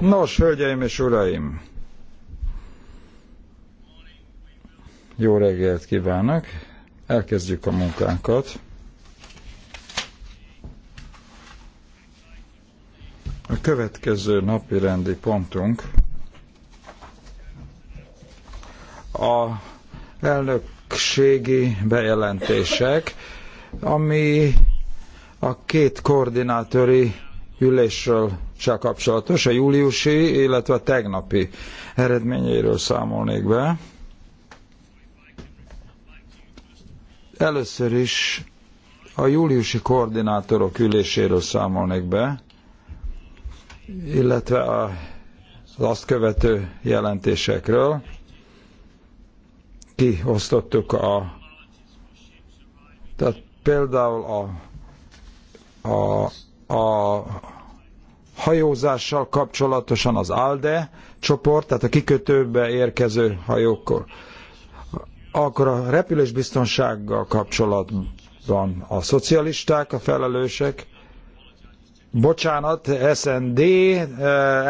Nos, hölgyeim és uraim! Jó reggelt kívánok! Elkezdjük a munkánkat. A következő napi rendi pontunk a elnökségi bejelentések, ami a két koordinátori ülésről csak kapcsolatos, a júliusi, illetve a tegnapi eredményeiről számolnék be. Először is a júliusi koordinátorok üléséről számolnék be, illetve a, az azt követő jelentésekről. Kiosztottuk a tehát például a, a, a hajózással kapcsolatosan az ALDE csoport, tehát a kikötőbe érkező hajókkor, Akkor a repülésbiztonsággal kapcsolatban a szocialisták, a felelősek, bocsánat, SND, eh,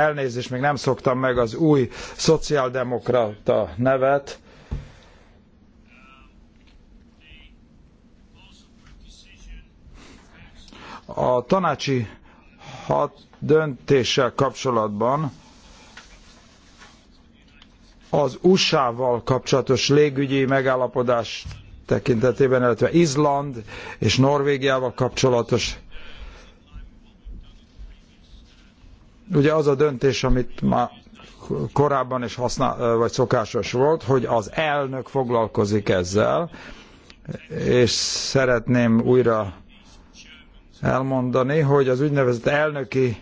elnézést, még nem szoktam meg az új szociáldemokrata nevet, a tanácsi hat döntéssel kapcsolatban az USA-val kapcsolatos légügyi megállapodás tekintetében, illetve Izland és Norvégiával kapcsolatos. Ugye az a döntés, amit már korábban is használ, vagy szokásos volt, hogy az elnök foglalkozik ezzel, és szeretném újra elmondani, hogy az úgynevezett elnöki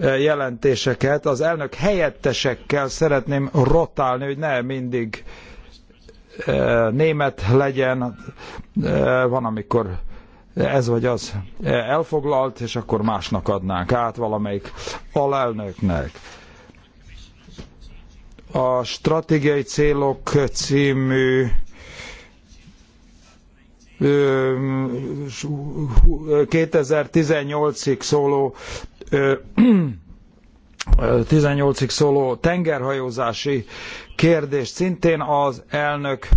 eh, jelentéseket az elnök helyettesekkel szeretném rotálni, hogy ne mindig eh, német legyen, eh, van amikor ez vagy az elfoglalt, és akkor másnak adnánk át valamelyik alelnöknek. A stratégiai célok című 2018-ig szóló 18-ig szóló tengerhajózási kérdés szintén az elnök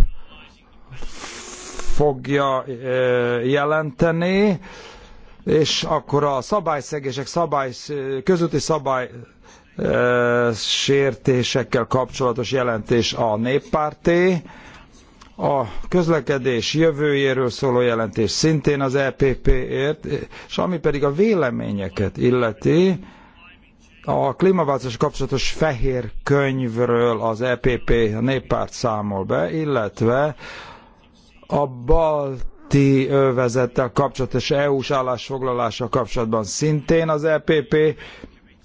fogja jelenteni, és akkor a szabályszegések, szabály, közötti szabály sértésekkel kapcsolatos jelentés a néppárté, a közlekedés jövőjéről szóló jelentés szintén az EPP-ért, és ami pedig a véleményeket illeti, a klímaváltozás kapcsolatos fehér könyvről az EPP, a néppárt számol be, illetve a balti övezettel kapcsolatos EU-s állásfoglalással kapcsolatban szintén az EPP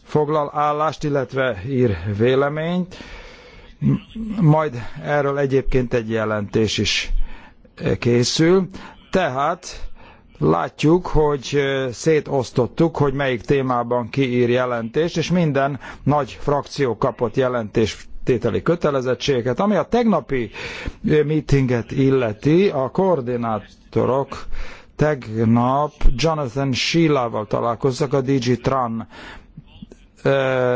foglal állást, illetve ír véleményt majd erről egyébként egy jelentés is készül. Tehát látjuk, hogy szétosztottuk, hogy melyik témában kiír jelentést, és minden nagy frakció kapott jelentést tételi kötelezettséget. Ami a tegnapi meetinget illeti, a koordinátorok tegnap Jonathan Sheila-val találkoztak, a Digitran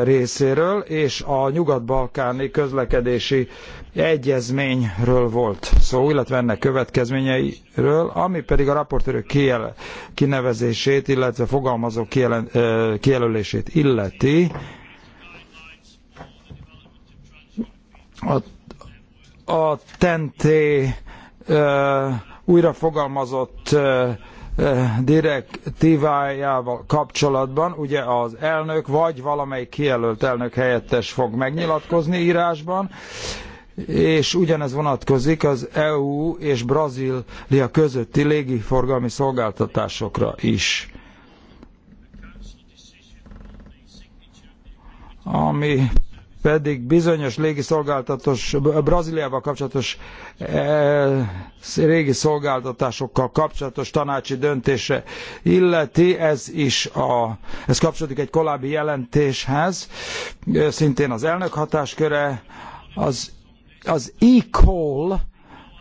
részéről, és a nyugat-balkáni közlekedési egyezményről volt szó, illetve ennek következményeiről, ami pedig a raportőrök kijel- kinevezését, illetve fogalmazó kijel- kijelölését illeti. A, a TNT újra fogalmazott Eh, direktívájával kapcsolatban ugye az elnök vagy valamelyik kijelölt elnök helyettes fog megnyilatkozni írásban, és ugyanez vonatkozik az EU és Brazília közötti légiforgalmi szolgáltatásokra is. Ami pedig bizonyos légiszolgáltatós, Brazíliával kapcsolatos eh, régi szolgáltatásokkal kapcsolatos tanácsi döntése illeti, ez is a, ez kapcsolódik egy korábbi jelentéshez, eh, szintén az elnök hatásköre, az, az e-call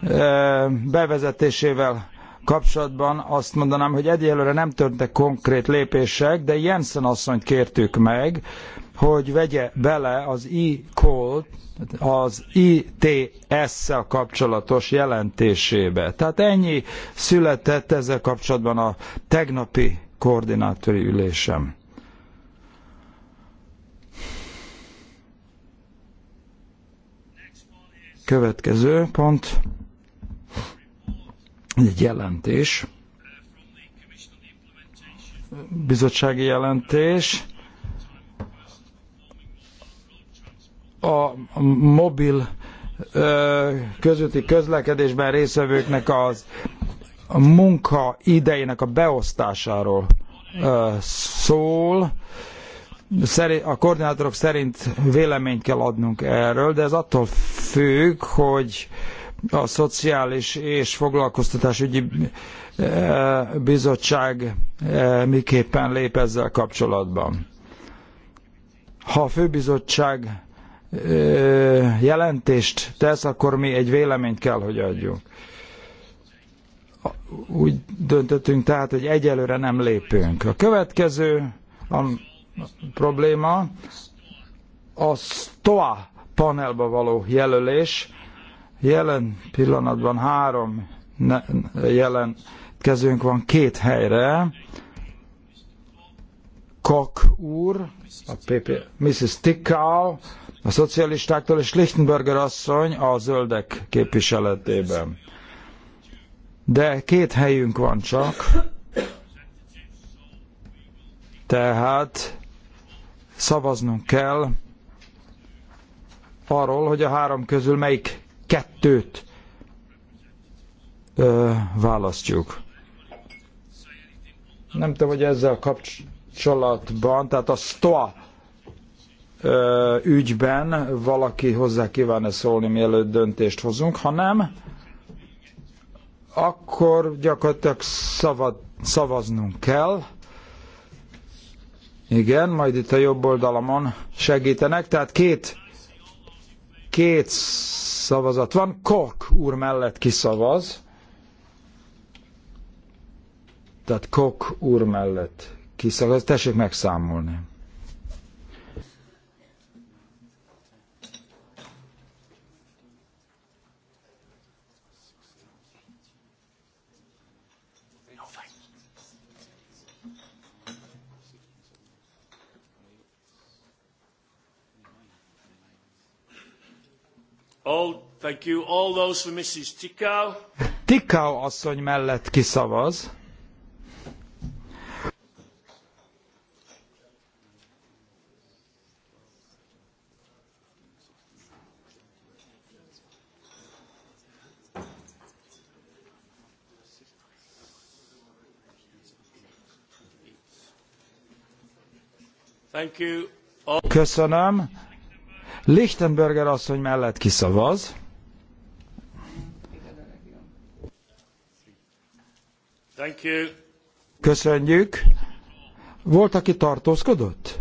eh, bevezetésével kapcsolatban azt mondanám, hogy egyelőre nem történtek konkrét lépések, de Jensen asszonyt kértük meg, hogy vegye bele az e az ITS-szel kapcsolatos jelentésébe. Tehát ennyi született ezzel kapcsolatban a tegnapi koordinátori ülésem. Következő pont, egy jelentés, bizottsági jelentés, a mobil közötti közlekedésben részvevőknek az a munka idejének a beosztásáról szól. A koordinátorok szerint véleményt kell adnunk erről, de ez attól függ, hogy a Szociális és Foglalkoztatásügyi Bizottság miképpen lép ezzel kapcsolatban. Ha a főbizottság jelentést tesz, akkor mi egy véleményt kell, hogy adjunk. Úgy döntöttünk tehát, hogy egyelőre nem lépünk. A következő a probléma a STOA panelba való jelölés. Jelen pillanatban három jelentkezőnk van két helyre. Kock úr, a PP, Mrs. Tickau, a szocialistáktól, és Lichtenberger asszony a zöldek képviseletében. De két helyünk van csak, tehát szavaznunk kell arról, hogy a három közül melyik kettőt ö, választjuk. Nem tudom, hogy ezzel kapcsolatban kapcsolatban, tehát a STOA ügyben valaki hozzá kívánna -e szólni, mielőtt döntést hozunk, ha nem, akkor gyakorlatilag szavad, szavaznunk kell. Igen, majd itt a jobb oldalamon segítenek, tehát két, két szavazat van. Kok úr mellett kiszavaz. Tehát Kok úr mellett kiszakad. Tessék megszámolni. All, oh, thank you. All those for Mrs. Tikau. Tikau asszony mellett kiszavaz. Köszönöm. Lichtenberger asszony mellett kiszavaz. Köszönjük. Volt, aki tartózkodott?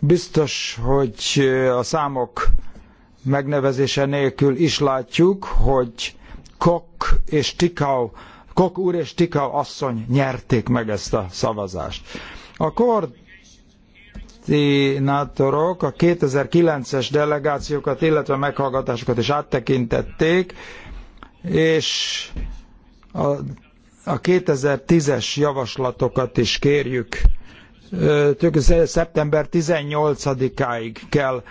Biztos, hogy a számok megnevezése nélkül is látjuk, hogy Kok és Tikau, Kok úr és Tikau asszony nyerték meg ezt a szavazást. A koordinátorok a 2009-es delegációkat, illetve meghallgatásokat is áttekintették, és a, a 2010-es javaslatokat is kérjük szeptember 18-áig kell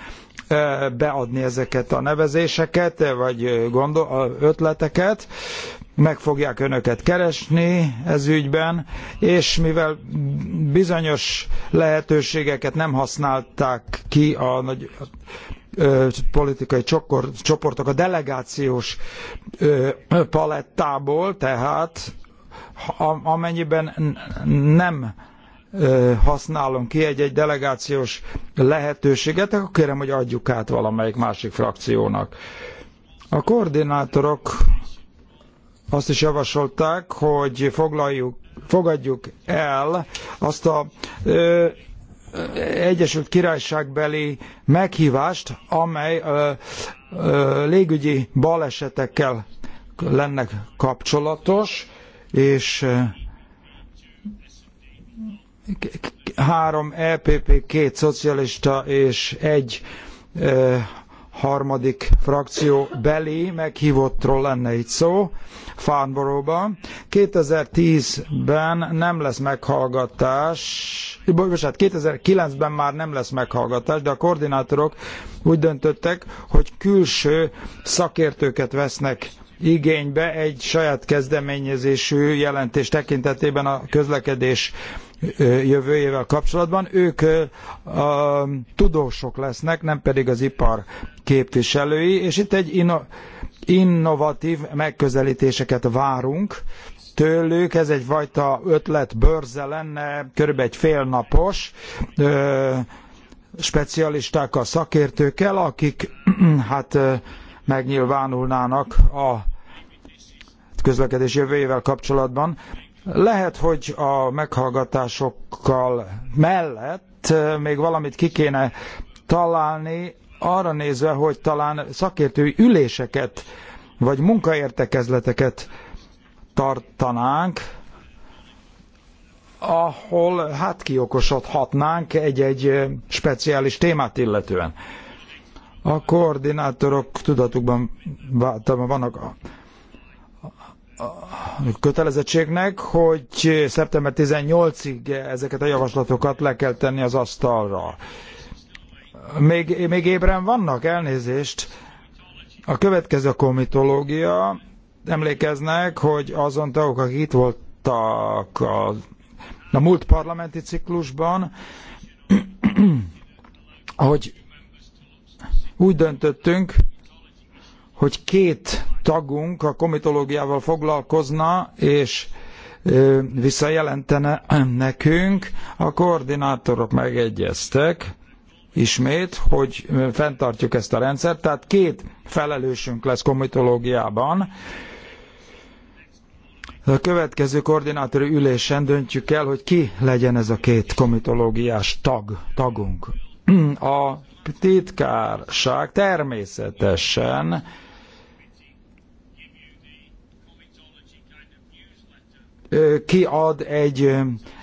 beadni ezeket a nevezéseket, vagy gondol, ötleteket, meg fogják önöket keresni ez ügyben, és mivel bizonyos lehetőségeket nem használták ki a nagy politikai csoportok a delegációs palettából, tehát amennyiben nem használom ki egy-egy delegációs lehetőséget, akkor kérem, hogy adjuk át valamelyik másik frakciónak. A koordinátorok azt is javasolták, hogy foglaljuk, fogadjuk el azt a ö, Egyesült Királyságbeli meghívást, amely ö, ö, légügyi balesetekkel lenne kapcsolatos, és három EPP, két szocialista és egy e, harmadik frakció belé meghívottról lenne itt szó, Farnborough-ban. 2010-ben nem lesz meghallgatás, bocsánat, 2009-ben már nem lesz meghallgatás, de a koordinátorok úgy döntöttek, hogy külső szakértőket vesznek igénybe egy saját kezdeményezésű jelentés tekintetében a közlekedés jövőjével kapcsolatban. Ők a tudósok lesznek, nem pedig az ipar képviselői, és itt egy inno- innovatív megközelítéseket várunk tőlük, ez egyfajta ötlet bőrze lenne, körülbelül egy félnapos, specialistákkal, szakértőkkel, akik hát megnyilvánulnának a közlekedés jövőjével kapcsolatban. Lehet, hogy a meghallgatásokkal mellett még valamit ki kéne találni, arra nézve, hogy talán szakértői üléseket vagy munkaértekezleteket tartanánk, ahol hát kiokosodhatnánk egy-egy speciális témát illetően. A koordinátorok tudatukban vannak kötelezettségnek, hogy szeptember 18-ig ezeket a javaslatokat le kell tenni az asztalra. Még, még ébren vannak, elnézést. A következő komitológia, emlékeznek, hogy azon tagok, akik itt voltak a, a múlt parlamenti ciklusban, hogy úgy döntöttünk, hogy két tagunk a komitológiával foglalkozna, és visszajelentene nekünk, a koordinátorok megegyeztek, ismét, hogy fenntartjuk ezt a rendszert, tehát két felelősünk lesz komitológiában. A következő koordinátori ülésen döntjük el, hogy ki legyen ez a két komitológiás tag, tagunk. A titkárság természetesen kiad egy,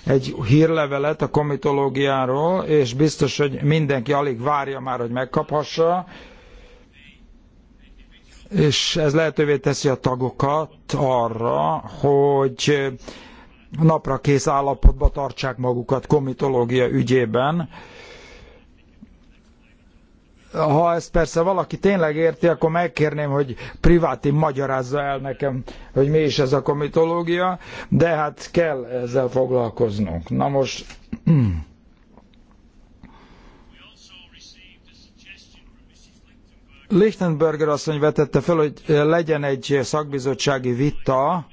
egy hírlevelet a komitológiáról, és biztos, hogy mindenki alig várja már, hogy megkaphassa, és ez lehetővé teszi a tagokat arra, hogy napra kész állapotba tartsák magukat komitológia ügyében, ha ezt persze valaki tényleg érti, akkor megkérném, hogy priváti magyarázza el nekem, hogy mi is ez a komitológia, de hát kell ezzel foglalkoznunk. Na most... Lichtenberger asszony vetette fel, hogy legyen egy szakbizottsági vita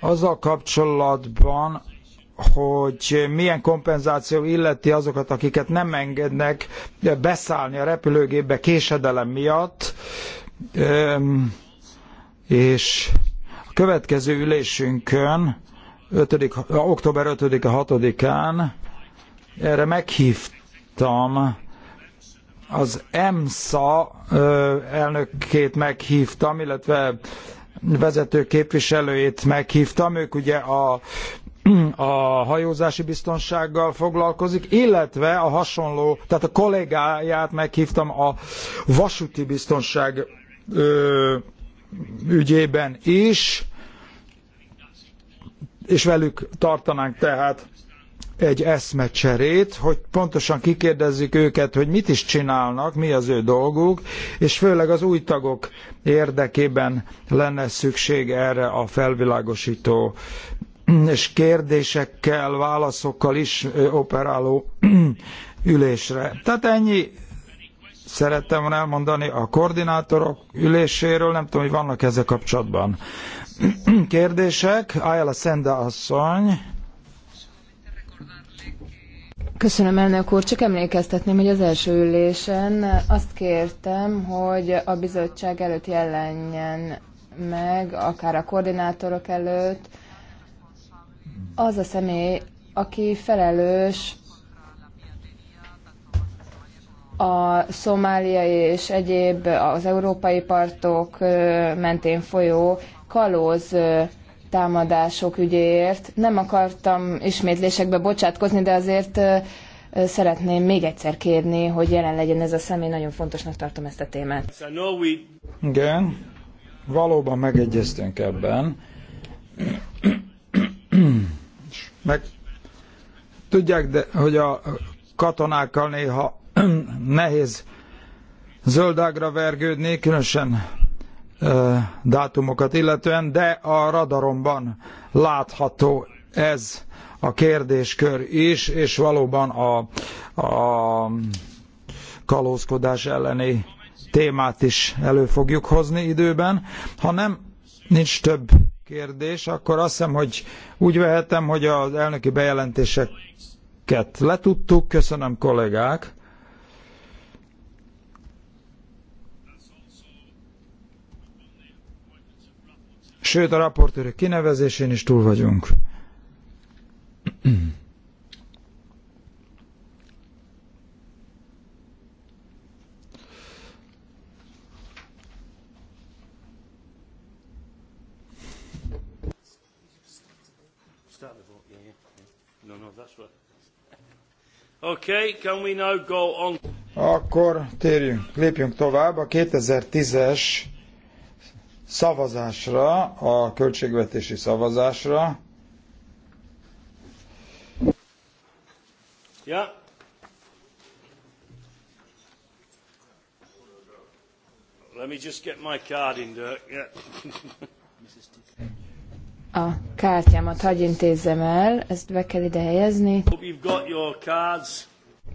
azzal kapcsolatban, hogy milyen kompenzáció illeti azokat, akiket nem engednek beszállni a repülőgépbe késedelem miatt, és a következő ülésünkön, 5. október 5-e 6-án erre meghívtam az EMSA elnökét meghívtam, illetve vezető képviselőjét meghívtam. Ők ugye a a hajózási biztonsággal foglalkozik, illetve a hasonló, tehát a kollégáját meghívtam a vasúti biztonság ö, ügyében is, és velük tartanánk tehát egy eszmecserét, hogy pontosan kikérdezzük őket, hogy mit is csinálnak, mi az ő dolguk, és főleg az új tagok érdekében lenne szükség erre a felvilágosító és kérdésekkel, válaszokkal is operáló ülésre. Tehát ennyi szerettem volna elmondani a koordinátorok üléséről, nem tudom, hogy vannak ezzel kapcsolatban. Kérdések, Ayala Szenda asszony. Köszönöm, elnök úr. Csak emlékeztetném, hogy az első ülésen azt kértem, hogy a bizottság előtt jelenjen meg, akár a koordinátorok előtt, az a személy, aki felelős a szomáliai és egyéb az európai partok mentén folyó kalóz támadások ügyéért. Nem akartam ismétlésekbe bocsátkozni, de azért szeretném még egyszer kérni, hogy jelen legyen ez a személy. Nagyon fontosnak tartom ezt a témát. Igen, valóban megegyeztünk ebben meg. Tudják, de, hogy a katonákkal néha nehéz zöldágra vergődni, különösen e, dátumokat illetően, de a radaromban látható ez a kérdéskör is, és valóban a, a kalózkodás elleni témát is elő fogjuk hozni időben. Ha nem, nincs több kérdés, akkor azt hiszem, hogy úgy vehetem, hogy az elnöki bejelentéseket letudtuk. Köszönöm, kollégák! Sőt, a raportőrök kinevezésén is túl vagyunk. Okay, can we now go on? Akkor térjünk, lépjünk tovább a 2010-es szavazásra, a költségvetési szavazásra. Yeah. Let me just get my card in, Dirk. Yeah. a kártyámat hagy intézzem el, ezt be kell ide helyezni.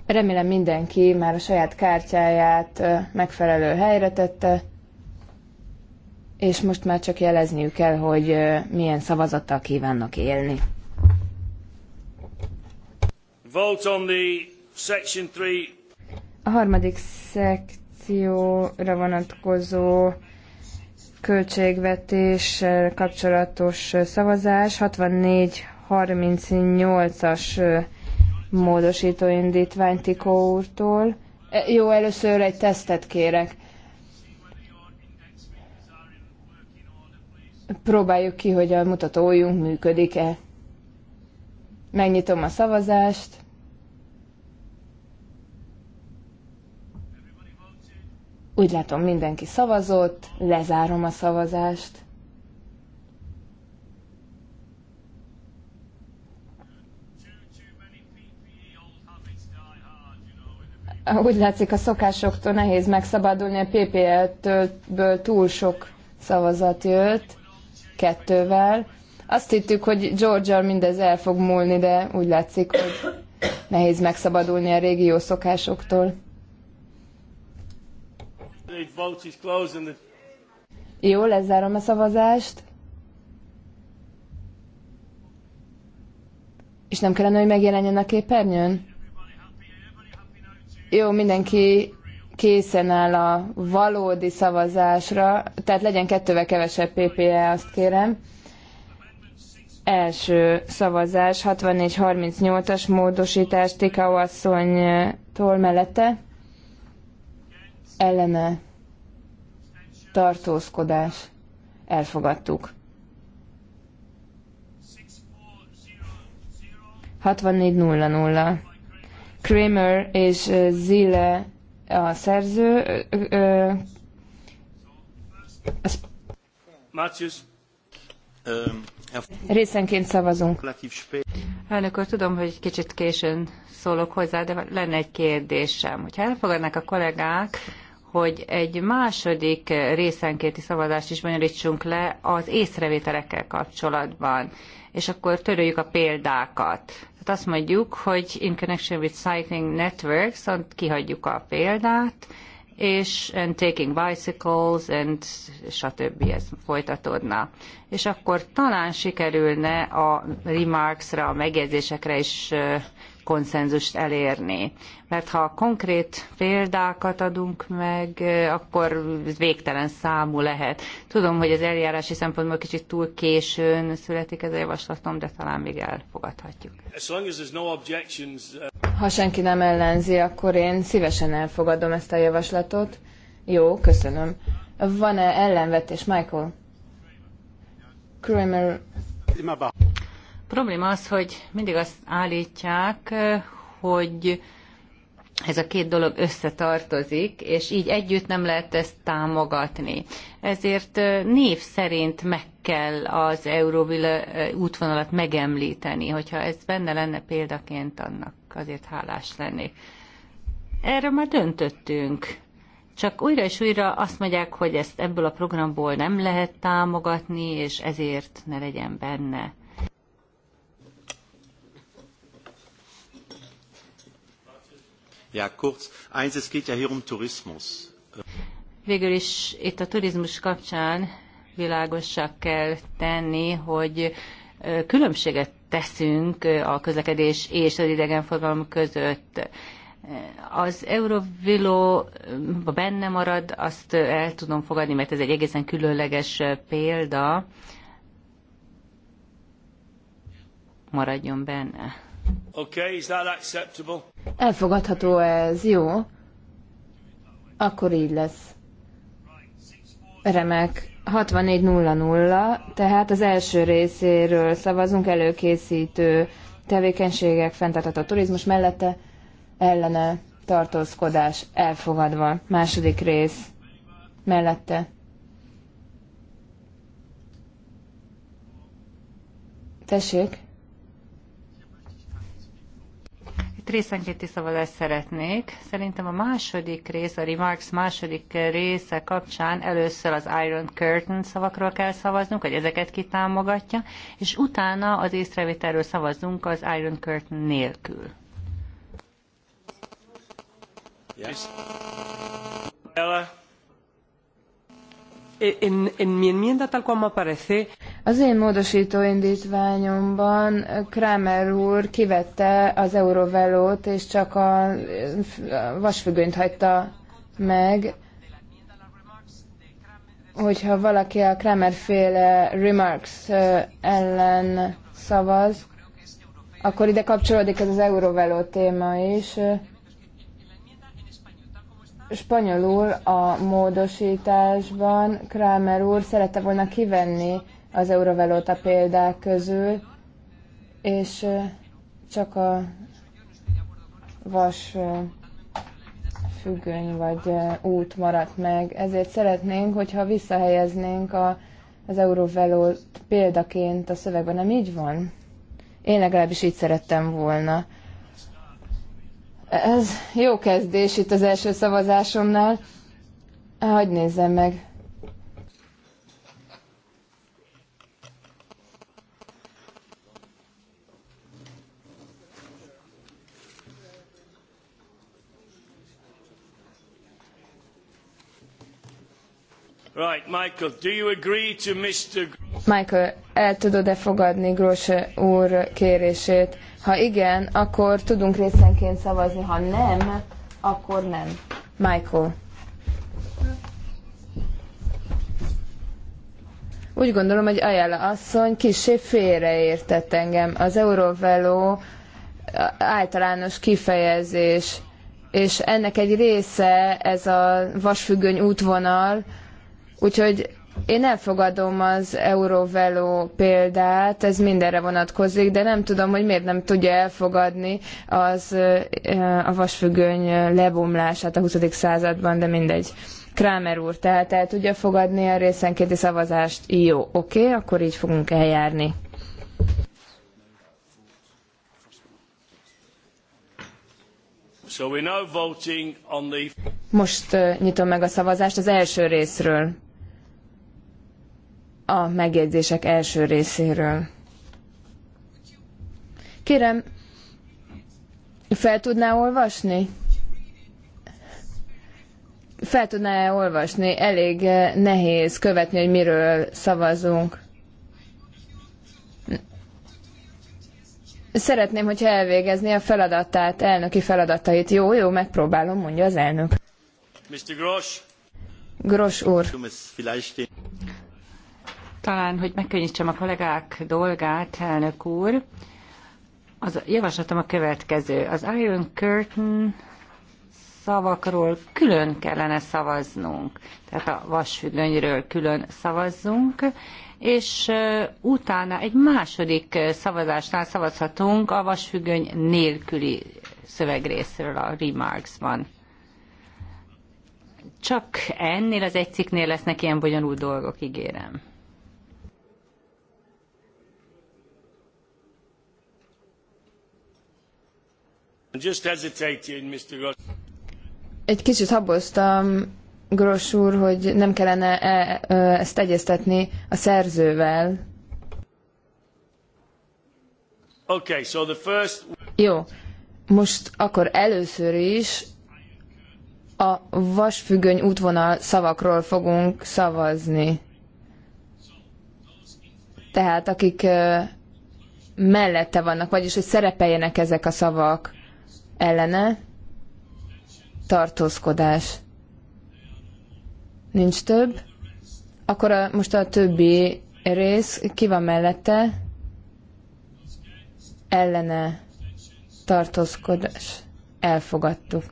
Remélem mindenki már a saját kártyáját megfelelő helyre tette, és most már csak jelezniük kell, hogy milyen szavazattal kívánnak élni. Vote on the section three. A harmadik szekcióra vonatkozó költségvetés kapcsolatos szavazás, 64-38-as módosító indítvány Tikó úrtól. E, jó, először egy tesztet kérek. Próbáljuk ki, hogy a mutatójunk működik-e. Megnyitom a szavazást. Úgy látom, mindenki szavazott, lezárom a szavazást. Úgy látszik, a szokásoktól nehéz megszabadulni, a PPL-ből túl sok szavazat jött, kettővel. Azt hittük, hogy georgia mindez el fog múlni, de úgy látszik, hogy nehéz megszabadulni a régió szokásoktól. Jó, lezárom a szavazást. És nem kellene, hogy megjelenjen a képernyőn? Jó, mindenki készen áll a valódi szavazásra, tehát legyen kettővel kevesebb PPE, azt kérem. Első szavazás, 64-38-as módosítás, Tikau asszonytól mellette ellene tartózkodás elfogadtuk. 64.00. Kramer és Zile a szerző. Ö, e- Részenként szavazunk. Elnök úr, tudom, hogy kicsit későn szólok hozzá, de lenne egy kérdésem. Hogyha elfogadnak a kollégák, hogy egy második részenkéti szavazást is bonyolítsunk le az észrevételekkel kapcsolatban, és akkor töröljük a példákat. Tehát azt mondjuk, hogy in connection with cycling networks, kihagyjuk a példát, és and taking bicycles, and stb. ez folytatódna és akkor talán sikerülne a remarksra, a megjegyzésekre is konszenzust elérni. Mert ha konkrét példákat adunk meg, akkor végtelen számú lehet. Tudom, hogy az eljárási szempontból kicsit túl későn születik ez a javaslatom, de talán még elfogadhatjuk. Uh, ha senki nem ellenzi, akkor én szívesen elfogadom ezt a javaslatot. Jó, köszönöm. Van-e ellenvetés, Michael? Kramer. Probléma az, hogy mindig azt állítják, hogy ez a két dolog összetartozik, és így együtt nem lehet ezt támogatni. Ezért név szerint meg kell az Euróville útvonalat megemlíteni. Hogyha ez benne lenne példaként, annak azért hálás lennék. Erről már döntöttünk csak újra és újra azt mondják, hogy ezt ebből a programból nem lehet támogatni, és ezért ne legyen benne. Ja, kurz. Eins, es geht ja hier um Tourismus. Végül is itt a turizmus kapcsán világosak kell tenni, hogy különbséget teszünk a közlekedés és az idegenforgalom között az Eurovilló benne marad, azt el tudom fogadni, mert ez egy egészen különleges példa. Maradjon benne. Okay, is that acceptable? Elfogadható ez, jó? Akkor így lesz. Remek. 64.00, tehát az első részéről szavazunk előkészítő tevékenységek, fenntartható turizmus mellette ellene tartózkodás elfogadva. Második rész mellette. Tessék? Itt részenkénti szavazást szeretnék. Szerintem a második rész, a Remarks második része kapcsán először az Iron Curtain szavakról kell szavaznunk, hogy ezeket kitámogatja, és utána az észrevételről szavazzunk az Iron Curtain nélkül. Az én módosító indítványomban Kramer úr kivette az Eurovelót, és csak a vasfüggönyt hagyta meg, hogyha valaki a Kramer féle remarks ellen szavaz, akkor ide kapcsolódik ez az Eurovelo téma is. Spanyolul a módosításban Kramer úr szerette volna kivenni az Eurovelóta példák közül, és csak a vas függöny vagy út maradt meg. Ezért szeretnénk, hogyha visszahelyeznénk a, az Eurovelót példaként a szövegben. Nem így van? Én legalábbis így szerettem volna. Ez jó kezdés itt az első szavazásomnál. Hagy nézzem meg. Right, Michael, do you agree to Mr. Michael, el tudod-e fogadni Grosse úr kérését? Ha igen, akkor tudunk részenként szavazni, ha nem, akkor nem. Michael. Úgy gondolom, hogy Ajala asszony kissé félreértett engem. Az Eurovelo általános kifejezés, és ennek egy része ez a vasfüggöny útvonal, Úgyhogy én elfogadom az Eurovelo példát, ez mindenre vonatkozik, de nem tudom, hogy miért nem tudja elfogadni az a vasfüggöny lebomlását a 20. században, de mindegy. krámer úr, tehát el tudja fogadni a részenkéti szavazást? Jó, oké, okay, akkor így fogunk eljárni. Most nyitom meg a szavazást az első részről a megjegyzések első részéről. Kérem, fel tudná olvasni? Fel tudná -e olvasni? Elég eh, nehéz követni, hogy miről szavazunk. Szeretném, hogyha elvégezni a feladatát, elnöki feladatait. Jó, jó, megpróbálom, mondja az elnök. Mr. Grosz. Grosz úr. Talán, hogy megkönnyítsem a kollégák dolgát, elnök úr, az javaslatom a következő. Az Iron Curtain szavakról külön kellene szavaznunk, tehát a vasfüggönyről külön szavazzunk, és utána egy második szavazásnál szavazhatunk a vasfüggöny nélküli szövegrészről a remarksban. Csak ennél az egy cikknél lesznek ilyen bonyolult dolgok, ígérem. Egy kicsit haboztam, Gross úr, hogy nem kellene -e, e ezt egyeztetni a szerzővel. Okay, so the first... Jó, most akkor először is a vasfüggöny útvonal szavakról fogunk szavazni. Tehát akik mellette vannak, vagyis hogy szerepeljenek ezek a szavak ellene, tartózkodás. Nincs több. Akkor a, most a többi rész, ki van mellette, ellene, tartózkodás. Elfogadtuk.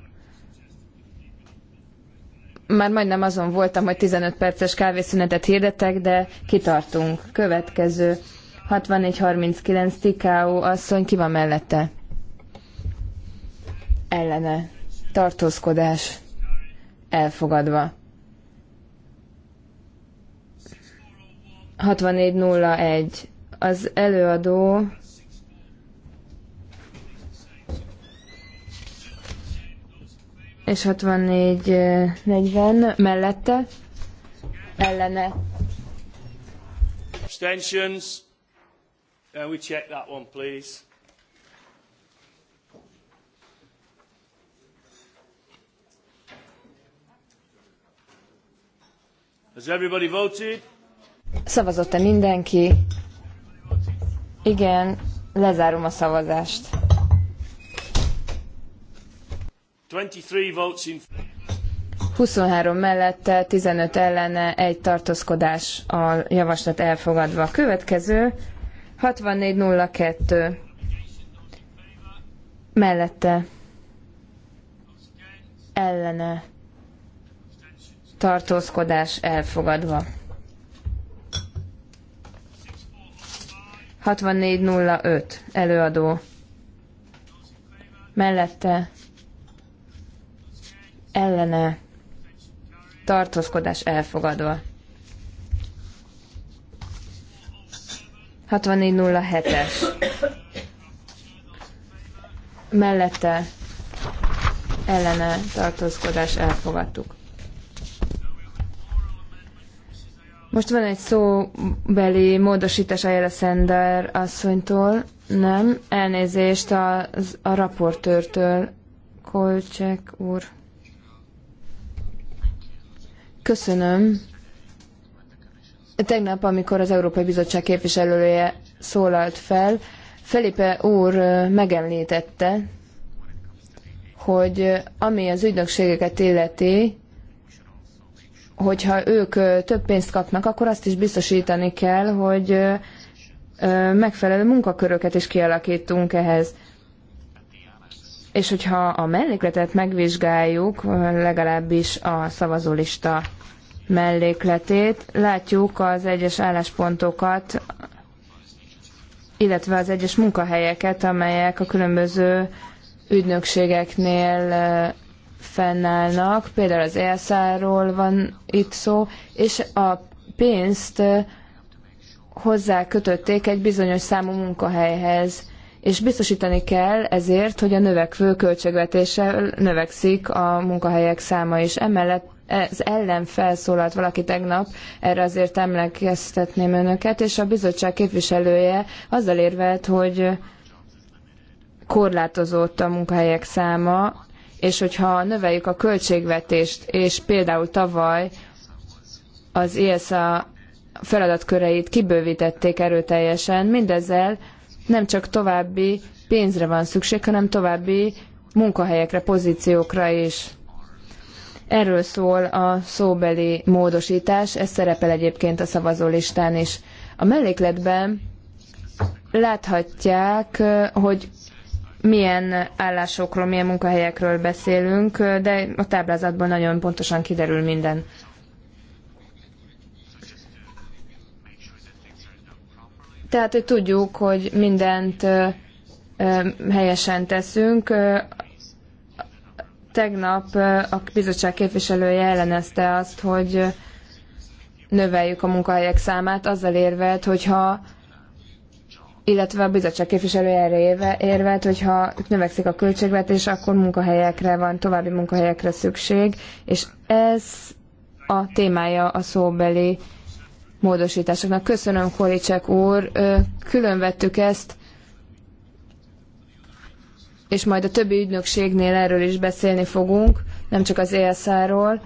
Már majdnem azon voltam, hogy 15 perces kávészünetet hirdetek, de kitartunk. Következő. 64-39 Tikáó asszony, ki van mellette? ellene tartózkodás elfogadva. 6401. Az előadó és 6440 mellette ellene. Abstentions. Can we check that one, please? Szavazott-e mindenki? Igen, lezárom a szavazást. 23 mellette, 15 ellene, egy tartózkodás a javaslat elfogadva. Következő 6402 mellette ellene tartózkodás elfogadva. 6405 előadó mellette ellene tartózkodás elfogadva. 6407-es mellette ellene tartózkodás elfogadtuk. Most van egy szóbeli módosítás Ayala Sender asszonytól, nem, elnézést a, a raportőrtől, Kolcsek úr. Köszönöm. Tegnap, amikor az Európai Bizottság képviselője szólalt fel, Felipe úr megemlítette, hogy ami az ügynökségeket illeti, hogyha ők több pénzt kapnak, akkor azt is biztosítani kell, hogy megfelelő munkaköröket is kialakítunk ehhez. És hogyha a mellékletet megvizsgáljuk, legalábbis a szavazólista mellékletét, látjuk az egyes álláspontokat, illetve az egyes munkahelyeket, amelyek a különböző ügynökségeknél fennállnak, például az ESZ-ról van itt szó, és a pénzt hozzá kötötték egy bizonyos számú munkahelyhez, és biztosítani kell ezért, hogy a növekvő költségvetéssel növekszik a munkahelyek száma, és emellett ez ellen felszólalt valaki tegnap, erre azért emlékeztetném önöket, és a bizottság képviselője azzal érvelt, hogy korlátozott a munkahelyek száma, és hogyha növeljük a költségvetést, és például tavaly az ISA feladatköreit kibővítették erőteljesen, mindezzel nem csak további pénzre van szükség, hanem további munkahelyekre, pozíciókra is. Erről szól a szóbeli módosítás, ez szerepel egyébként a szavazólistán is. A mellékletben láthatják, hogy milyen állásokról, milyen munkahelyekről beszélünk, de a táblázatból nagyon pontosan kiderül minden. Tehát, hogy tudjuk, hogy mindent helyesen teszünk. Tegnap a bizottság képviselője ellenezte azt, hogy növeljük a munkahelyek számát, azzal érvelt, hogyha illetve a bizottság képviselője erre érvelt, hogyha növekszik a költségvetés, akkor munkahelyekre van, további munkahelyekre szükség, és ez a témája a szóbeli módosításoknak. Köszönöm, Kolicsek úr, külön vettük ezt, és majd a többi ügynökségnél erről is beszélni fogunk, nem csak az ESZ-ról.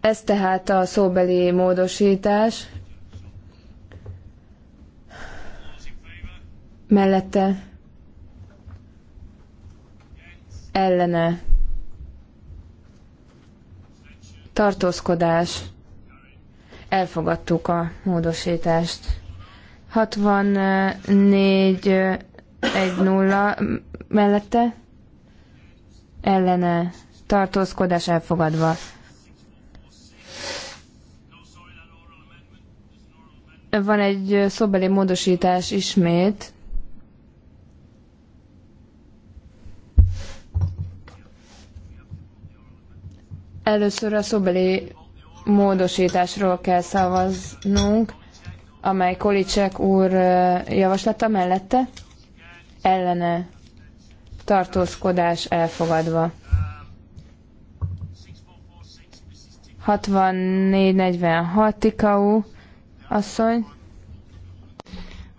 Ez tehát a szóbeli módosítás, mellette ellene tartózkodás elfogadtuk a módosítást. 64 1 0 mellette ellene tartózkodás elfogadva. Van egy szobeli módosítás ismét, Először a szóbeli módosításról kell szavaznunk, amely Kolicek úr javaslata mellette ellene tartózkodás elfogadva. 64-46 Tikau asszony.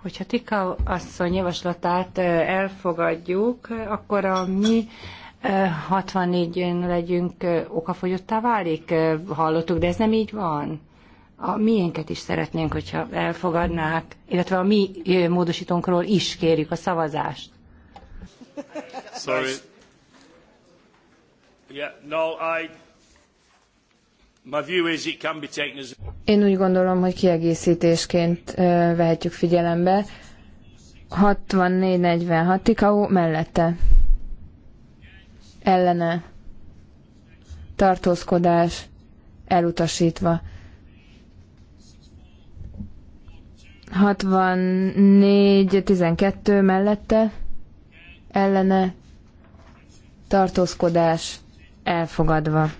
Hogyha Tikau asszony javaslatát elfogadjuk, akkor a mi 64-ön legyünk okafogyottá válik, hallottuk, de ez nem így van. A miénket is szeretnénk, hogyha elfogadnák, illetve a mi módosítónkról is kérjük a szavazást. Sorry. Yeah, no, I... My view is it can be taken as... Én úgy gondolom, hogy kiegészítésként vehetjük figyelembe. 64-46 mellette ellene tartózkodás elutasítva. 64-12 mellette ellene tartózkodás elfogadva.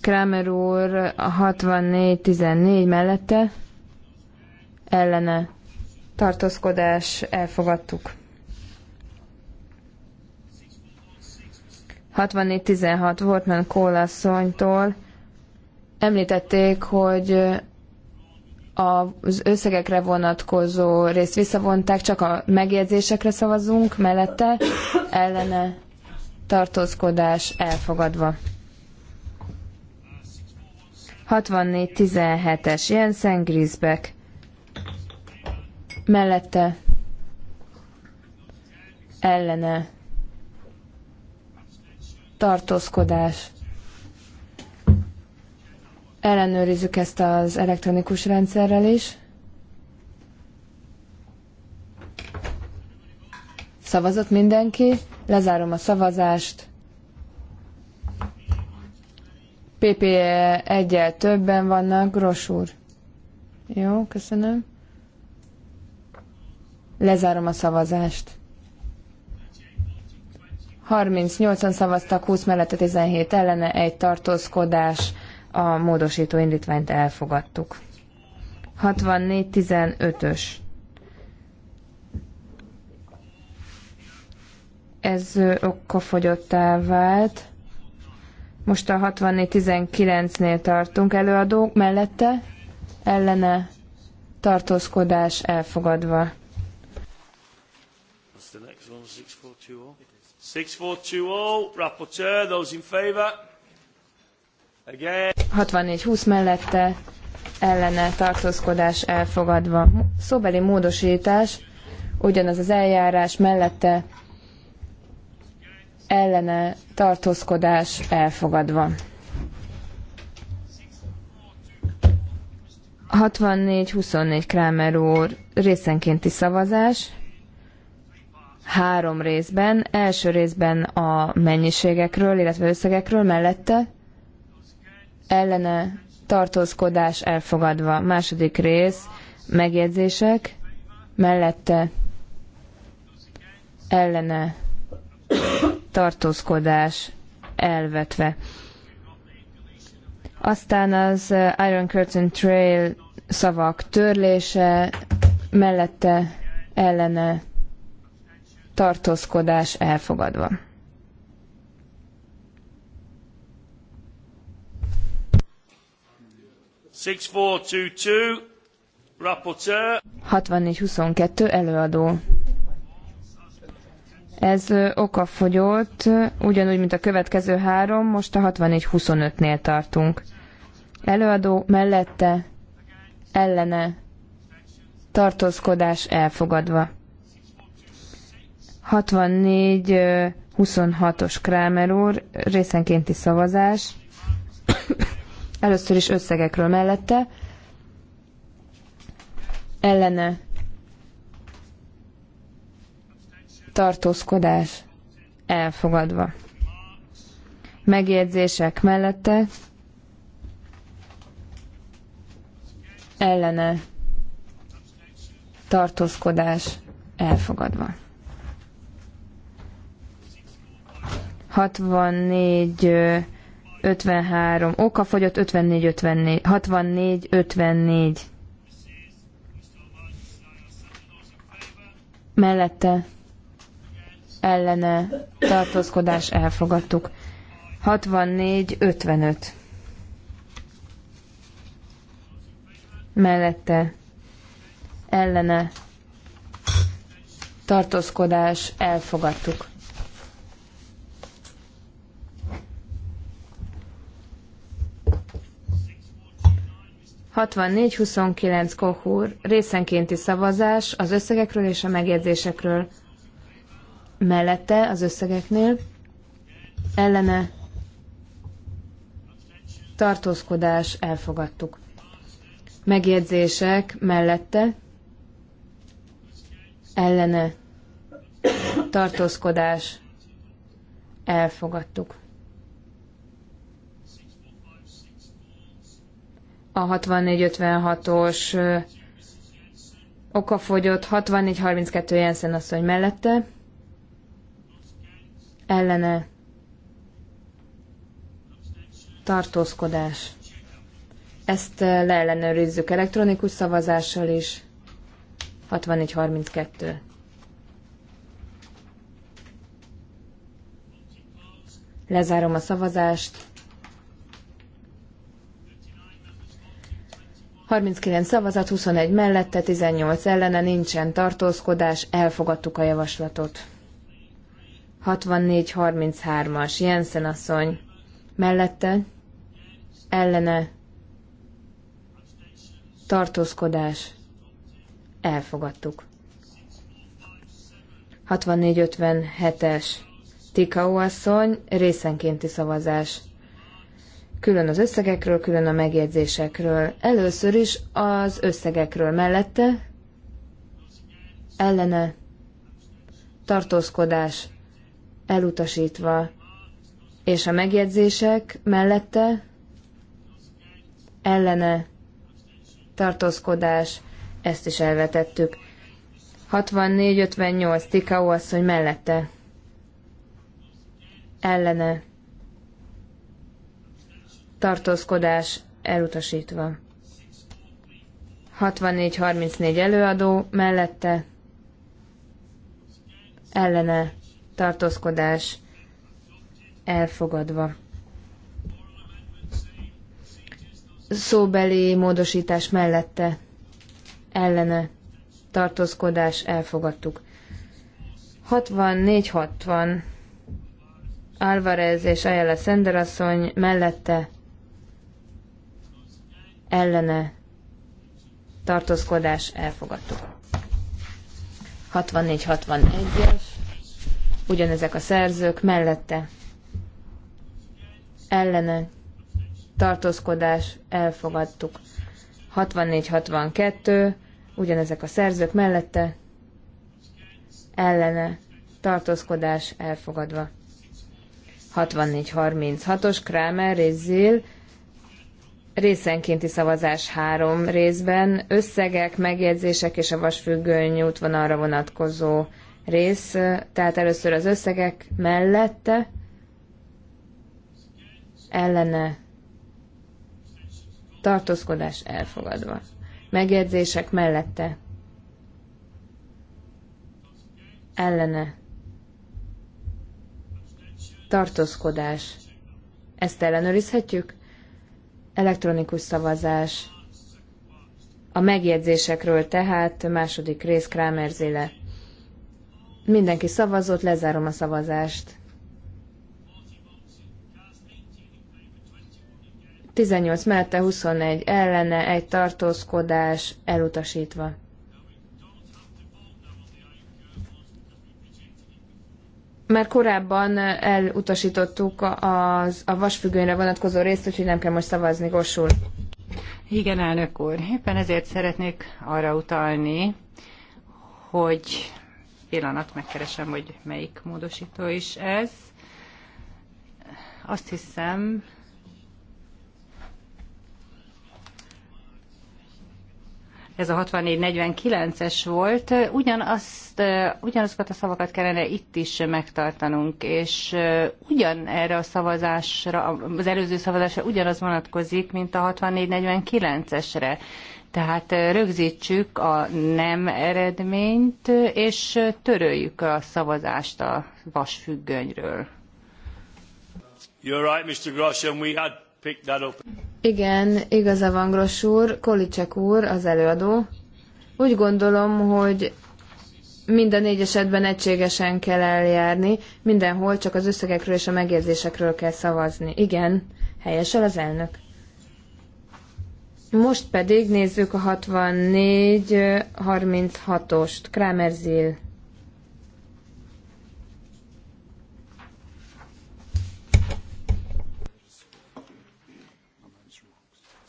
Kramer úr 64-14 mellette ellene tartózkodás elfogadtuk. 64-16 Wortman Kólasszonytól említették, hogy az összegekre vonatkozó részt visszavonták, csak a megjegyzésekre szavazunk, mellette ellene tartózkodás elfogadva. 64-17-es Jensen Grisbeck mellette ellene tartózkodás. Ellenőrizzük ezt az elektronikus rendszerrel is. Szavazott mindenki, lezárom a szavazást. PPE egyel többen vannak, Gros úr. Jó, köszönöm. Lezárom a szavazást. 38-an szavaztak, 20 mellette 17 ellene, egy tartózkodás, a módosító indítványt elfogadtuk. 64-15-ös. Ez okkafogyottá vált. Most a 64-19-nél tartunk előadók mellette, ellene tartózkodás elfogadva. 6420, rapporteur, those in favor. Again. 64-20 mellette ellene tartózkodás elfogadva. Szóbeli módosítás, ugyanaz az eljárás mellette ellene tartózkodás elfogadva. 64-24 Krámer úr részenkénti szavazás három részben. Első részben a mennyiségekről, illetve összegekről mellette ellene tartózkodás elfogadva. Második rész megjegyzések mellette ellene tartózkodás elvetve. Aztán az Iron Curtain Trail szavak törlése mellette ellene tartózkodás elfogadva. Six, four, two, two. Rapporteur. 6422 előadó. Ez okafogyott, ugyanúgy, mint a következő három, most a 6425-nél tartunk. Előadó mellette, ellene, tartózkodás elfogadva. 64-26-os Krámer úr, részenkénti szavazás. Először is összegekről mellette. Ellene tartózkodás elfogadva. Megjegyzések mellette ellene tartózkodás elfogadva. 64 53 oka fogyott, 54 54 64 54 mellette ellene tartózkodás elfogadtuk. 64 55 mellette ellene tartózkodás elfogadtuk. 64-29 kohúr részenkénti szavazás az összegekről és a megjegyzésekről. Mellette az összegeknél ellene tartózkodás elfogadtuk. Megjegyzések mellette ellene tartózkodás elfogadtuk. a 64-56-os okafogyott, 64-32 Jensen asszony mellette, ellene tartózkodás. Ezt leellenőrizzük elektronikus szavazással is. 64-32. Lezárom a szavazást. 39 szavazat, 21 mellette, 18 ellene, nincsen tartózkodás, elfogadtuk a javaslatot. 64-33-as, Jensen asszony, mellette, ellene, tartózkodás, elfogadtuk. 64-57-es, Tikau asszony, részenkénti szavazás külön az összegekről, külön a megjegyzésekről. Először is az összegekről mellette ellene tartózkodás elutasítva, és a megjegyzések mellette ellene tartózkodás, ezt is elvetettük. 64-58 Tikau asszony mellette ellene tartózkodás elutasítva. 64-34 előadó mellette ellene tartózkodás elfogadva. Szóbeli módosítás mellette ellene tartózkodás elfogadtuk. 64-60 Álvarez és Ayala Szenderasszony mellette ellene tartózkodás elfogadtuk. 64-61-es, ugyanezek a szerzők mellette ellene tartózkodás elfogadtuk. 64-62, ugyanezek a szerzők mellette ellene tartózkodás elfogadva. 64-36-os Kramer és Zill, részenkénti szavazás három részben, összegek, megjegyzések és a vasfüggöny útvonalra vonatkozó rész, tehát először az összegek mellette, ellene, tartózkodás elfogadva, megjegyzések mellette, ellene, tartózkodás. Ezt ellenőrizhetjük? Elektronikus szavazás. A megjegyzésekről tehát második rész Krámerzéle. Mindenki szavazott, lezárom a szavazást. 18 mellette 21 ellene, egy tartózkodás elutasítva. Már korábban elutasítottuk az, a vasfüggönyre vonatkozó részt, úgyhogy nem kell most szavazni, Gossul. Igen, elnök úr. Éppen ezért szeretnék arra utalni, hogy pillanat, megkeresem, hogy melyik módosító is ez. Azt hiszem, ez a 64-49-es volt, ugyanazt, ugyanazokat a szavakat kellene itt is megtartanunk, és ugyan erre a szavazásra, az előző szavazásra ugyanaz vonatkozik, mint a 64-49-esre. Tehát rögzítsük a nem eredményt, és töröljük a szavazást a vasfüggönyről. You're right, Mr. Grosham. We had igen, igaza van, Gross úr, Kolicsek úr, az előadó. Úgy gondolom, hogy minden négy esetben egységesen kell eljárni, mindenhol csak az összegekről és a megjegyzésekről kell szavazni. Igen, helyesen az elnök. Most pedig nézzük a 64-36-ost. Kramer Zill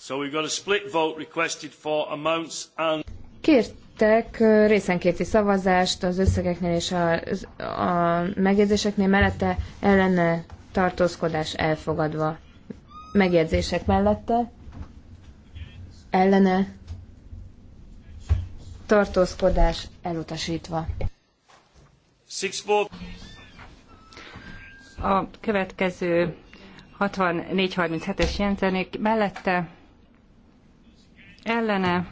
So we've got a split vote requested for amounts and... Kértek részenkéti szavazást az összegeknél és a, a megjegyzéseknél mellette ellene tartózkodás elfogadva. Megjegyzések mellette ellene tartózkodás elutasítva. A következő 64-37-es jelentenék mellette ellene.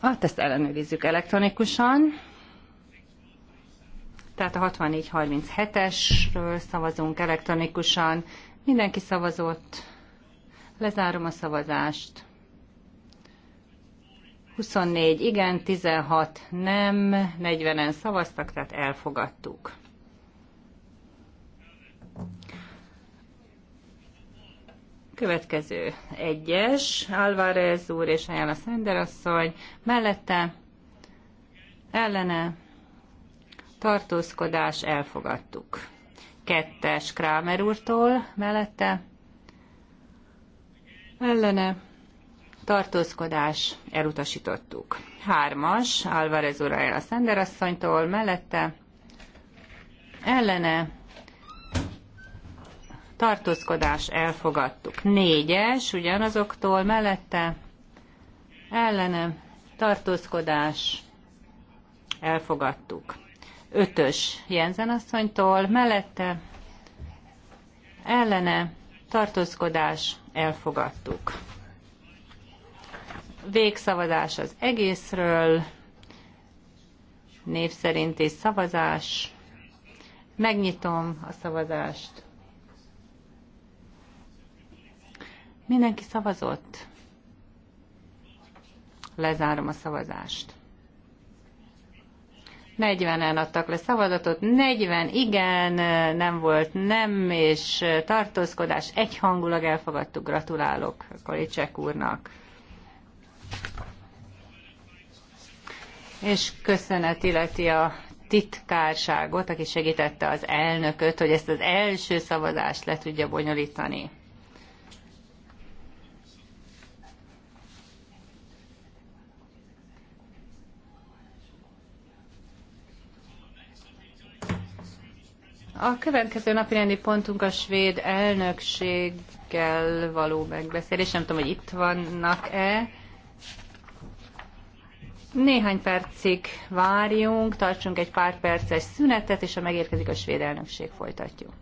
Hát ezt ellenőrizzük elektronikusan. Tehát a 6437-esről szavazunk elektronikusan. Mindenki szavazott. Lezárom a szavazást. 24 igen, 16 nem, 40-en szavaztak, tehát elfogadtuk. következő egyes, Alvarez úr és Ayala Sender asszony, mellette ellene tartózkodás elfogadtuk. Kettes Krámer úrtól mellette ellene tartózkodás elutasítottuk. Hármas Alvarez úr Ayala Sender asszonytól mellette ellene tartózkodás elfogadtuk. Négyes, ugyanazoktól mellette ellene tartózkodás elfogadtuk. Ötös Jensen asszonytól mellette ellene tartózkodás elfogadtuk. Végszavazás az egészről, név szerinti szavazás. Megnyitom a szavazást. Mindenki szavazott? Lezárom a szavazást. 40-en adtak le szavazatot, 40 igen, nem volt nem, és tartózkodás egyhangulag elfogadtuk. Gratulálok Kalicsek úrnak. És köszönet illeti a titkárságot, aki segítette az elnököt, hogy ezt az első szavazást le tudja bonyolítani. A következő napi rendi pontunk a svéd elnökséggel való megbeszélés. Nem tudom, hogy itt vannak-e. Néhány percig várjunk, tartsunk egy pár perces szünetet, és ha megérkezik a svéd elnökség, folytatjuk.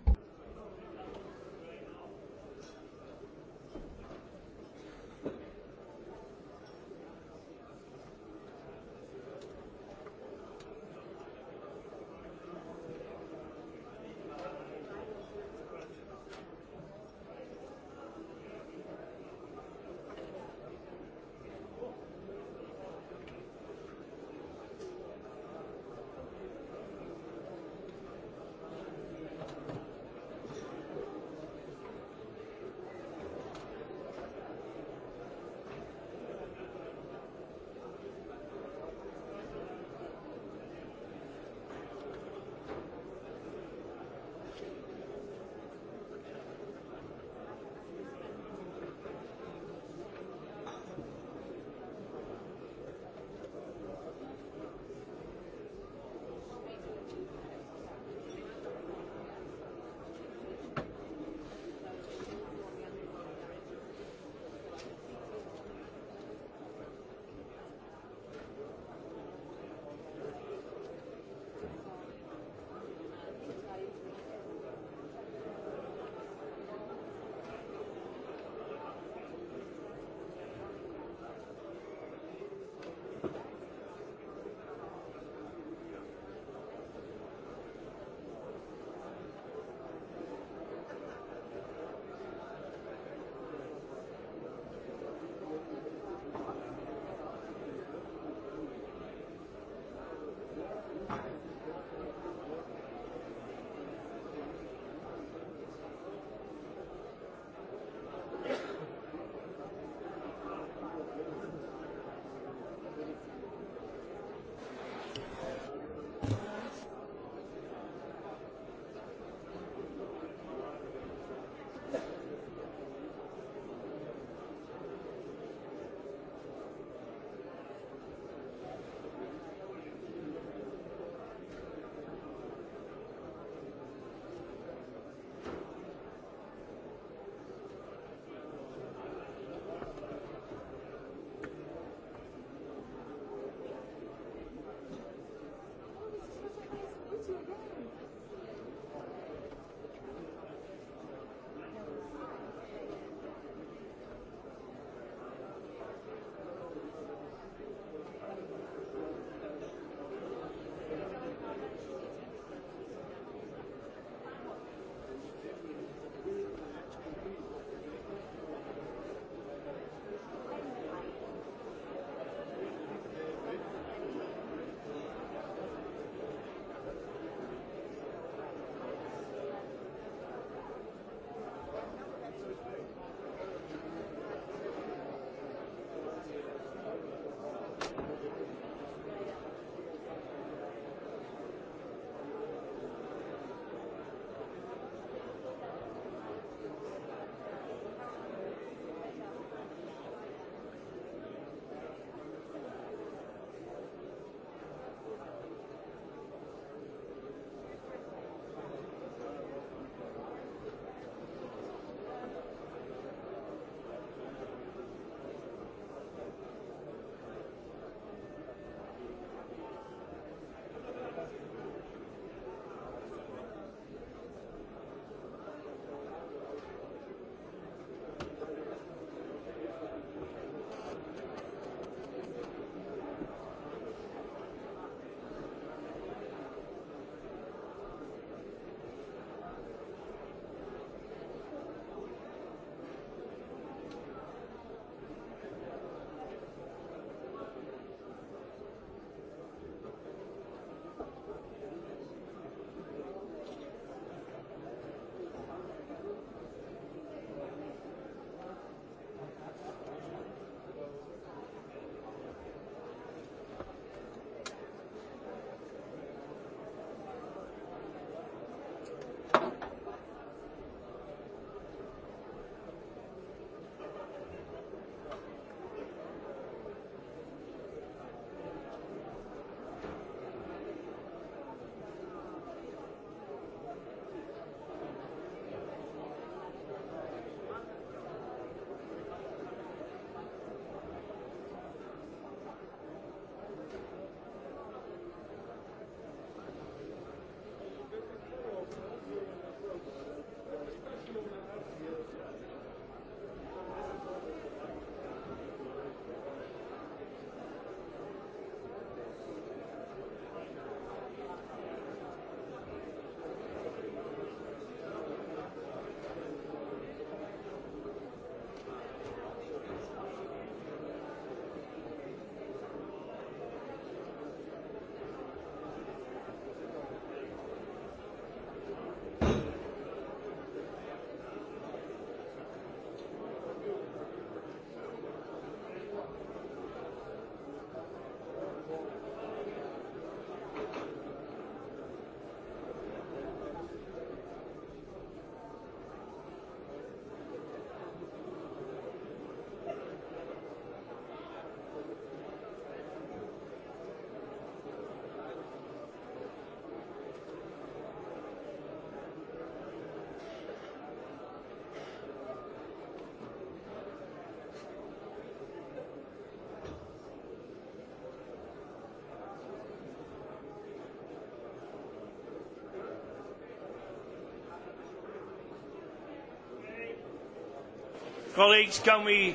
Colleagues, can we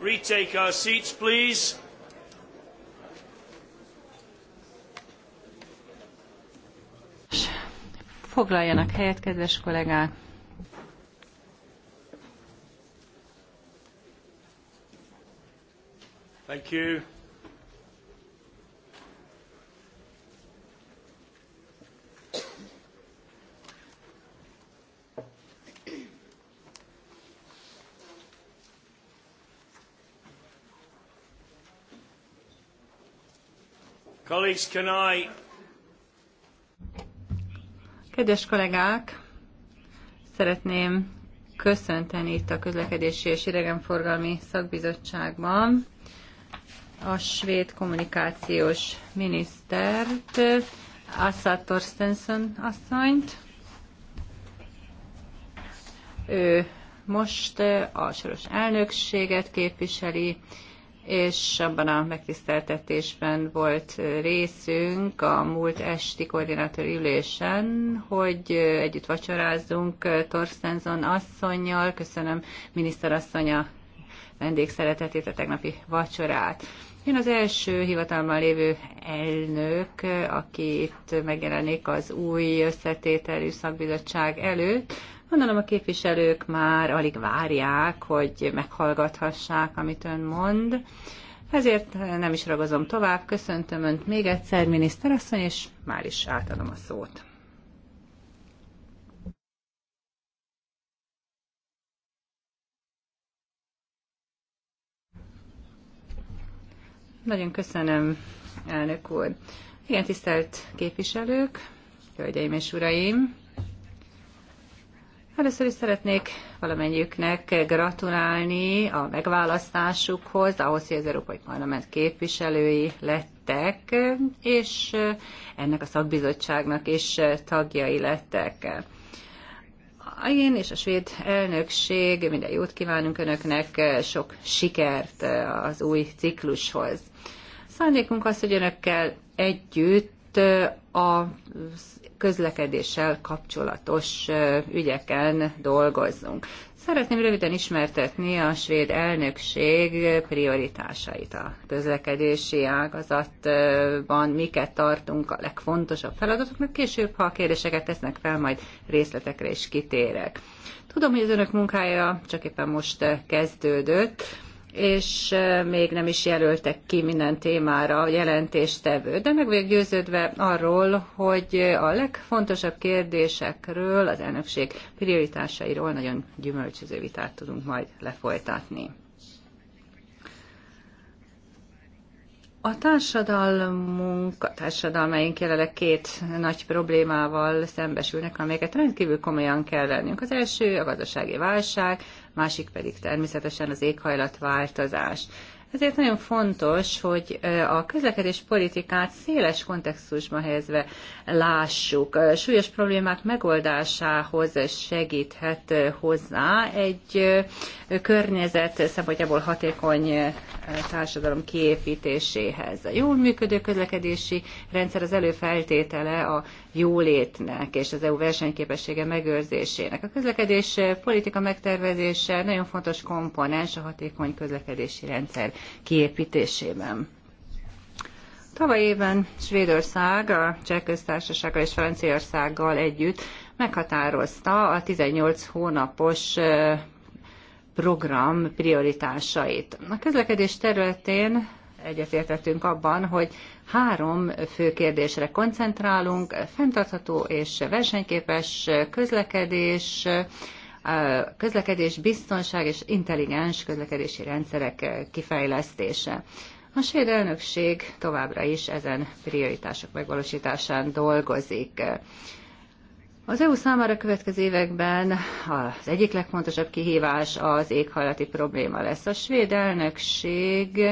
retake our seats, please? Foglaljanak helyet, kedves kollégák! Thank you. Colleagues, can I... Kedves kollégák, szeretném köszönteni itt a Közlekedési és Idegenforgalmi Szakbizottságban a svéd kommunikációs minisztert, Assa Torstensson asszonyt. Ő most a soros elnökséget képviseli, és abban a megtiszteltetésben volt részünk a múlt esti koordinátor ülésen, hogy együtt vacsorázzunk Torstenzon asszonynal. Köszönöm miniszterasszony a vendégszeretetét, a tegnapi vacsorát. Én az első hivatalmal lévő elnök, aki itt megjelenik az új összetételű szakbizottság előtt, Gondolom a képviselők már alig várják, hogy meghallgathassák, amit ön mond. Ezért nem is ragozom tovább. Köszöntöm Önt még egyszer, miniszterasszony, és már is átadom a szót. Nagyon köszönöm, elnök úr. Igen, tisztelt képviselők, hölgyeim és uraim! Először is szeretnék valamennyiüknek gratulálni a megválasztásukhoz, ahhoz, hogy az Európai Parlament képviselői lettek, és ennek a szakbizottságnak is tagjai lettek. Én és a svéd elnökség minden jót kívánunk Önöknek, sok sikert az új ciklushoz. Szándékunk az, hogy Önökkel együtt az közlekedéssel kapcsolatos ügyeken dolgozzunk. Szeretném röviden ismertetni a svéd elnökség prioritásait a közlekedési ágazatban, miket tartunk a legfontosabb feladatoknak, később, ha a kérdéseket tesznek fel, majd részletekre is kitérek. Tudom, hogy az önök munkája csak éppen most kezdődött, és még nem is jelöltek ki minden témára a jelentéstevő. De meg vagyok győződve arról, hogy a legfontosabb kérdésekről, az elnökség prioritásairól nagyon gyümölcsöző vitát tudunk majd lefolytatni. A társadalmunk, a társadalmaink jelenleg két nagy problémával szembesülnek, amelyeket rendkívül komolyan kell lennünk. Az első a gazdasági válság, másik pedig természetesen az éghajlatváltozás. Ezért nagyon fontos, hogy a közlekedés politikát széles kontextusba helyezve lássuk. Súlyos problémák megoldásához segíthet hozzá egy környezet szempontjából hatékony társadalom kiépítéséhez. A jól működő közlekedési rendszer az előfeltétele a jólétnek és az EU versenyképessége megőrzésének. A közlekedés eh, politika megtervezése nagyon fontos komponens a hatékony közlekedési rendszer kiépítésében. Tavaly éven Svédország, a Cseh köztársasággal és Franciaországgal együtt meghatározta a 18 hónapos eh, program prioritásait. A közlekedés területén egyetértettünk abban, hogy három fő kérdésre koncentrálunk, fenntartható és versenyképes közlekedés, közlekedés biztonság és intelligens közlekedési rendszerek kifejlesztése. A svéd elnökség továbbra is ezen prioritások megvalósításán dolgozik. Az EU számára a következő években az egyik legfontosabb kihívás az éghajlati probléma lesz. A svéd elnökség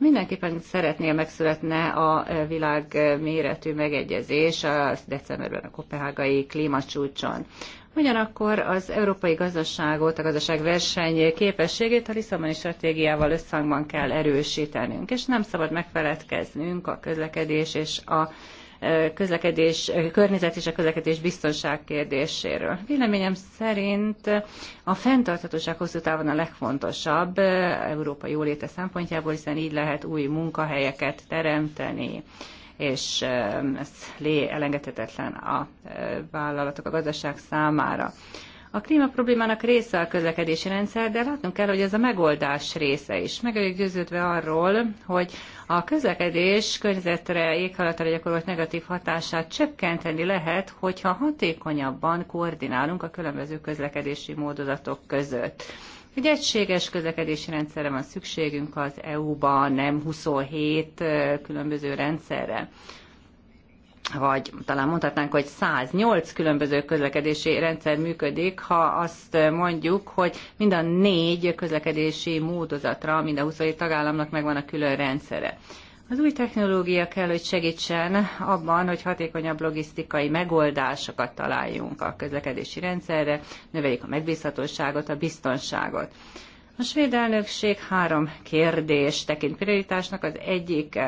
Mindenképpen szeretnél megszületne a világ méretű megegyezés a decemberben a kopehágai klímacsúcson. Ugyanakkor az európai gazdaságot, a gazdaság verseny képességét a Lisszaboni stratégiával összhangban kell erősítenünk, és nem szabad megfeledkeznünk a közlekedés és a közlekedés, környezet és a közlekedés biztonság kérdéséről. Véleményem szerint a fenntarthatóság hosszú távon a legfontosabb eh, Európa jóléte szempontjából, hiszen így lehet új munkahelyeket teremteni és eh, ez elengedhetetlen a eh, vállalatok, a gazdaság számára. A klíma problémának része a közlekedési rendszer, de látnunk kell, hogy ez a megoldás része is. Meg vagyok győződve arról, hogy a közlekedés környezetre, éghajlatra gyakorolt negatív hatását csökkenteni lehet, hogyha hatékonyabban koordinálunk a különböző közlekedési módozatok között. Egy egységes közlekedési rendszerre van szükségünk az EU-ban, nem 27 különböző rendszerre vagy talán mondhatnánk, hogy 108 különböző közlekedési rendszer működik, ha azt mondjuk, hogy mind a négy közlekedési módozatra, mind a 27 tagállamnak megvan a külön rendszere. Az új technológia kell, hogy segítsen abban, hogy hatékonyabb logisztikai megoldásokat találjunk a közlekedési rendszerre, növeljük a megbízhatóságot, a biztonságot. A svéd elnökség három kérdés tekint prioritásnak. Az egyik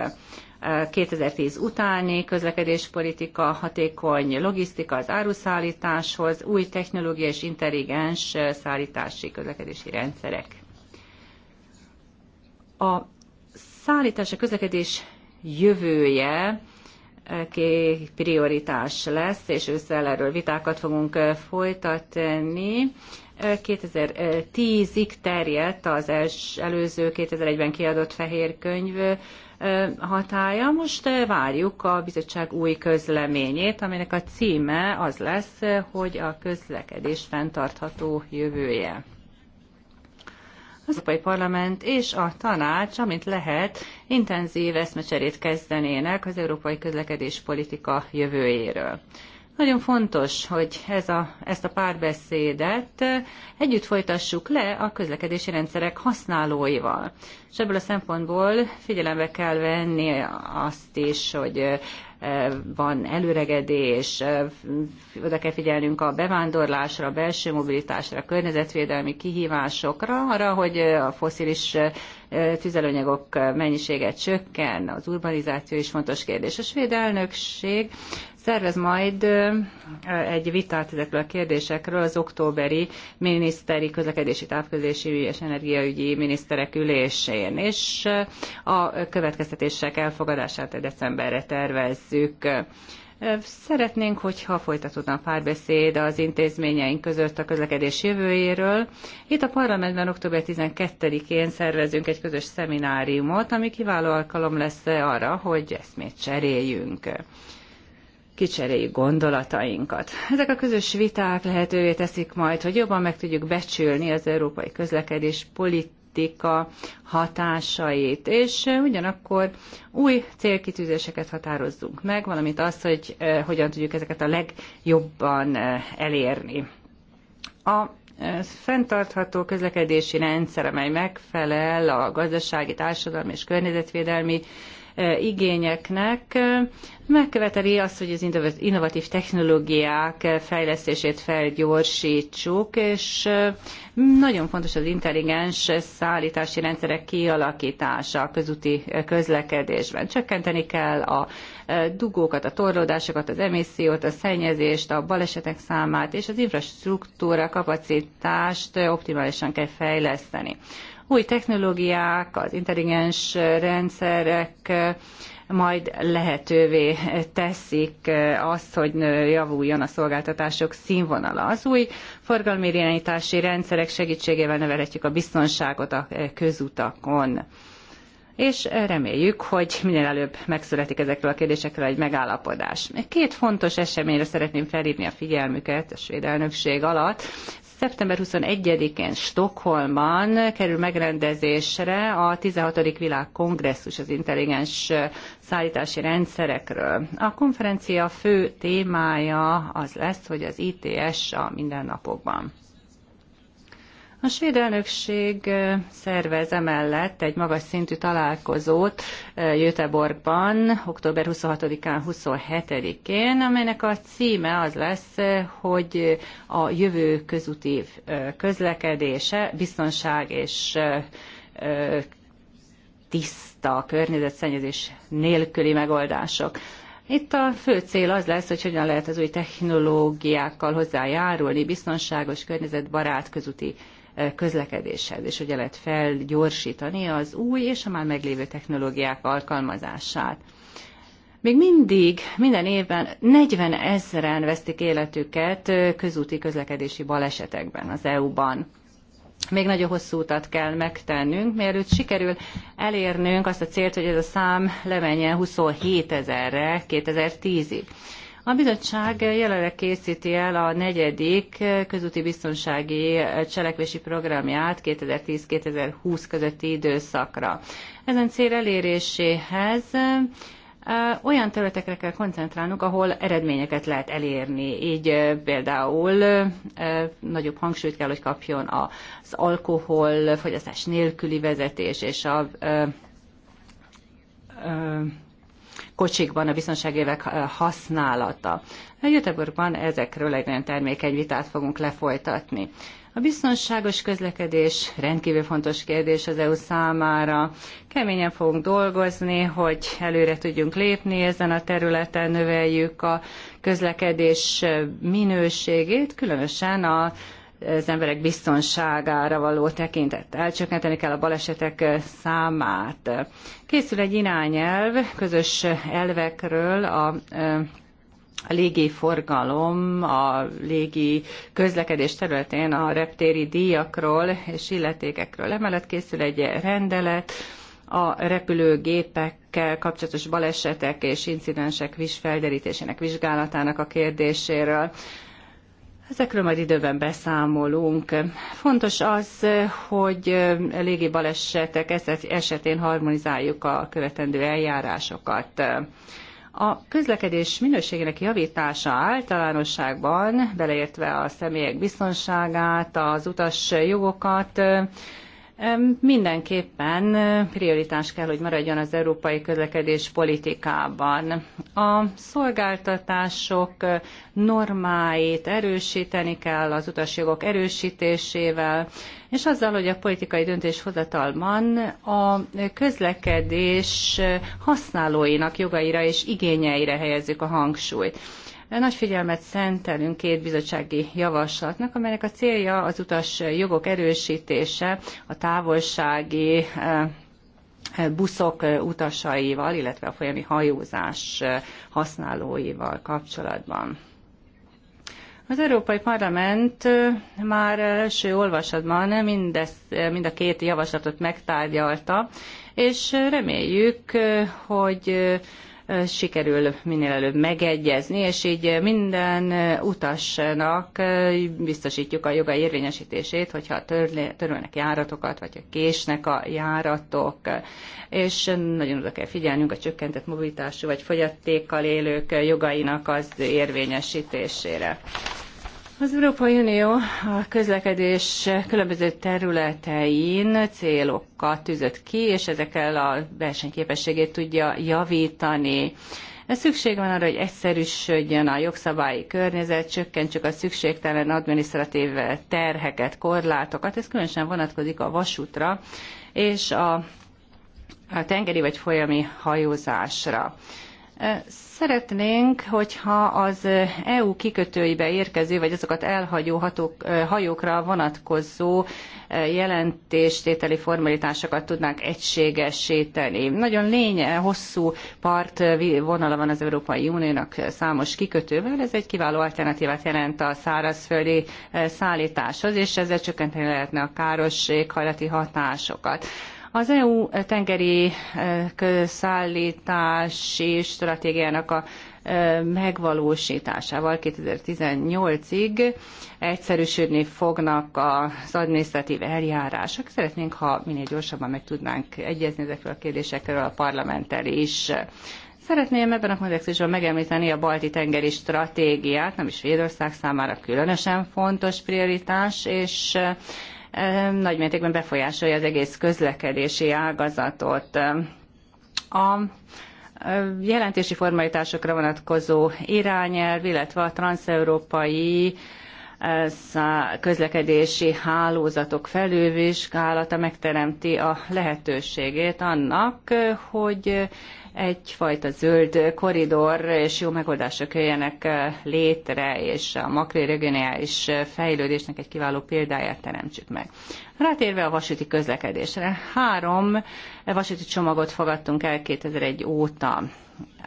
2010 utáni közlekedéspolitika, hatékony logisztika az áruszállításhoz, új technológia és intelligens szállítási közlekedési rendszerek. A szállítás, a közlekedés jövője prioritás lesz, és ősszel erről vitákat fogunk folytatni. 2010-ig terjedt az előző 2001-ben kiadott fehér könyv, hatája. Most várjuk a bizottság új közleményét, aminek a címe az lesz, hogy a közlekedés fenntartható jövője. Az Európai Parlament és a tanács, amint lehet, intenzív eszmecserét kezdenének az európai közlekedés politika jövőjéről. Nagyon fontos, hogy ez a, ezt a párbeszédet együtt folytassuk le a közlekedési rendszerek használóival. És ebből a szempontból figyelembe kell venni azt is, hogy van előregedés, oda kell figyelnünk a bevándorlásra, a belső mobilitásra, a környezetvédelmi kihívásokra, arra, hogy a foszilis tüzelőanyagok mennyisége csökken, az urbanizáció is fontos kérdés. A svéd elnökség szervez majd egy vitát ezekről a kérdésekről az októberi miniszteri közlekedési, távközlési és energiaügyi miniszterek ülésén, és a következtetések elfogadását decemberre tervezzük. Szeretnénk, hogyha folytatódna a párbeszéd az intézményeink között a közlekedés jövőjéről. Itt a parlamentben október 12-én szervezünk egy közös szemináriumot, ami kiváló alkalom lesz arra, hogy eszmét cseréljünk kicseréljük gondolatainkat. Ezek a közös viták lehetővé teszik majd, hogy jobban meg tudjuk becsülni az európai közlekedés politika hatásait, és ugyanakkor új célkitűzéseket határozzunk meg, valamint azt, hogy hogyan tudjuk ezeket a legjobban elérni. A fenntartható közlekedési rendszer, amely megfelel a gazdasági, társadalmi és környezetvédelmi igényeknek, megköveteli azt, hogy az innovatív technológiák fejlesztését felgyorsítsuk, és nagyon fontos az intelligens szállítási rendszerek kialakítása a közúti közlekedésben. Csökkenteni kell a dugókat, a torlódásokat, az emissziót, a szennyezést, a balesetek számát, és az infrastruktúra kapacitást optimálisan kell fejleszteni új technológiák, az intelligens rendszerek majd lehetővé teszik azt, hogy javuljon a szolgáltatások színvonala. Az új forgalmi irányítási rendszerek segítségével nevelhetjük a biztonságot a közutakon és reméljük, hogy minél előbb megszületik ezekről a kérdésekről egy megállapodás. Két fontos eseményre szeretném felhívni a figyelmüket a svéd elnökség alatt. Szeptember 21-én Stockholmban kerül megrendezésre a 16. világkongresszus az intelligens szállítási rendszerekről. A konferencia fő témája az lesz, hogy az ITS a mindennapokban. A svéd elnökség szervez emellett egy magas szintű találkozót Göteborgban, október 26-án, 27-én, amelynek a címe az lesz, hogy a jövő közúti közlekedése, biztonság és tiszta környezetszennyezés nélküli megoldások. Itt a fő cél az lesz, hogy hogyan lehet az új technológiákkal hozzájárulni biztonságos, környezetbarát közúti közlekedéshez, és ugye lehet felgyorsítani az új és a már meglévő technológiák alkalmazását. Még mindig, minden évben 40 ezeren vesztik életüket közúti közlekedési balesetekben az EU-ban még nagyon hosszú utat kell megtennünk, mielőtt sikerül elérnünk azt a célt, hogy ez a szám lemenjen 27 ezerre 2010-ig. A bizottság jelenleg készíti el a negyedik közúti biztonsági cselekvési programját 2010-2020 közötti időszakra. Ezen cél eléréséhez olyan területekre kell koncentrálnunk, ahol eredményeket lehet elérni. Így például nagyobb hangsúlyt kell, hogy kapjon az alkohol, fogyasztás nélküli vezetés és a kocsikban a biztonságévek használata. A Göteborgban ezekről egy nagyon termékeny vitát fogunk lefolytatni. A biztonságos közlekedés rendkívül fontos kérdés az EU számára. Keményen fogunk dolgozni, hogy előre tudjunk lépni ezen a területen, növeljük a közlekedés minőségét, különösen a az emberek biztonságára való tekintettel, csökkenteni kell a balesetek számát. Készül egy irányelv közös elvekről a a légi forgalom, a légi közlekedés területén a reptéri díjakról és illetékekről. Emellett készül egy rendelet, a repülőgépekkel kapcsolatos balesetek és incidensek felderítésének vizsgálatának a kérdéséről. Ezekről majd időben beszámolunk. Fontos az, hogy légi balesetek esetén harmonizáljuk a követendő eljárásokat. A közlekedés minőségének javítása általánosságban, beleértve a személyek biztonságát, az utas jogokat, Mindenképpen prioritás kell, hogy maradjon az európai közlekedés politikában. A szolgáltatások normáit erősíteni kell az utasjogok erősítésével, és azzal, hogy a politikai döntéshozatalban a közlekedés használóinak jogaira és igényeire helyezzük a hangsúlyt. Nagy figyelmet szentelünk két bizottsági javaslatnak, amelynek a célja az utas jogok erősítése a távolsági eh, eh, buszok eh, utasaival, illetve a folyami hajózás használóival kapcsolatban. Az Európai Parlament már első olvasatban mindezt, mind a két javaslatot megtárgyalta, és reméljük, hogy sikerül minél előbb megegyezni, és így minden utasnak biztosítjuk a joga érvényesítését, hogyha törölnek járatokat, vagy a késnek a járatok, és nagyon oda kell figyelnünk a csökkentett mobilitású vagy fogyatékkal élők jogainak az érvényesítésére. Az Európai Unió a közlekedés különböző területein célokat tűzött ki, és ezekkel a versenyképességét tudja javítani. Ez szükség van arra, hogy egyszerűsödjön a jogszabályi környezet, csökkentsük a szükségtelen adminisztratív terheket, korlátokat. Ez különösen vonatkozik a vasútra és a, a tengeri vagy folyami hajózásra. Szeretnénk, hogyha az EU kikötőibe érkező, vagy azokat elhagyó hatók, hajókra vonatkozó jelentéstételi formalitásokat tudnánk egységesíteni. Nagyon lény, hosszú part vonala van az Európai Uniónak számos kikötővel, ez egy kiváló alternatívát jelent a szárazföldi szállításhoz, és ezzel csökkenteni lehetne a káros éghajlati hatásokat. Az EU tengeri e, szállítási stratégiának a e, megvalósításával 2018-ig egyszerűsödni fognak az adminisztratív eljárások. Szeretnénk, ha minél gyorsabban meg tudnánk egyezni ezekről a kérdésekről a parlamenttel is. Szeretném ebben a kontextusban megemlíteni a balti tengeri stratégiát, nem is Védország számára különösen fontos prioritás, és nagy mértékben befolyásolja az egész közlekedési ágazatot. A jelentési formalitásokra vonatkozó irányelv, illetve a transeurópai eh, közlekedési hálózatok felülvizsgálata megteremti a lehetőségét annak, eh, hogy egyfajta zöld koridor és jó megoldások jöjjenek eh, létre, és a regionális fejlődésnek egy kiváló példáját teremtsük meg. Rátérve a vasúti közlekedésre, három vasúti csomagot fogadtunk el 2001 óta.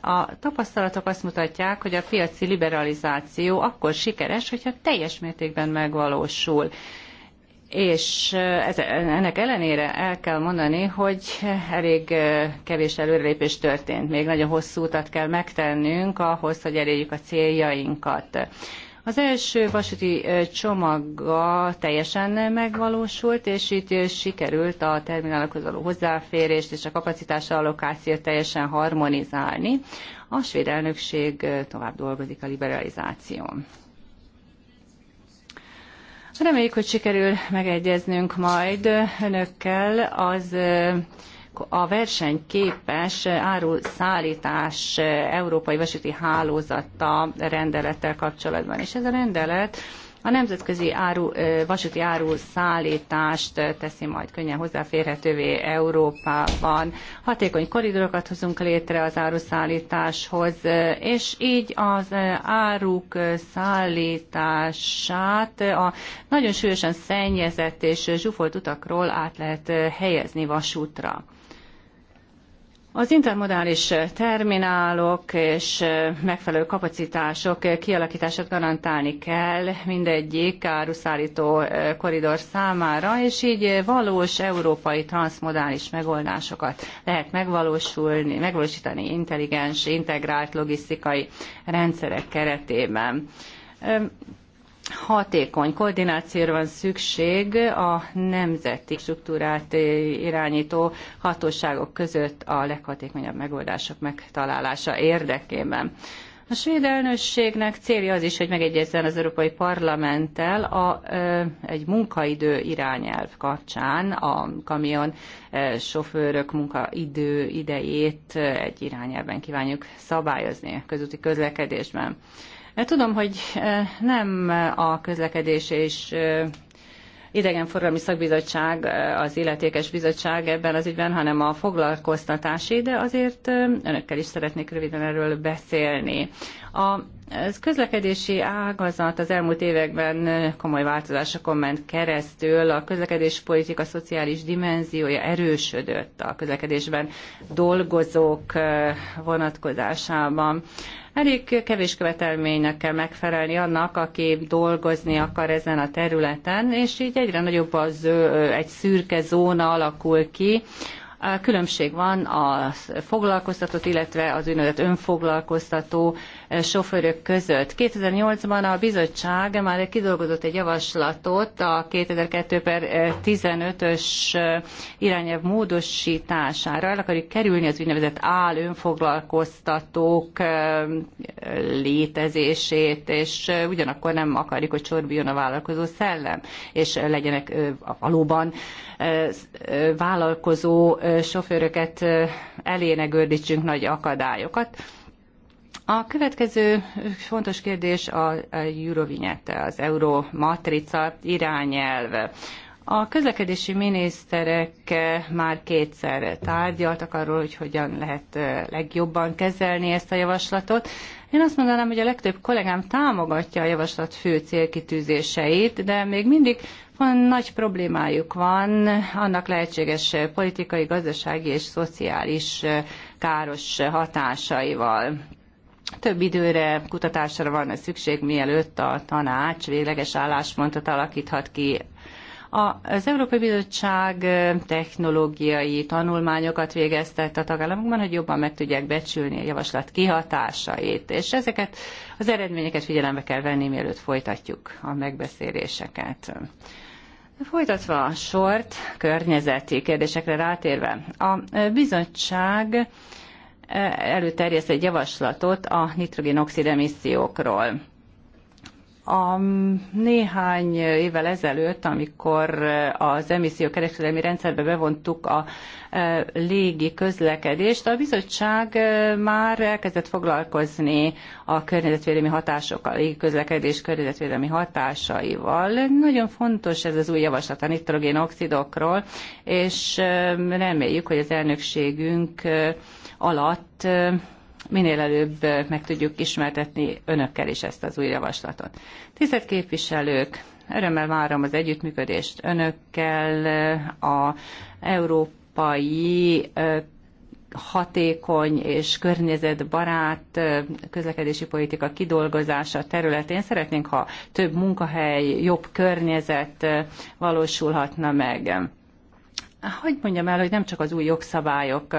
A tapasztalatok azt mutatják, hogy a piaci liberalizáció akkor sikeres, hogyha teljes mértékben megvalósul és ennek ellenére el kell mondani, hogy elég kevés előrelépés történt. Még nagyon hosszú utat kell megtennünk ahhoz, hogy elérjük a céljainkat. Az első vasúti csomaga teljesen megvalósult, és itt sikerült a terminálokhoz való hozzáférést és a kapacitás allokációt teljesen harmonizálni. A svéd elnökség tovább dolgozik a liberalizáción. Reméljük, hogy sikerül megegyeznünk majd önökkel az a versenyképes áruszállítás európai vasúti hálózata rendelettel kapcsolatban. És ez a rendelet a nemzetközi áru, vasúti áru szállítást teszi majd könnyen hozzáférhetővé Európában. Hatékony koridorokat hozunk létre az áruszállításhoz, és így az áruk szállítását a nagyon súlyosan szennyezett és zsúfolt utakról át lehet helyezni vasútra. Az intermodális terminálok és megfelelő kapacitások kialakítását garantálni kell mindegyik áruszállító koridor számára, és így valós európai transmodális megoldásokat lehet megvalósulni, megvalósítani intelligens, integrált logisztikai rendszerek keretében hatékony koordinációra van szükség a nemzeti struktúrát irányító hatóságok között a leghatékonyabb megoldások megtalálása érdekében. A svéd elnökségnek célja az is, hogy megegyezzen az Európai Parlamenttel a, egy munkaidő irányelv kapcsán a kamion sofőrök munkaidő idejét egy irányelven kívánjuk szabályozni a közúti közlekedésben. Tudom, hogy nem a közlekedés és idegenforgalmi szakbizottság, az illetékes bizottság ebben az ügyben, hanem a foglalkoztatási, de azért önökkel is szeretnék röviden erről beszélni. A közlekedési ágazat az elmúlt években komoly változásokon ment keresztül, a közlekedés politika szociális dimenziója erősödött a közlekedésben dolgozók eh, vonatkozásában. Elég kevés követelménynek kell megfelelni annak, aki dolgozni akar ezen a területen, és így egyre nagyobb az eh, egy szürke zóna alakul ki, Különbség van a foglalkoztatott, illetve az ünnepet önfoglalkoztató sofőrök között. 2008-ban a bizottság már kidolgozott egy javaslatot a 2002 per 15-ös eh, eh, irányelv módosítására. El akarjuk kerülni az úgynevezett áll önfoglalkoztatók eh, létezését, és ugyanakkor nem akarjuk, hogy csorbuljon a vállalkozó szellem, és legyenek valóban vállalkozó sofőröket elének gördítsünk nagy akadályokat. A következő fontos kérdés a Eurovinyette, az Euró matrica irányelv. A közlekedési miniszterek már kétszer tárgyaltak arról, hogy hogyan lehet legjobban kezelni ezt a javaslatot. Én azt mondanám, hogy a legtöbb kollégám támogatja a javaslat fő célkitűzéseit, de még mindig van nagy problémájuk van annak lehetséges politikai, gazdasági és szociális káros hatásaival több időre, kutatásra van szükség, mielőtt a tanács végleges álláspontot alakíthat ki a az Európai Bizottság technológiai tanulmányokat végeztett a tagállamokban, hogy jobban meg tudják becsülni a javaslat kihatásait, és ezeket az eredményeket figyelembe kell venni, mielőtt folytatjuk a megbeszéléseket. Folytatva a sort, környezeti kérdésekre rátérve, a bizottság előterjeszt egy javaslatot a nitrogénoxid emissziókról. A néhány évvel ezelőtt, amikor az kereskedelmi rendszerbe bevontuk a e, légi közlekedést, a bizottság e, már elkezdett foglalkozni a környezetvédelmi hatásokkal, a légi közlekedés környezetvédelmi hatásaival. Nagyon fontos ez az új javaslat a nitrogénoxidokról, és e, reméljük, hogy az elnökségünk alatt minél előbb meg tudjuk ismertetni önökkel is ezt az új javaslatot. Tisztelt képviselők, örömmel várom az együttműködést önökkel, a európai hatékony és környezetbarát közlekedési politika kidolgozása területén szeretnénk, ha több munkahely, jobb környezet valósulhatna meg. Hogy mondjam el, hogy nem csak az új jogszabályok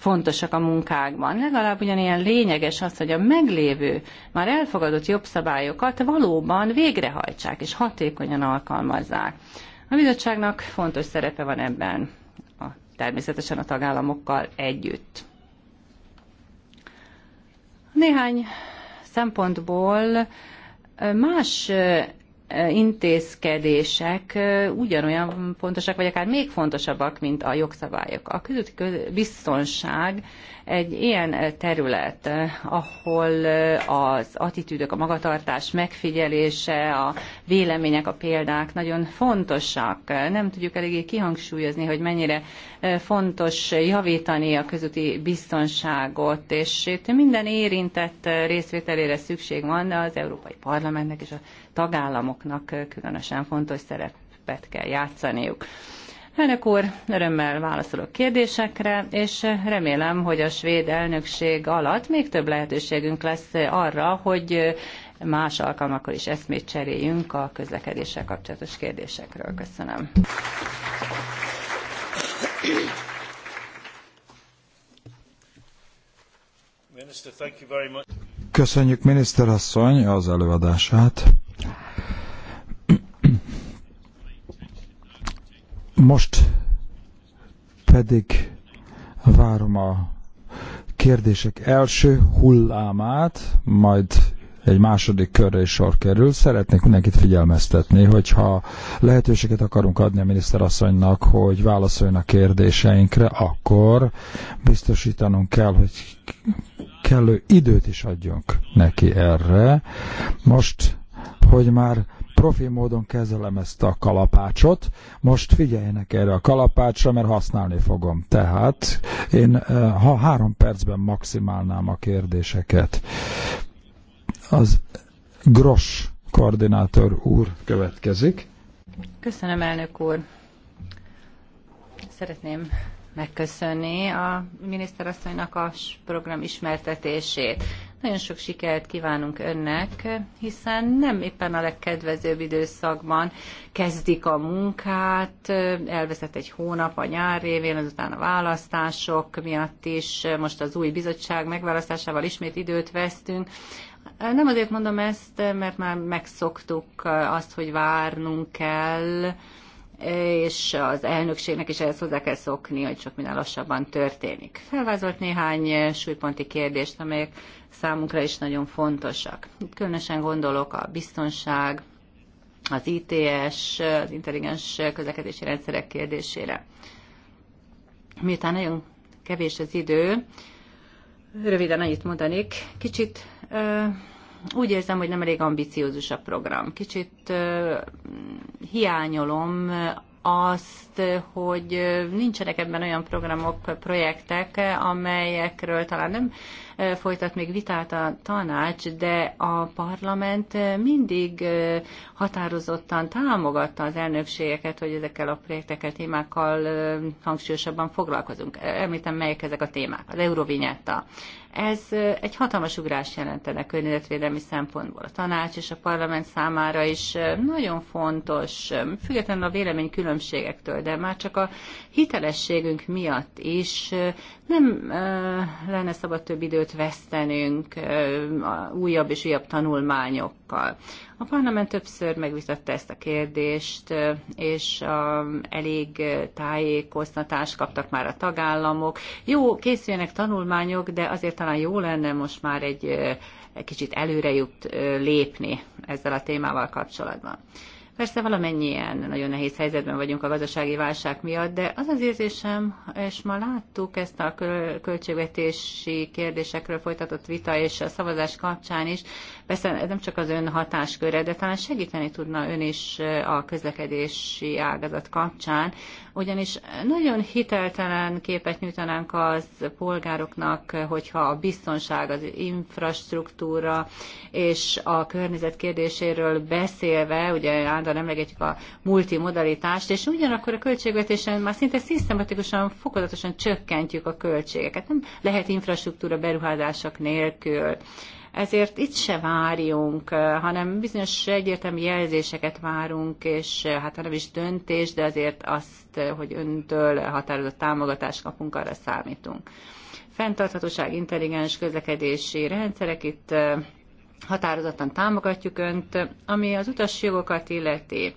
fontosak a munkákban. Legalább ugyanilyen lényeges az, hogy a meglévő, már elfogadott jogszabályokat valóban végrehajtsák és hatékonyan alkalmazzák. A bizottságnak fontos szerepe van ebben, a, természetesen a tagállamokkal együtt. Néhány szempontból más intézkedések ugyanolyan fontosak, vagy akár még fontosabbak, mint a jogszabályok. A közötti biztonság egy ilyen terület, ahol az attitűdök, a magatartás megfigyelése, a vélemények, a példák nagyon fontosak. Nem tudjuk eléggé kihangsúlyozni, hogy mennyire fontos javítani a közúti biztonságot, és itt minden érintett részvételére szükség van az Európai Parlamentnek és a tagállamoknak különösen fontos szerepet kell játszaniuk. Elnök úr, örömmel válaszolok kérdésekre, és remélem, hogy a svéd elnökség alatt még több lehetőségünk lesz arra, hogy más alkalmakkal is eszmét cseréljünk a közlekedéssel kapcsolatos kérdésekről. Köszönöm. Köszönjük miniszterasszony az előadását. Most pedig várom a kérdések első hullámát, majd egy második körre is sor kerül. Szeretnék mindenkit figyelmeztetni, hogyha lehetőséget akarunk adni a miniszterasszonynak, hogy válaszoljon a kérdéseinkre, akkor biztosítanunk kell, hogy kellő időt is adjunk neki erre. Most hogy már profi módon kezelem ezt a kalapácsot. Most figyeljenek erre a kalapácsra, mert használni fogom. Tehát én eh, ha három percben maximálnám a kérdéseket. Az Gros koordinátor úr következik. Köszönöm, elnök úr. Szeretném megköszönni a miniszterasszonynak a program ismertetését. Nagyon sok sikert kívánunk önnek, hiszen nem éppen a legkedvezőbb időszakban kezdik a munkát, elveszett egy hónap a nyár révén, azután a választások miatt is, most az új bizottság megválasztásával ismét időt vesztünk, nem azért mondom ezt, mert már megszoktuk azt, hogy várnunk kell, és az elnökségnek is ehhez hozzá kell szokni, hogy sok minden lassabban történik. Felvázolt néhány súlyponti kérdést, amelyek számunkra is nagyon fontosak. Itt különösen gondolok a biztonság, az ITS, az intelligens közlekedési rendszerek kérdésére. Miután nagyon kevés az idő, röviden annyit mondanék, kicsit úgy érzem, hogy nem elég ambiciózus a program. Kicsit hiányolom azt, hogy nincsenek ebben olyan programok, projektek, amelyekről talán nem folytat még vitát a tanács, de a parlament mindig határozottan támogatta az elnökségeket, hogy ezekkel a projektekkel, témákkal hangsúlyosabban foglalkozunk. Említem, melyek ezek a témák. Az Eurovinyetta, ez egy hatalmas ugrás jelentene környezetvédelmi szempontból a tanács és a parlament számára is nagyon fontos, függetlenül a vélemény különbségektől, de már csak a hitelességünk miatt is nem lenne szabad több időt vesztenünk újabb és újabb tanulmányokkal. A parlament többször megvitatta ezt a kérdést, és elég tájékoztatást kaptak már a tagállamok. Jó, készüljenek tanulmányok, de azért talán jó lenne most már egy kicsit előre jut lépni ezzel a témával kapcsolatban. Persze valamennyien nagyon nehéz helyzetben vagyunk a gazdasági válság miatt, de az az érzésem, és ma láttuk ezt a költségvetési kérdésekről folytatott vita és a szavazás kapcsán is, Persze ez nem csak az ön hatásköre, de talán segíteni tudna ön is a közlekedési ágazat kapcsán, ugyanis nagyon hiteltelen képet nyújtanánk az polgároknak, hogyha a biztonság, az infrastruktúra és a környezet kérdéséről beszélve, ugye állandóan emlegetjük a multimodalitást, és ugyanakkor a költségvetésen már szinte szisztematikusan, fokozatosan csökkentjük a költségeket. Nem lehet infrastruktúra beruházások nélkül ezért itt se várjunk, hanem bizonyos egyértelmű jelzéseket várunk, és hát ha nem is döntés, de azért azt, hogy öntől határozott támogatást kapunk, arra számítunk. Fenntarthatóság, intelligens közlekedési rendszerek, itt határozottan támogatjuk önt, ami az utasjogokat illeti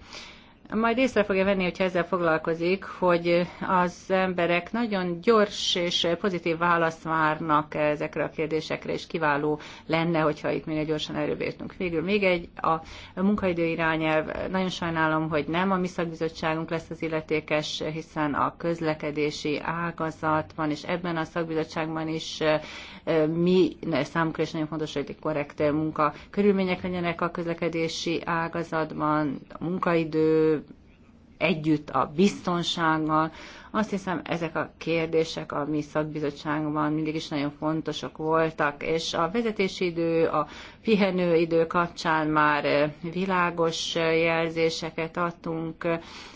majd észre fogja venni, hogyha ezzel foglalkozik, hogy az emberek nagyon gyors és pozitív választ várnak ezekre a kérdésekre, és kiváló lenne, hogyha itt minél gyorsan értünk. Végül még egy, a munkaidő irányelv, nagyon sajnálom, hogy nem a mi szakbizottságunk lesz az illetékes, hiszen a közlekedési ágazat van, és ebben a szakbizottságban is mi számunkra is nagyon fontos, hogy korrekt munka körülmények legyenek a közlekedési ágazatban, a munkaidő együtt a biztonsággal. Azt hiszem, ezek a kérdések a mi szakbizottságban mindig is nagyon fontosak voltak, és a vezetési idő, a pihenőidő kapcsán már eh, világos eh, jelzéseket adtunk.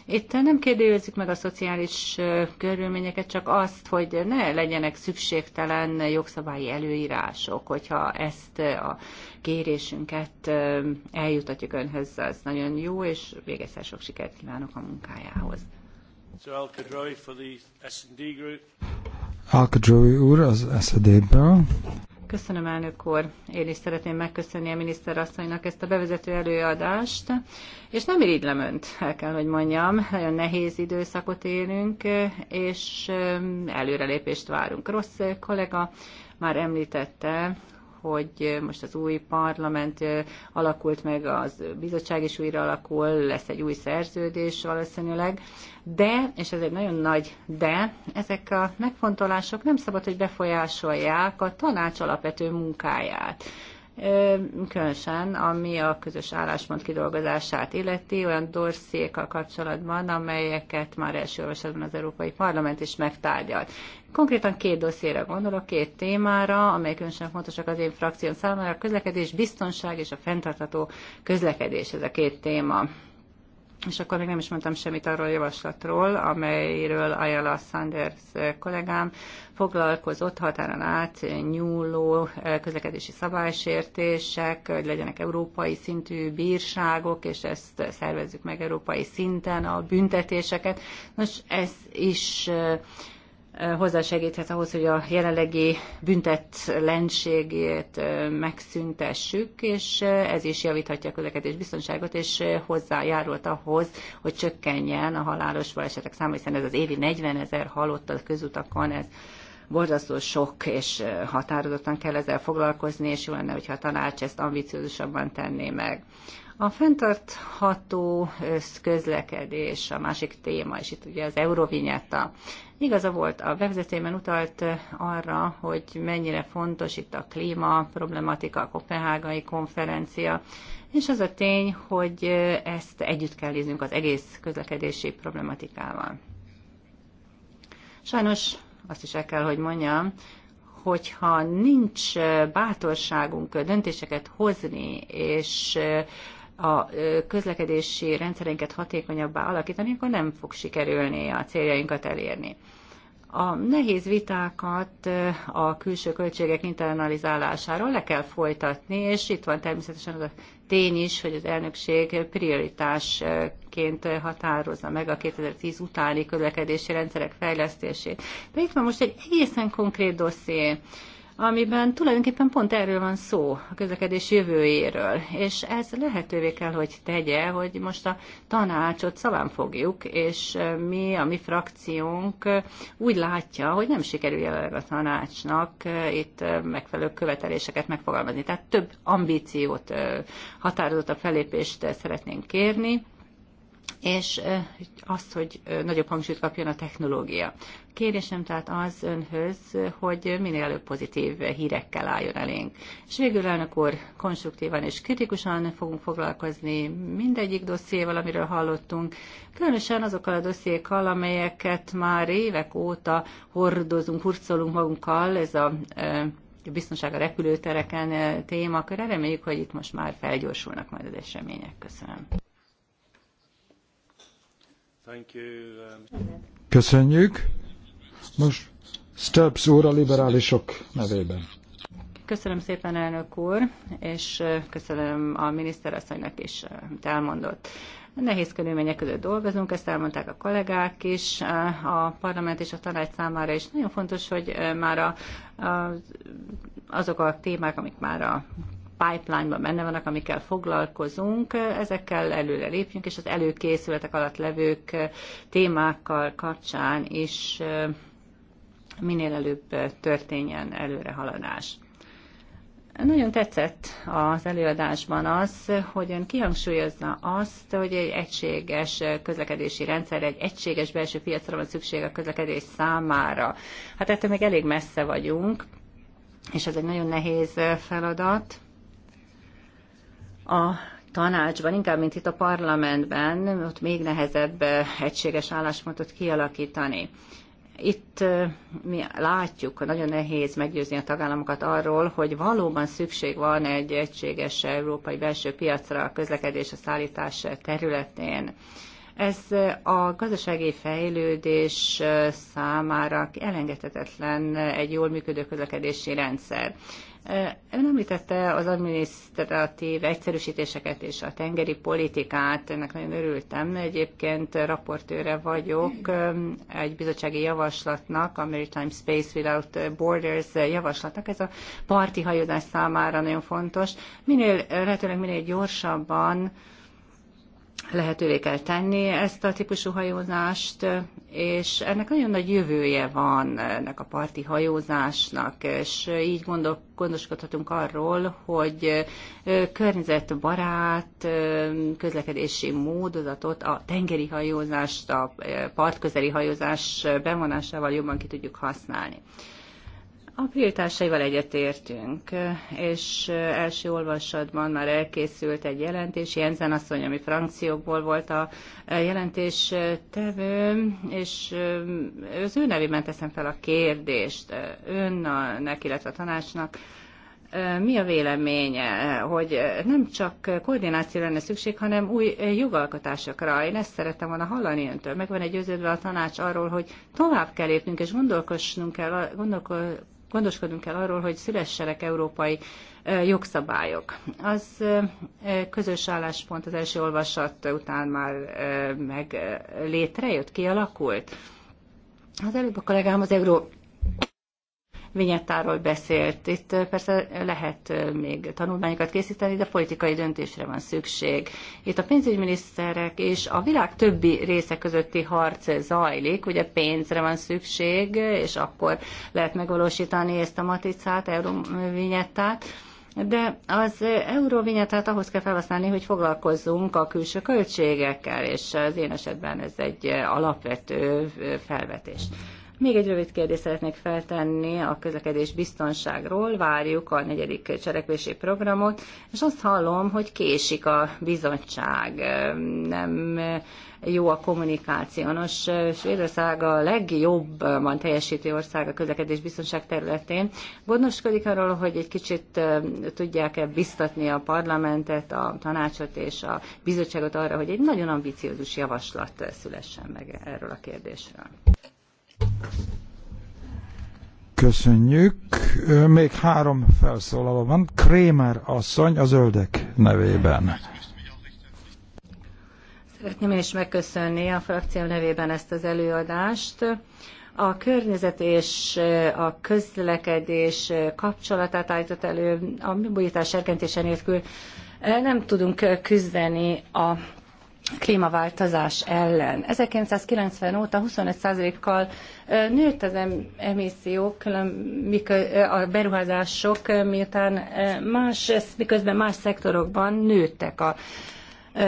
Itt nem kérdőjelezzük meg a szociális eh, körülményeket, csak azt, hogy ne legyenek szükségtelen jogszabályi előírások, hogyha ezt a kérésünket eljutatjuk önhöz, az nagyon jó, és még egyszer sok sikert kívánok a munkájához. Alkadrói úr az SZD-ből. Köszönöm, elnök úr. Én is szeretném megköszönni a miniszter asszonynak ezt a bevezető előadást, és nem irigylem önt, el kell, hogy mondjam. Nagyon nehéz időszakot élünk, és előrelépést várunk. Rossz kollega már említette, hogy most az új parlament alakult meg, az bizottság is újra alakul, lesz egy új szerződés valószínűleg, de, és ez egy nagyon nagy de, ezek a megfontolások nem szabad, hogy befolyásolják a tanács alapvető munkáját különösen ami a közös álláspont kidolgozását illeti, olyan dorszékkal kapcsolatban, amelyeket már első olvasatban az Európai Parlament is megtárgyalt. Konkrétan két dosszére gondolok, két témára, amely különösen fontosak az én frakcióm számára, a közlekedés, biztonság és a fenntartható közlekedés, ez a két téma és akkor még nem is mondtam semmit arról a javaslatról, amelyről Ayala Sanders kollégám foglalkozott határon át nyúló eh, közlekedési szabálysértések, hogy legyenek európai szintű bírságok, és ezt szervezzük meg európai szinten a büntetéseket. Nos, ez is eh, hozzásegíthet ahhoz, hogy a jelenlegi büntetlenségét megszüntessük, és ez is javíthatja a közlekedés biztonságot, és hozzájárult ahhoz, hogy csökkenjen a halálos balesetek száma, hiszen ez az évi 40 ezer halott a közutakon, ez borzasztó sok, és határozottan kell ezzel foglalkozni, és jó lenne, hogyha a tanács ezt ambiciózusabban tenné meg. A fenntartható közlekedés a másik téma, és itt ugye az Eurovinyetta. Igaza volt, a bevezetőben utalt arra, hogy mennyire fontos itt a klíma problematika, a kopenhágai konferencia, és az a tény, hogy ezt együtt kell néznünk az egész közlekedési problematikával. Sajnos azt is el kell, hogy mondjam, hogyha nincs bátorságunk döntéseket hozni, és a közlekedési rendszerünket hatékonyabbá alakítani, akkor nem fog sikerülni a céljainkat elérni. A nehéz vitákat a külső költségek internalizálásáról le kell folytatni, és itt van természetesen az a tény is, hogy az elnökség prioritásként határozza meg a 2010 utáni közlekedési rendszerek fejlesztését. De itt van most egy egészen konkrét dosszié amiben tulajdonképpen pont erről van szó, a közlekedés jövőjéről, és ez lehetővé kell, hogy tegye, hogy most a tanácsot szaván fogjuk, és mi, a mi frakciónk úgy látja, hogy nem sikerül jelenleg a tanácsnak itt megfelelő követeléseket megfogalmazni. Tehát több ambíciót, határozottabb felépést szeretnénk kérni, és azt, hogy nagyobb hangsúlyt kapjon a technológia. Kérésem tehát az önhöz, hogy minél előbb pozitív hírekkel álljon elénk. És végül elnök úr, konstruktívan és kritikusan fogunk foglalkozni mindegyik dossziéval, amiről hallottunk, különösen azokkal a dossziékkal, amelyeket már évek óta hordozunk, hurcolunk magunkkal, ez a biztonság a repülőtereken témakör. Reméljük, hogy itt most már felgyorsulnak majd az események. Köszönöm. Um, Köszönjük. Most Stubbs úr a liberálisok nevében. Köszönöm szépen, elnök úr, és köszönöm a miniszterasszonynak is, amit elmondott. Nehéz körülmények között dolgozunk, ezt elmondták a kollégák is, a parlament és a tanács számára is. Nagyon fontos, hogy már a, a, azok a témák, amik már a pipeline-ban benne vannak, amikkel foglalkozunk, ezekkel előre lépjünk, és az előkészületek alatt levők témákkal kapcsán is minél előbb történjen előrehaladás. Nagyon tetszett az előadásban az, hogy ön kihangsúlyozna azt, hogy egy egységes közlekedési rendszer, egy egységes belső piacra van szükség a közlekedés számára. Hát ettől még elég messze vagyunk, és ez egy nagyon nehéz feladat a tanácsban, inkább mint itt a parlamentben, ott még nehezebb eh, egységes álláspontot kialakítani. Itt eh, mi látjuk, hogy nagyon nehéz meggyőzni a tagállamokat arról, hogy valóban szükség van egy egységes európai belső piacra a közlekedés a szállítás területén. Ez a gazdasági fejlődés számára elengedhetetlen egy jól működő közlekedési rendszer. Ön említette az adminisztratív egyszerűsítéseket és a tengeri politikát, ennek nagyon örültem. Egyébként raportőre vagyok egy bizottsági javaslatnak, a Maritime Space Without Borders javaslatnak. Ez a parti hajózás számára nagyon fontos. Minél lehetőleg minél gyorsabban lehetővé kell tenni ezt a típusú hajózást, és ennek nagyon nagy jövője van, ennek a parti hajózásnak, és így gondol, gondoskodhatunk arról, hogy környezetbarát közlekedési módozatot, a tengeri hajózást, a partközeli hajózás bevonásával jobban ki tudjuk használni. A prioritásaival egyetértünk, és első olvasatban már elkészült egy jelentés, Jensen asszony, ami frankciókból volt a jelentés tevő, és az ő nevében teszem fel a kérdést önnek, illetve a tanácsnak, mi a véleménye, hogy nem csak koordináció lenne szükség, hanem új jogalkotásokra. Én ezt szerettem volna hallani öntől. Megvan egy győződve a tanács arról, hogy tovább kell lépnünk, és gondolkodnunk kell, gondolkodnunk gondoskodunk kell arról, hogy szülessenek európai jogszabályok. Az közös álláspont az első olvasat után már meg létrejött, kialakult. Az előbb a kollégám az euró vinyettáról beszélt. Itt persze lehet még tanulmányokat készíteni, de politikai döntésre van szükség. Itt a pénzügyminiszterek és a világ többi része közötti harc zajlik, ugye pénzre van szükség, és akkor lehet megvalósítani ezt a maticát, euróvinyettát, de az euróvinyetet ahhoz kell felhasználni, hogy foglalkozzunk a külső költségekkel, és az én esetben ez egy alapvető felvetés. Még egy rövid kérdést szeretnék feltenni a közlekedés biztonságról. Várjuk a negyedik cselekvési programot, és azt hallom, hogy késik a bizottság. Nem jó a kommunikáció. Nos, Svédország a legjobban teljesítő ország a közlekedés biztonság területén. Gondoskodik arról, hogy egy kicsit tudják-e biztatni a parlamentet, a tanácsot és a bizottságot arra, hogy egy nagyon ambiciózus javaslat szülessen meg erről a kérdésről. Köszönjük. Még három felszólaló van. Krémer asszony a zöldek nevében. Szeretném én is megköszönni a frakció nevében ezt az előadást. A környezet és a közlekedés kapcsolatát állított elő a mobilitás serkentése nélkül nem tudunk küzdeni a klímaváltozás ellen. 1990 óta 25%-kal nőtt az emissziók, a beruházások, miután más, miközben más szektorokban nőttek a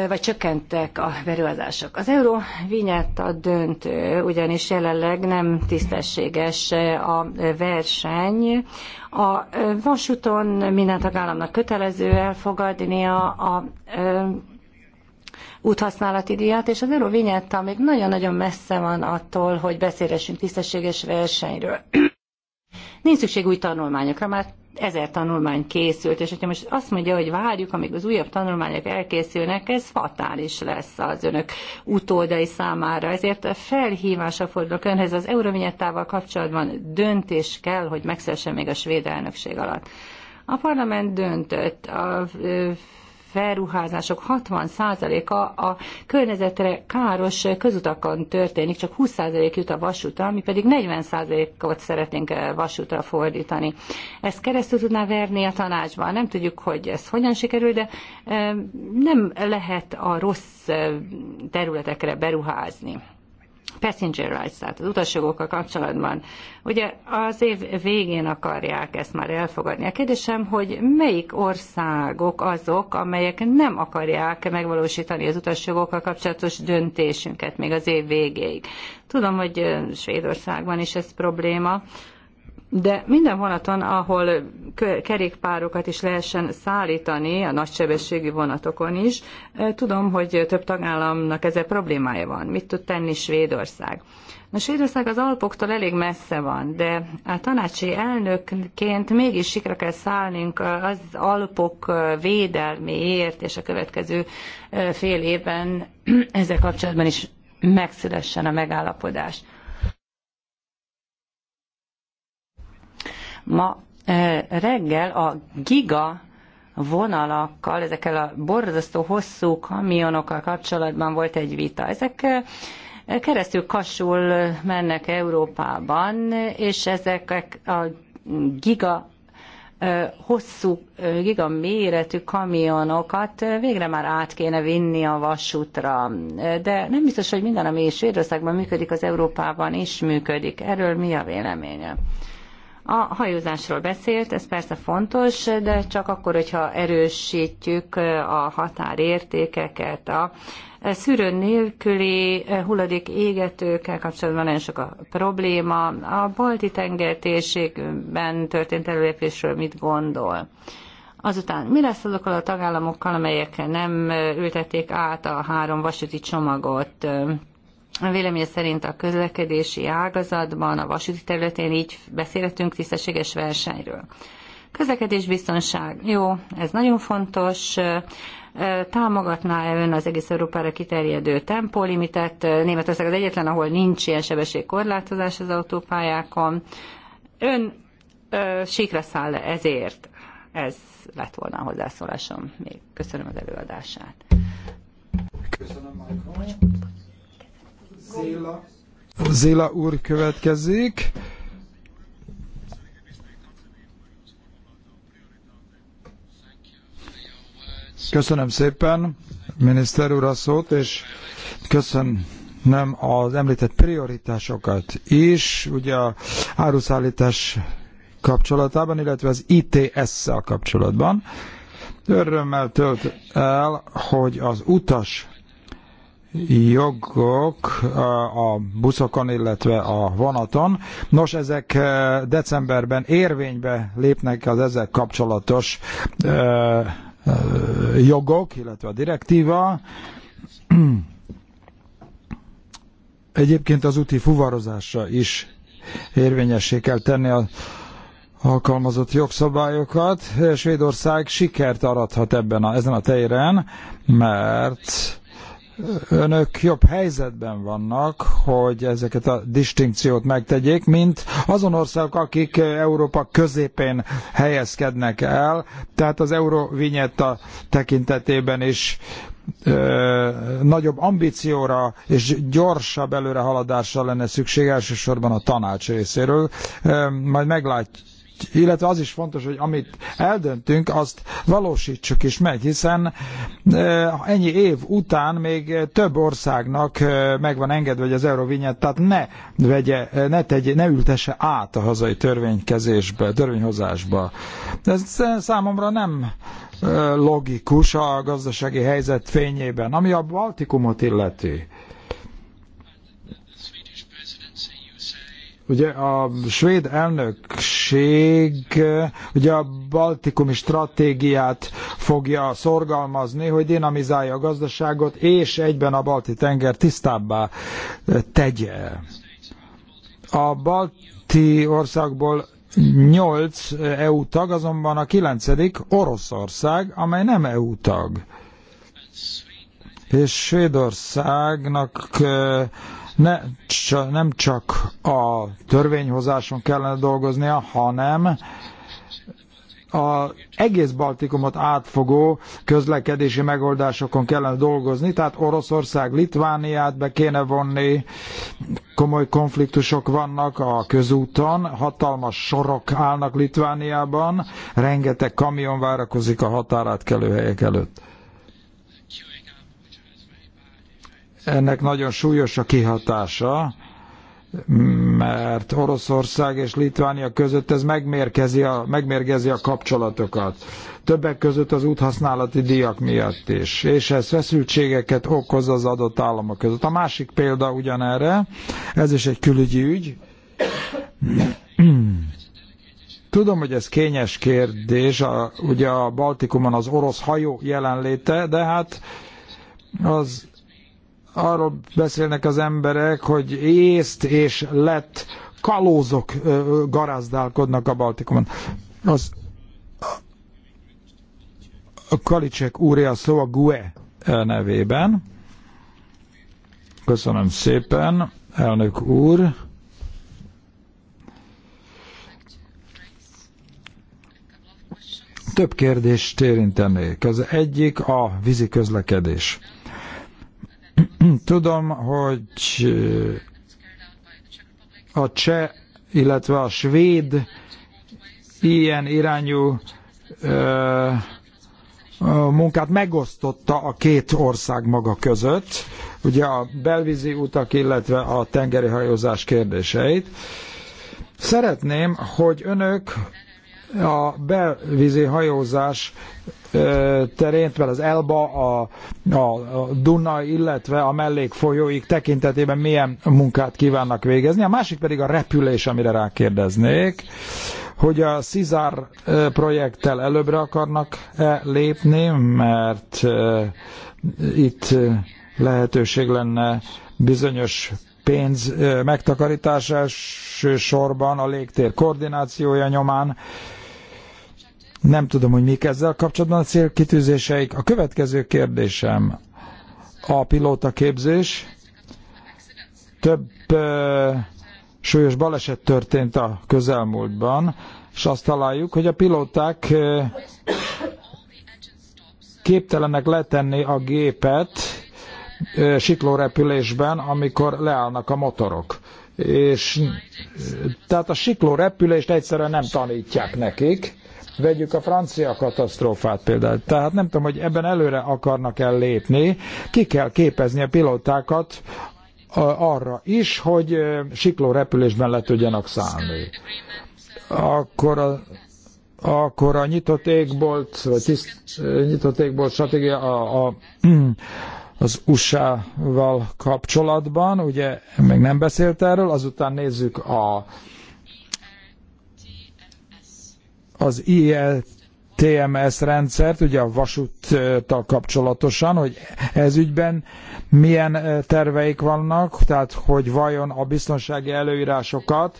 vagy csökkentek a beruházások. Az euró vinyetta döntő, ugyanis jelenleg nem tisztességes a verseny. A vasúton minden tagállamnak kötelező elfogadnia a, a úthasználati díjat, és az Eurovinyetta még nagyon-nagyon messze van attól, hogy beszélessünk tisztességes versenyről. Nincs szükség új tanulmányokra, már ezer tanulmány készült, és hogyha most azt mondja, hogy várjuk, amíg az újabb tanulmányok elkészülnek, ez fatális lesz az önök utódai számára. Ezért a felhívása fordulok önhez, az Eurovinyettával kapcsolatban döntés kell, hogy megszeressen még a svéd elnökség alatt. A parlament döntött, a felruházások 60%-a a környezetre káros közutakon történik, csak 20% jut a vasútra, mi pedig 40%-ot szeretnénk eh, vasútra fordítani. Ezt keresztül tudná verni a tanácsban. Nem tudjuk, hogy ez hogyan sikerül, de eh, nem lehet a rossz eh, területekre beruházni passenger rights, tehát az utasjogokkal kapcsolatban. Ugye az év végén akarják ezt már elfogadni. A kérdésem, hogy melyik országok azok, amelyek nem akarják megvalósítani az utasjogokkal kapcsolatos döntésünket még az év végéig. Tudom, hogy Svédországban is ez probléma, de minden vonaton, ahol kerékpárokat is lehessen szállítani, a nagysebességű vonatokon is, tudom, hogy több tagállamnak ezzel problémája van. Mit tud tenni Svédország? Na, Svédország az Alpoktól elég messze van, de a tanácsi elnökként mégis sikra kell szállnunk az Alpok védelméért, és a következő fél évben ezzel kapcsolatban is megszülessen a megállapodás. Ma eh, reggel a giga vonalakkal, ezekkel a borzasztó hosszú kamionokkal kapcsolatban volt egy vita. Ezek eh, keresztül kasul mennek Európában, és ezek a giga eh, hosszú, giga méretű kamionokat végre már át kéne vinni a vasútra. De nem biztos, hogy minden, ami Svédországban működik, az Európában is működik. Erről mi a véleménye? A hajózásról beszélt, ez persze fontos, de csak akkor, hogyha erősítjük a határértékeket, a szűrő nélküli hulladék égetőkkel kapcsolatban nagyon sok a probléma. A balti tenger térségben történt előépésről mit gondol? Azután mi lesz azokkal a tagállamokkal, amelyek nem ültették át a három vasúti csomagot? Véleménye szerint a közlekedési ágazatban, a vasúti területén így beszélhetünk tisztességes versenyről. biztonság. Jó, ez nagyon fontos. Támogatná-e ön az egész Európára kiterjedő tempólimitet? Németország az egyetlen, ahol nincs ilyen sebességkorlátozás az autópályákon. Ön ö, síkra száll -e ezért? Ez lett volna a hozzászólásom. Még köszönöm az előadását. Köszönöm, Michael. Zéla. Zéla úr következik. Köszönöm szépen, miniszter úr a szót, és köszönöm az említett prioritásokat is, ugye a áruszállítás kapcsolatában, illetve az ITS-szel kapcsolatban. Örömmel tölt el, hogy az utas jogok a buszokon, illetve a vonaton. Nos, ezek decemberben érvénybe lépnek az ezek kapcsolatos jogok, illetve a direktíva. Egyébként az úti fuvarozásra is érvényessé kell tenni a alkalmazott jogszabályokat. Svédország sikert arathat ebben a, ezen a téren, mert önök jobb helyzetben vannak, hogy ezeket a distinkciót megtegyék, mint azon országok, akik Európa középén helyezkednek el, tehát az Eurovinyetta tekintetében is ö, nagyobb ambícióra és gyorsabb előrehaladásra lenne szükség elsősorban a tanács részéről. Ö, majd meglátjuk illetve az is fontos, hogy amit eldöntünk, azt valósítsuk is meg, hiszen ennyi év után még több országnak meg van engedve, hogy az euróvinyettát ne vegye, ne, tegye, ne ültesse át a hazai törvénykezésbe, törvényhozásba. Ez számomra nem logikus a gazdasági helyzet fényében, ami a Baltikumot illeti. Ugye a svéd elnökség eh, ugye a baltikumi stratégiát fogja szorgalmazni, hogy dinamizálja a gazdaságot, és egyben a balti tenger tisztábbá eh, tegye. A balti országból nyolc eh, EU tag, azonban a kilencedik Oroszország, amely nem EU tag. És Svédországnak ne, nem csak a törvényhozáson kellene dolgoznia, hanem a egész Baltikumot átfogó közlekedési megoldásokon kellene dolgozni, tehát Oroszország, Litvániát be kéne vonni, komoly konfliktusok vannak a közúton, hatalmas sorok állnak Litvániában, rengeteg kamion várakozik a határátkelőhelyek előtt. ennek nagyon súlyos a kihatása, mert Oroszország és Litvánia között ez megmérgezi a, megmérgezi a kapcsolatokat. Többek között az úthasználati díjak miatt is. És ez feszültségeket okoz az adott államok között. A másik példa ugyanerre, ez is egy külügyi ügy. Tudom, hogy ez kényes kérdés, a, ugye a Baltikumon az orosz hajó jelenléte, de hát az arról beszélnek az emberek, hogy észt és lett kalózok garázdálkodnak a Baltikumon. Az Kalicek úré a szó a GUE nevében. Köszönöm szépen, elnök úr. Több kérdést érintenék. Az egyik a vízi közlekedés. Tudom, hogy eh, a cseh, illetve a svéd ilyen irányú ö, eh, a munkát megosztotta a két ország maga között, ugye a belvízi utak, illetve a tengeri hajózás kérdéseit. Szeretném, hogy önök a belvízi hajózás terén, az Elba, a, a Duna, illetve a mellékfolyóik tekintetében milyen munkát kívánnak végezni. A másik pedig a repülés, amire rákérdeznék, hogy a Cizár projekttel előbbre akarnak -e lépni, mert itt lehetőség lenne bizonyos pénz megtakarítás elsősorban a légtér koordinációja nyomán, nem tudom, hogy mik ezzel kapcsolatban a célkitűzéseik. A következő kérdésem. A képzés. több ö, súlyos baleset történt a közelmúltban, és azt találjuk, hogy a pilóták ö, képtelenek letenni a gépet ö, siklórepülésben, amikor leállnak a motorok. És tehát a siklórepülést egyszerűen nem tanítják nekik, Vegyük a francia katasztrófát például. Tehát nem tudom, hogy ebben előre akarnak el lépni. Ki kell képezni a pilótákat arra is, hogy sikló repülésben le tudjanak szállni. Akkor a akkor a nyitott égbolt, vagy tiszt, nyitott égbolt stratégia a, a, az USA-val kapcsolatban, ugye még nem beszélt erről, azután nézzük a, az IET TMS rendszert, ugye a vasúttal kapcsolatosan, hogy ez ügyben milyen terveik vannak, tehát hogy vajon a biztonsági előírásokat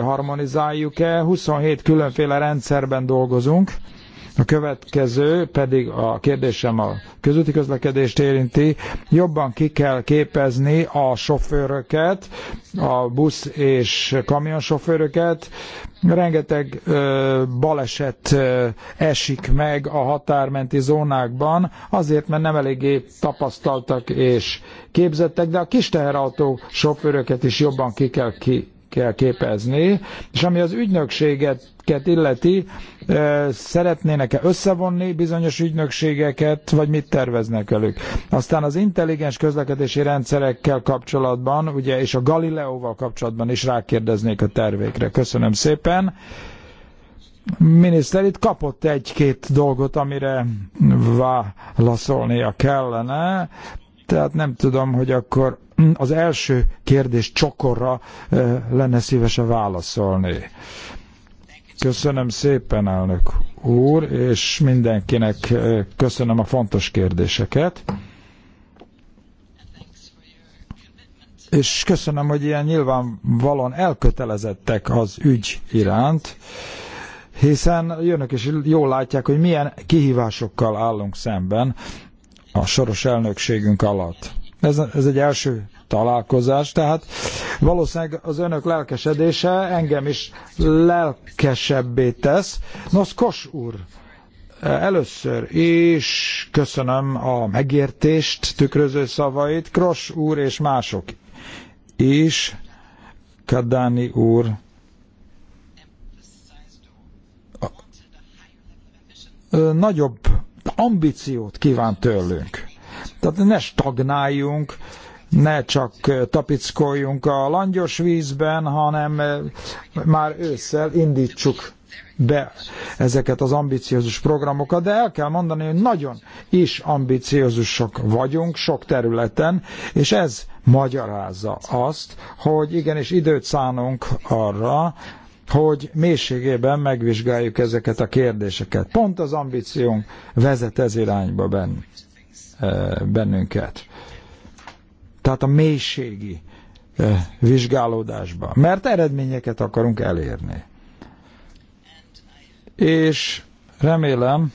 harmonizáljuk-e. 27 különféle rendszerben dolgozunk, a következő pedig a kérdésem a közúti közlekedést érinti. Jobban ki kell képezni a sofőröket, a busz és kamionsofőröket. Rengeteg ö, baleset ö, esik meg a határmenti zónákban, azért, mert nem eléggé tapasztaltak és képzettek, de a kis teherautó sofőröket is jobban ki kell ki kell képezni, és ami az ügynökséget illeti, szeretnének-e összevonni bizonyos ügynökségeket, vagy mit terveznek velük. Aztán az intelligens közlekedési rendszerekkel kapcsolatban, ugye, és a Galileóval kapcsolatban is rákérdeznék a tervékre. Köszönöm szépen. Miniszter itt kapott egy-két dolgot, amire válaszolnia kellene, tehát nem tudom, hogy akkor az első kérdés csokorra lenne szívese válaszolni. Köszönöm szépen, elnök úr, és mindenkinek köszönöm a fontos kérdéseket. És köszönöm, hogy ilyen nyilvánvalóan elkötelezettek az ügy iránt, hiszen jönök és jól látják, hogy milyen kihívásokkal állunk szemben a soros elnökségünk alatt ez, ez egy első találkozás, tehát valószínűleg az önök lelkesedése engem is lelkesebbé tesz. Nos, Kos úr, először is köszönöm a megértést, tükröző szavait, Kros úr és mások is, Kadáni úr, nagyobb ambíciót kíván tőlünk. Tehát ne stagnáljunk, ne csak tapickoljunk a langyos vízben, hanem már ősszel indítsuk be ezeket az ambiciózus programokat, de el kell mondani, hogy nagyon is ambiciózusok vagyunk sok területen, és ez magyarázza azt, hogy igenis időt szánunk arra, hogy mélységében megvizsgáljuk ezeket a kérdéseket. Pont az ambíciónk vezet ez irányba bennünk bennünket. Tehát a mélységi vizsgálódásba, mert eredményeket akarunk elérni. És remélem,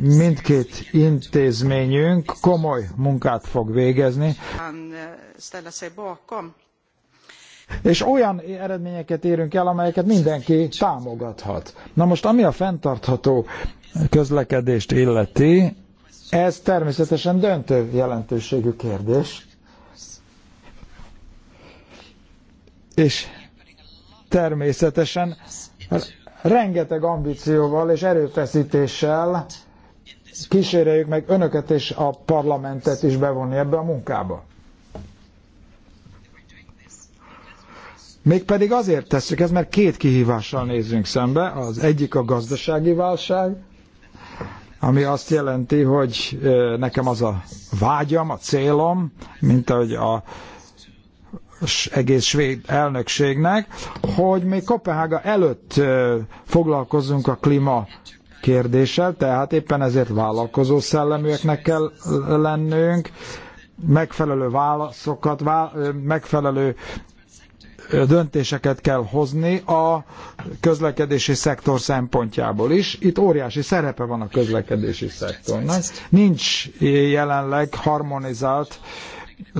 mindkét intézményünk komoly munkát fog végezni. És olyan eredményeket érünk el, amelyeket mindenki támogathat. Na most, ami a fenntartható közlekedést illeti, ez természetesen döntő jelentőségű kérdés. És természetesen rengeteg ambícióval és erőfeszítéssel kíséreljük meg önöket és a parlamentet is bevonni ebbe a munkába. Mégpedig azért tesszük ez, mert két kihívással nézünk szembe. Az egyik a gazdasági válság, ami azt jelenti, hogy nekem az a vágyam, a célom, mint ahogy a egész svéd elnökségnek, hogy még Kopenhága előtt foglalkozzunk a klíma kérdéssel, tehát éppen ezért vállalkozó szelleműeknek kell lennünk, megfelelő válaszokat, megfelelő döntéseket kell hozni a közlekedési szektor szempontjából is. Itt óriási szerepe van a közlekedési szektornak. Nincs jelenleg harmonizált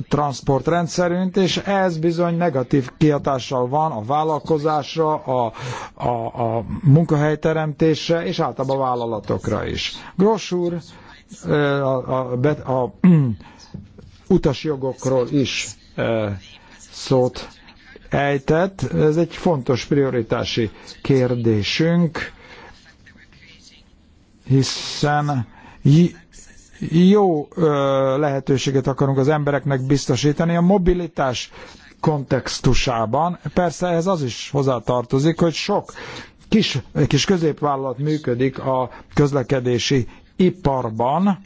transportrendszerünk, és ez bizony negatív kihatással van a vállalkozásra, a, a, a munkahelyteremtésre, és általában a vállalatokra is. Gross úr a, a, a, a utasjogokról is szót ejtett. Ez egy fontos prioritási kérdésünk, hiszen jó lehetőséget akarunk az embereknek biztosítani a mobilitás kontextusában. Persze ez az is hozzátartozik, hogy sok kis, kis középvállalat működik a közlekedési iparban,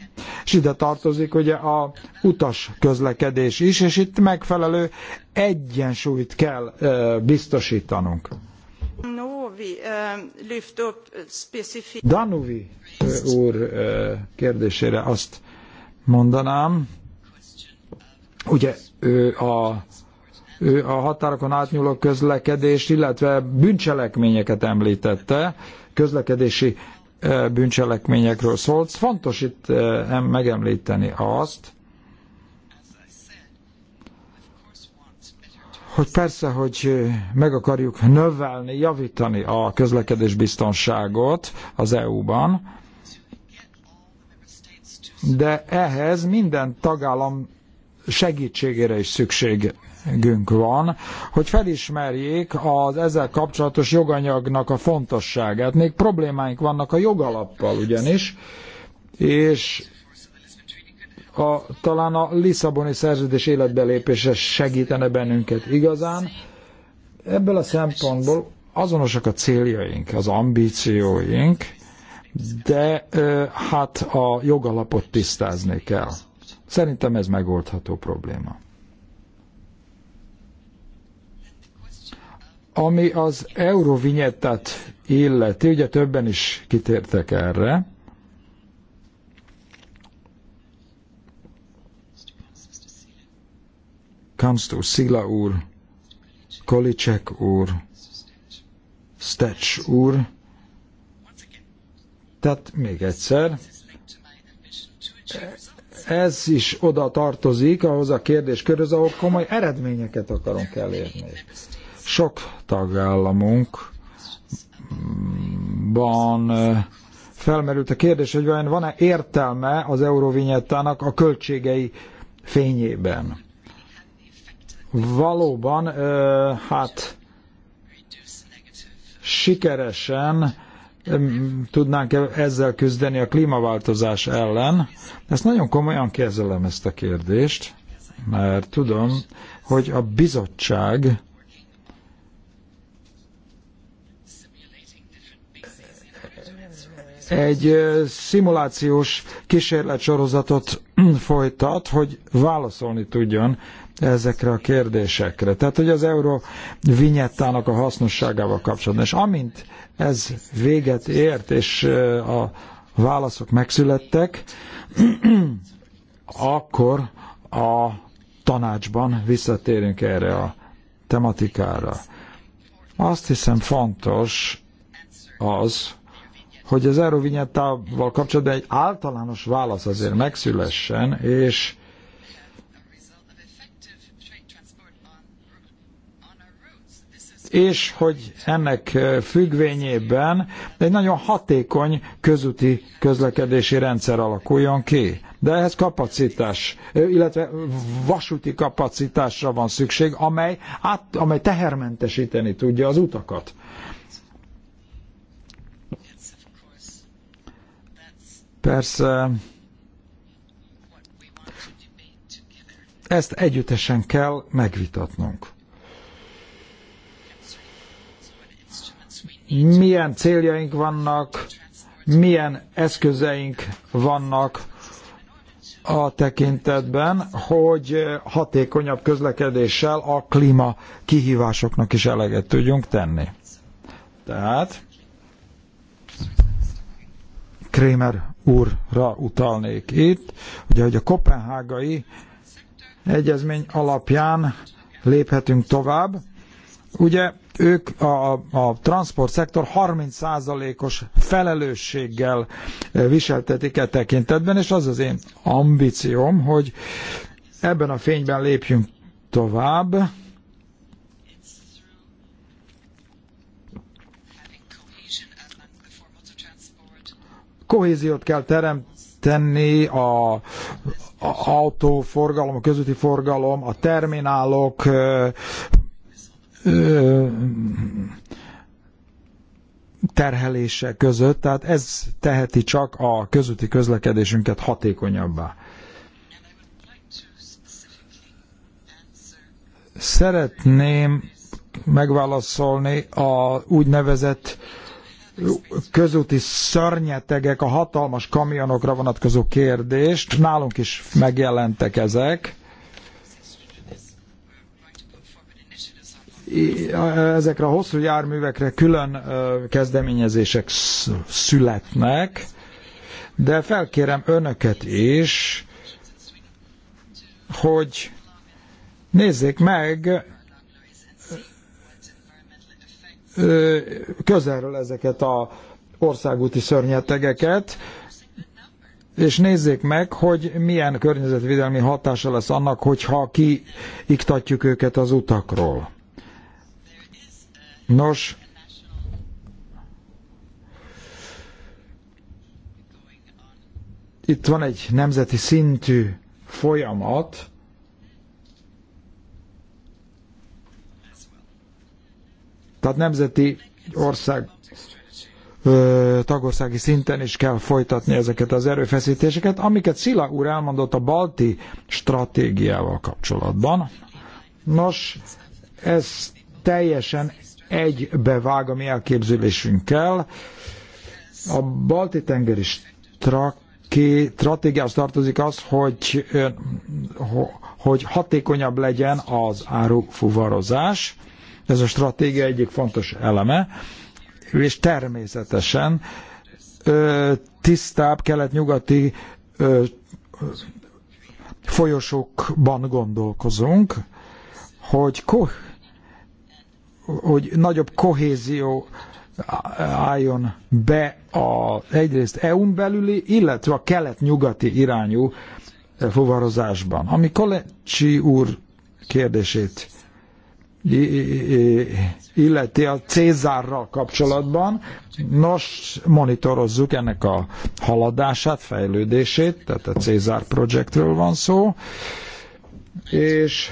és ide tartozik ugye a utas közlekedés is, és itt megfelelő egyensúlyt kell biztosítanunk. Danuvi úr kérdésére azt mondanám, ugye ő a, ő a határokon átnyúló közlekedést, illetve bűncselekményeket említette, közlekedési bűncselekményekről szólt. Fontos itt megemlíteni azt, hogy persze, hogy meg akarjuk növelni, javítani a közlekedés biztonságot az EU-ban, de ehhez minden tagállam segítségére is szükség szükségünk van, hogy felismerjék az ezzel kapcsolatos joganyagnak a fontosságát. Még problémáink vannak a jogalappal ugyanis, és a, talán a Lisszaboni szerződés életbelépése segítene bennünket igazán. Ebből a szempontból azonosak a céljaink, az ambícióink, de hát a jogalapot tisztázni kell. Szerintem ez megoldható probléma. Ami az Eurovinyettát illeti, ugye többen is kitértek erre, Kamstó Szila úr, Kolicek úr, Stecs úr. Tehát még egyszer, ez is oda tartozik ahhoz a kérdéskörhöz, ahol komoly eredményeket akarunk elérni. Sok tagállamunkban mm, felmerült a kérdés, hogy vajon van-e értelme az euróvinyettának a költségei fényében. Valóban, hát sikeresen tudnánk ezzel küzdeni a klímaváltozás ellen. Ezt nagyon komolyan kezelem ezt a kérdést, mert tudom, hogy a bizottság egy szimulációs kísérletsorozatot folytat, hogy válaszolni tudjon ezekre a kérdésekre. Tehát, hogy az euró vinyettának a hasznosságával kapcsolatban. És amint ez véget ért, és a válaszok megszülettek, akkor a tanácsban visszatérünk erre a tematikára. Azt hiszem fontos az, hogy az Eurovinyettával kapcsolatban egy általános válasz azért megszülessen, és és hogy ennek függvényében egy nagyon hatékony közúti közlekedési rendszer alakuljon ki. De ehhez kapacitás, illetve vasúti kapacitásra van szükség, amely, át, amely tehermentesíteni tudja az utakat. Persze ezt együttesen kell megvitatnunk. Milyen céljaink vannak, milyen eszközeink vannak a tekintetben, hogy hatékonyabb közlekedéssel a klíma kihívásoknak is eleget tudjunk tenni. Tehát Krémer úrra utalnék itt, ugye, hogy a kopenhágai egyezmény alapján léphetünk tovább. Ugye ők a, a transport szektor 30%-os felelősséggel eh, viseltetik e tekintetben, és az az én ambícióm, hogy ebben a fényben lépjünk tovább, kohéziót kell teremteni a, a autóforgalom, a közúti forgalom, a terminálok terhelése között, tehát ez teheti csak a közúti közlekedésünket hatékonyabbá. Szeretném megválaszolni a úgynevezett közúti szörnyetegek, a hatalmas kamionokra vonatkozó kérdést. Nálunk is megjelentek ezek. Ezekre a hosszú járművekre külön kezdeményezések születnek, de felkérem önöket is, hogy nézzék meg közelről ezeket a országúti szörnyetegeket, és nézzék meg, hogy milyen környezetvédelmi hatása lesz annak, hogyha kiiktatjuk őket az utakról. Nos, itt van egy nemzeti szintű folyamat, Tehát nemzeti ország tagországi szinten is kell folytatni ezeket az erőfeszítéseket, amiket Szila úr elmondott a balti stratégiával kapcsolatban. Nos, ez teljesen egybevág a mi elképzelésünkkel. A balti tengeri stratégiához tartozik az, hogy, hogy hatékonyabb legyen az árufuvarozás, ez a stratégia egyik fontos eleme, és természetesen tisztább kelet-nyugati folyosókban gondolkozunk, hogy, ko, hogy nagyobb kohézió álljon be a, egyrészt EU-n belüli, illetve a kelet-nyugati irányú fuvarozásban. Ami Kolecsi úr kérdését illeti a Cézárral kapcsolatban. Nos, monitorozzuk ennek a haladását, fejlődését, tehát a Cézár projektről van szó, és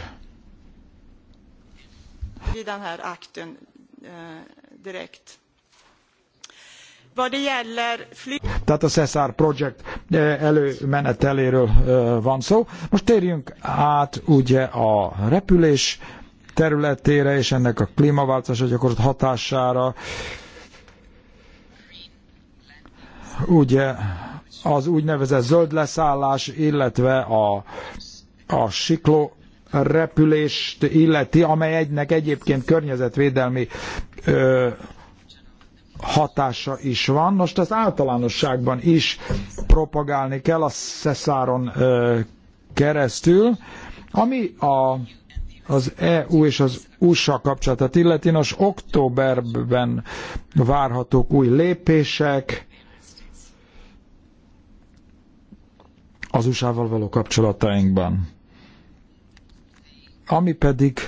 i den här akten eh, direkt. Vad det gäller Tehát a CESAR Project eh, előmeneteléről eh, van szó. Most térjünk át ugye a repülés területére és ennek a klímaváltozásra gyakorolt hatására. Ugye az úgynevezett zöld leszállás, illetve a, a sikló repülést illeti, amely egynek egyébként környezetvédelmi ö, hatása is van. Most az általánosságban is propagálni kell a szeszáron keresztül, ami a az EU és az USA kapcsolatát illeti. Nos, októberben várhatók új lépések az USA-val való kapcsolatainkban. Ami pedig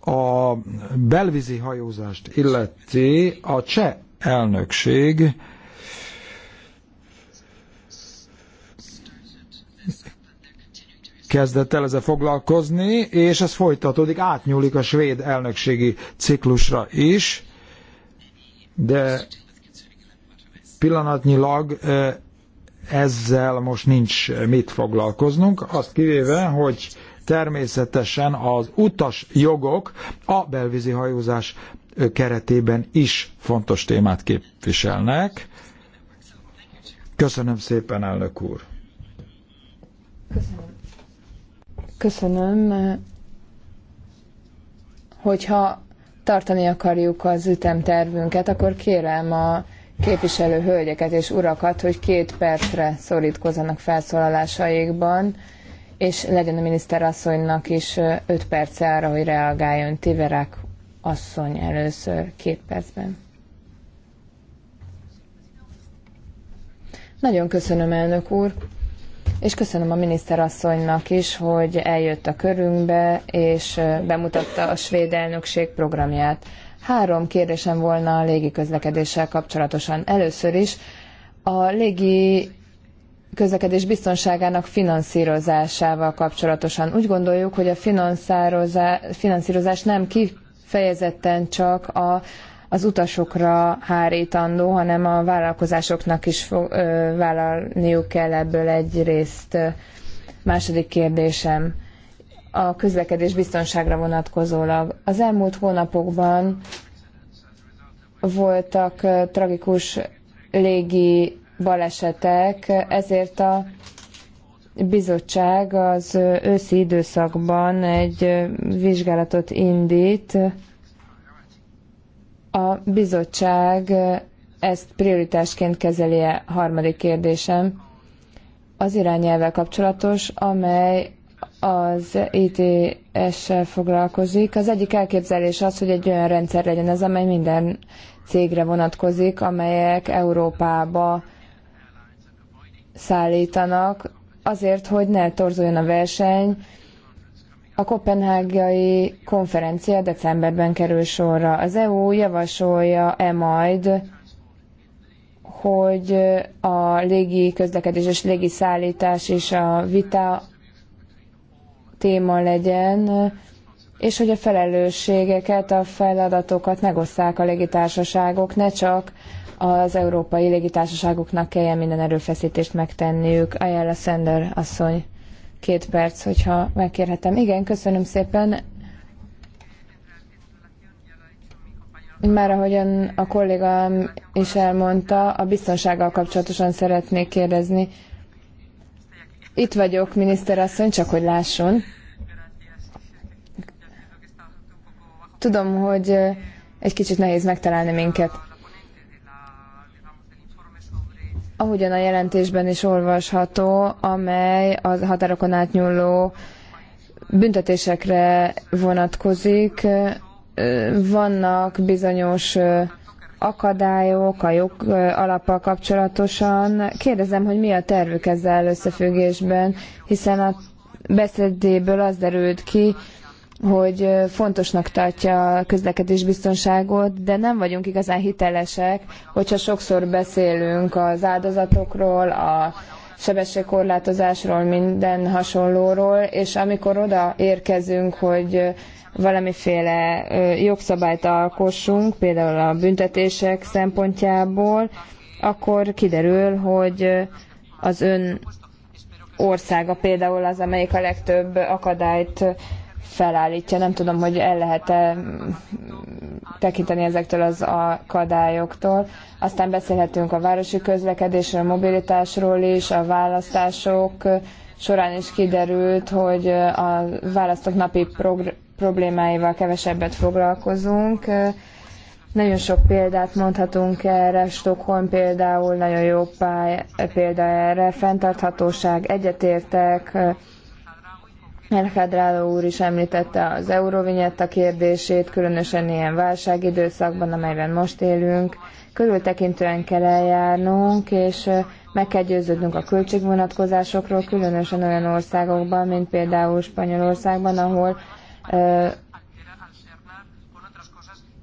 a belvízi hajózást illeti, a cseh elnökség kezdett el ezzel foglalkozni, és ez folytatódik, átnyúlik a svéd elnökségi ciklusra is, de pillanatnyilag ezzel most nincs mit foglalkoznunk, azt kivéve, hogy természetesen az utas jogok a belvízi hajózás keretében is fontos témát képviselnek. Köszönöm szépen, elnök úr! Köszönöm. Köszönöm, hogyha tartani akarjuk az ütemtervünket, akkor kérem a képviselő hölgyeket és urakat, hogy két percre szorítkozzanak felszólalásaikban, és legyen a miniszter asszonynak is öt perce arra, hogy reagáljon. Tiverák asszony először két percben. Nagyon köszönöm, elnök úr és köszönöm a miniszterasszonynak is, hogy eljött a körünkbe, és bemutatta a svéd elnökség programját. Három kérdésem volna a közlekedéssel kapcsolatosan. Először is a légi közlekedés biztonságának finanszírozásával kapcsolatosan. Úgy gondoljuk, hogy a finanszírozás nem kifejezetten csak a az utasokra hárítandó, hanem a vállalkozásoknak is fog, ö, vállalniuk kell ebből egy részt. Második kérdésem a közlekedés biztonságra vonatkozólag. Az elmúlt hónapokban voltak tragikus légi balesetek, ezért a bizottság az őszi időszakban egy vizsgálatot indít a bizottság ezt prioritásként kezeli -e? Harmadik kérdésem az irányelvvel kapcsolatos, amely az ets sel foglalkozik. Az egyik elképzelés az, hogy egy olyan rendszer legyen ez, amely minden cégre vonatkozik, amelyek Európába szállítanak, azért, hogy ne torzuljon a verseny, a kopenhágai konferencia decemberben kerül sorra. Az EU javasolja-e majd, hogy a légi közlekedés és légi szállítás is a vita téma legyen, és hogy a felelősségeket, a feladatokat megosszák a légitársaságok, ne csak az európai légitársaságoknak kelljen minden erőfeszítést megtenniük. Ajánl a Sender asszony két perc, hogyha megkérhetem. Igen, köszönöm szépen. Már ahogyan a kollégám is elmondta, a biztonsággal kapcsolatosan szeretnék kérdezni. Itt vagyok, miniszterasszony, csak hogy lásson. Tudom, hogy eh, egy kicsit nehéz megtalálni minket. ahogyan a jelentésben is olvasható, amely a határokon átnyúló büntetésekre vonatkozik. Vannak bizonyos akadályok a jog alappal kapcsolatosan. Kérdezem, hogy mi a tervük ezzel összefüggésben, hiszen a beszédéből az derült ki, hogy fontosnak tartja a közlekedésbiztonságot, de nem vagyunk igazán hitelesek, hogyha sokszor beszélünk az áldozatokról, a sebességkorlátozásról, minden hasonlóról, és amikor oda érkezünk, hogy valamiféle jogszabályt alkossunk, például a büntetések szempontjából, akkor kiderül, hogy az ön országa például az, amelyik a legtöbb akadályt felállítja. Nem tudom, hogy el lehet-e tekinteni ezektől az akadályoktól. Aztán beszélhetünk a városi közlekedésről, a mobilitásról is, a választások során is kiderült, hogy a választók napi problémáival kevesebbet foglalkozunk. Nagyon sok példát mondhatunk erre, Stockholm például nagyon jó példa erre, fenntarthatóság, egyetértek, Elkádráló úr is említette az euróvinyetta kérdését, különösen ilyen válságidőszakban, amelyben most élünk. Körültekintően kell eljárnunk, és meg kell győződnünk a költségvonatkozásokról, különösen olyan országokban, mint például Spanyolországban, ahol ö,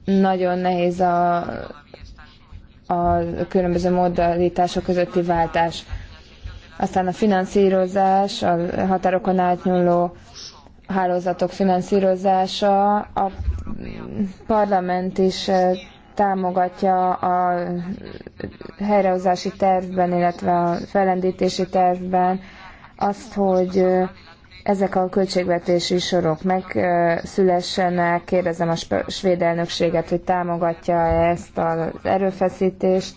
nagyon nehéz a, a különböző modalitások közötti váltás. Aztán a finanszírozás, a határokon átnyúló hálózatok finanszírozása, a parlament is támogatja a helyrehozási tervben, illetve a felendítési tervben azt, hogy ezek a költségvetési sorok megszülessenek. Kérdezem a svéd elnökséget, hogy támogatja -e ezt az erőfeszítést.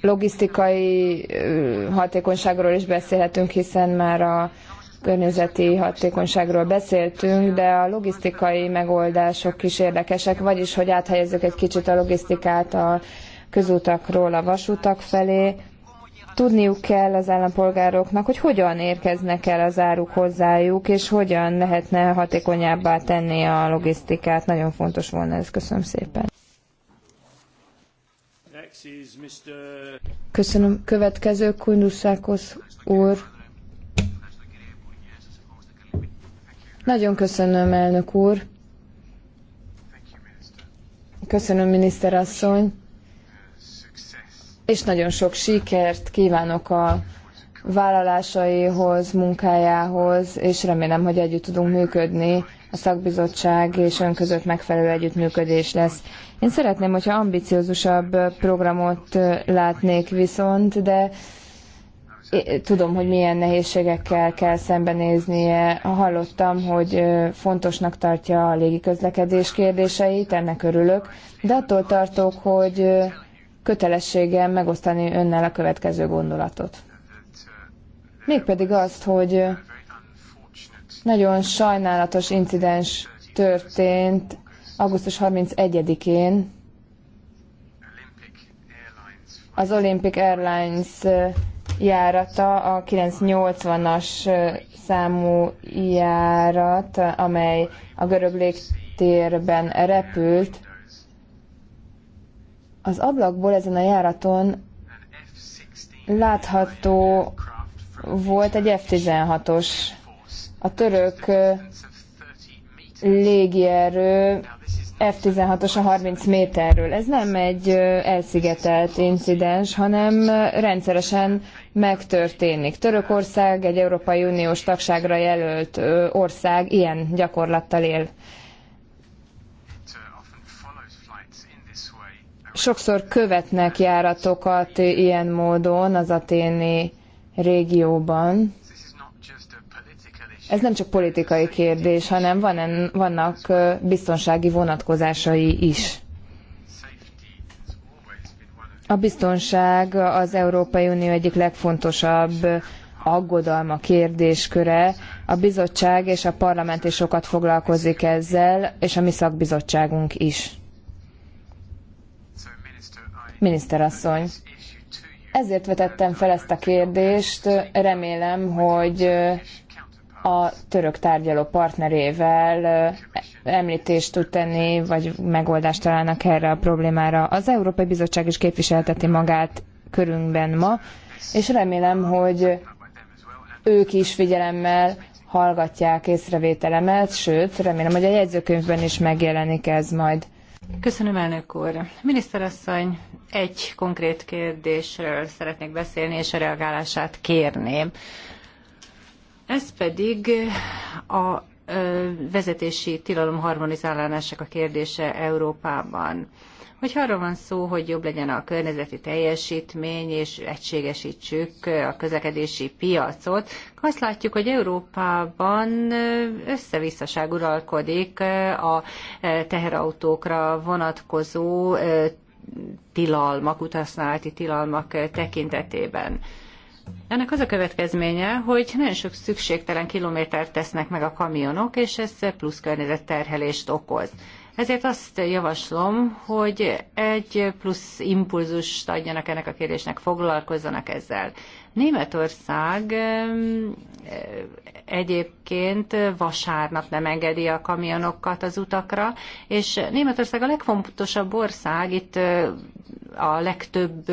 logisztikai hatékonyságról is beszélhetünk, hiszen már a környezeti hatékonyságról beszéltünk, de a logisztikai megoldások is érdekesek, vagyis hogy áthelyezzük egy kicsit a logisztikát a közutakról a vasutak felé. Tudniuk kell az állampolgároknak, hogy hogyan érkeznek el az áruk hozzájuk, és hogyan lehetne hatékonyabbá tenni a logisztikát. Nagyon fontos volna ez. Köszönöm szépen. Köszönöm. Következő Kundusákos úr. Nagyon köszönöm, elnök úr. Köszönöm, miniszter asszony És nagyon sok sikert kívánok a vállalásaihoz, munkájához, és remélem, hogy együtt tudunk működni. A szakbizottság és ön között megfelelő együttműködés lesz. Én szeretném, hogyha ambiciózusabb programot látnék viszont, de tudom, hogy milyen nehézségekkel kell szembenéznie. Hallottam, hogy fontosnak tartja a légiközlekedés kérdéseit, ennek örülök, de attól tartok, hogy kötelességem megosztani önnel a következő gondolatot. Mégpedig azt, hogy nagyon sajnálatos incidens történt augusztus 31-én az Olympic Airlines járata, a 980-as számú járat, amely a görög légtérben repült. Az ablakból ezen a járaton látható volt egy F-16-os. A török légierő F-16-os a 30 méterről. Ez nem egy elszigetelt incidens, hanem rendszeresen megtörténik. Törökország egy Európai Uniós tagságra jelölt ország ilyen gyakorlattal él. Sokszor követnek járatokat ilyen módon az aténi régióban ez nem csak politikai kérdés, hanem van en, vannak biztonsági vonatkozásai is. A biztonság az Európai Unió egyik legfontosabb aggodalma kérdésköre. A bizottság és a parlament is sokat foglalkozik ezzel, és a mi szakbizottságunk is. Miniszterasszony, ezért vetettem fel ezt a kérdést. Remélem, hogy a török tárgyaló partnerével említést tud tenni, vagy megoldást találnak erre a problémára. Az Európai Bizottság is képviselteti magát körünkben ma, és remélem, hogy ők is figyelemmel hallgatják észrevételemet, sőt, remélem, hogy a jegyzőkönyvben is megjelenik ez majd. Köszönöm, elnök úr. Miniszterasszony, egy konkrét kérdésről szeretnék beszélni, és a reagálását kérném. Ez pedig a vezetési tilalom harmonizálásának a kérdése Európában. Hogy arról van szó, hogy jobb legyen a környezeti teljesítmény, és egységesítsük a közlekedési piacot, azt látjuk, hogy Európában összevisszaság uralkodik a teherautókra vonatkozó tilalmak, utasználati tilalmak tekintetében. Ennek az a következménye, hogy nagyon sok szükségtelen kilométert tesznek meg a kamionok, és ez plusz környezetterhelést okoz. Ezért azt javaslom, hogy egy plusz impulzust adjanak ennek a kérdésnek, foglalkozzanak ezzel. Németország egyébként vasárnap nem engedi a kamionokat az utakra, és Németország a legfontosabb ország, itt a legtöbb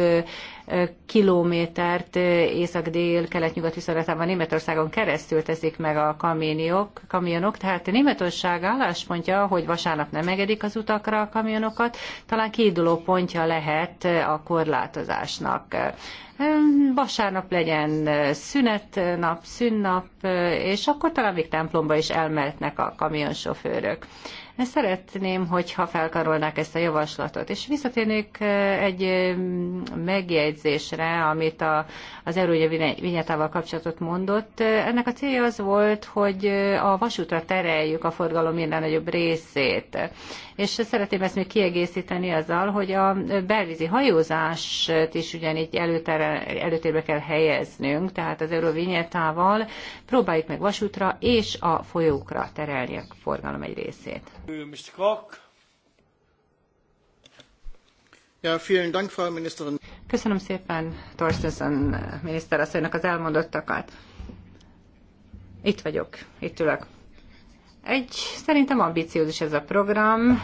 kilométert észak-dél-kelet-nyugat viszonylatában Németországon keresztül teszik meg a kamionok, kamionok, tehát a Németország álláspontja, hogy vasárnap nem engedik az utakra a kamionokat, talán kiinduló pontja lehet a korlátozásnak. Vasárnap legyen szünetnap, szünnap, és akkor talán még templomba is elmehetnek a kamionsofőrök. Ezt szeretném, hogyha felkarolnák ezt a javaslatot. És visszatérnék egy megjegyzésre, amit a, az Eurógya vinyetával kapcsolatot mondott. Ennek a célja az volt, hogy a vasútra tereljük a forgalom minden nagyobb részét és szeretném ezt még kiegészíteni azzal, hogy a belvízi hajózást is ugyanígy előtere, előtérbe kell helyeznünk, tehát az Eurovinyetával próbáljuk meg vasútra és a folyókra terelni a forgalom egy részét. Köszönöm szépen Torstenson miniszter asszonynak az elmondottakat. Itt vagyok, itt ülök. Egy szerintem ambiciózus ez a program,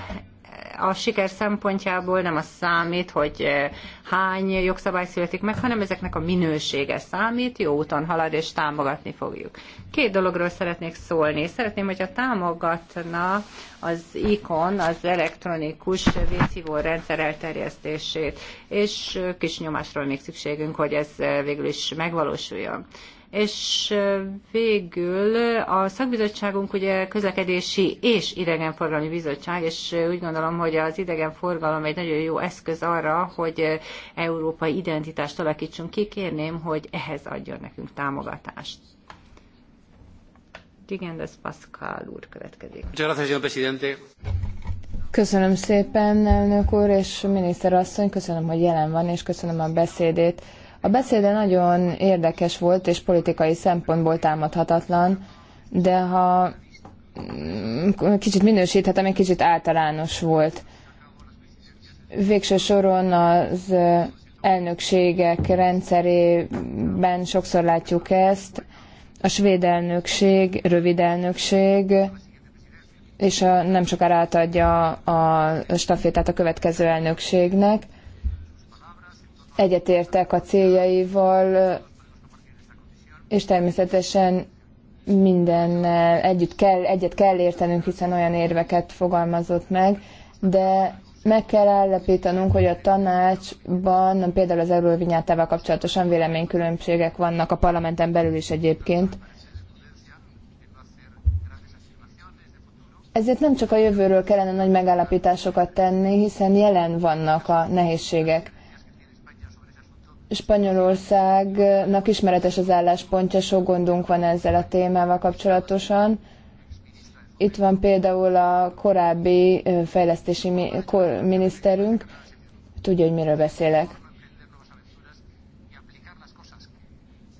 a siker szempontjából nem az számít, hogy eh, hány jogszabály születik meg, hanem ezeknek a minősége számít, jó úton halad és támogatni fogjuk. Két dologról szeretnék szólni. Szeretném, hogyha támogatna az ikon, az elektronikus vészhívó rendszer elterjesztését, és eh, kis nyomásról még szükségünk, hogy ez eh, végül is megvalósuljon és végül a szakbizottságunk ugye közlekedési és idegenforgalmi bizottság, és úgy gondolom, hogy az idegenforgalom egy nagyon jó eszköz arra, hogy európai identitást alakítsunk ki. Kérném, hogy ehhez adjon nekünk támogatást. Igen, ez Pascal úr következik. Köszönöm szépen, elnök úr és miniszter asszony, köszönöm, hogy jelen van, és köszönöm a beszédét. A beszéde nagyon érdekes volt, és politikai szempontból támadhatatlan, de ha mm, kicsit minősíthetem, egy kicsit általános volt. Végső soron az elnökségek rendszerében sokszor látjuk ezt. A svéd elnökség, rövid elnökség, és a, nem sokára átadja a stafétát a következő elnökségnek egyetértek a céljaival, és természetesen minden együtt kell, egyet kell értenünk, hiszen olyan érveket fogalmazott meg, de meg kell állapítanunk, hogy a tanácsban például az euróvinyátával kapcsolatosan véleménykülönbségek vannak a parlamenten belül is egyébként. Ezért nem csak a jövőről kellene nagy megállapításokat tenni, hiszen jelen vannak a nehézségek. Spanyolországnak ismeretes az álláspontja, sok gondunk van ezzel a témával kapcsolatosan. Itt van például a korábbi fejlesztési miniszterünk, tudja, hogy miről beszélek.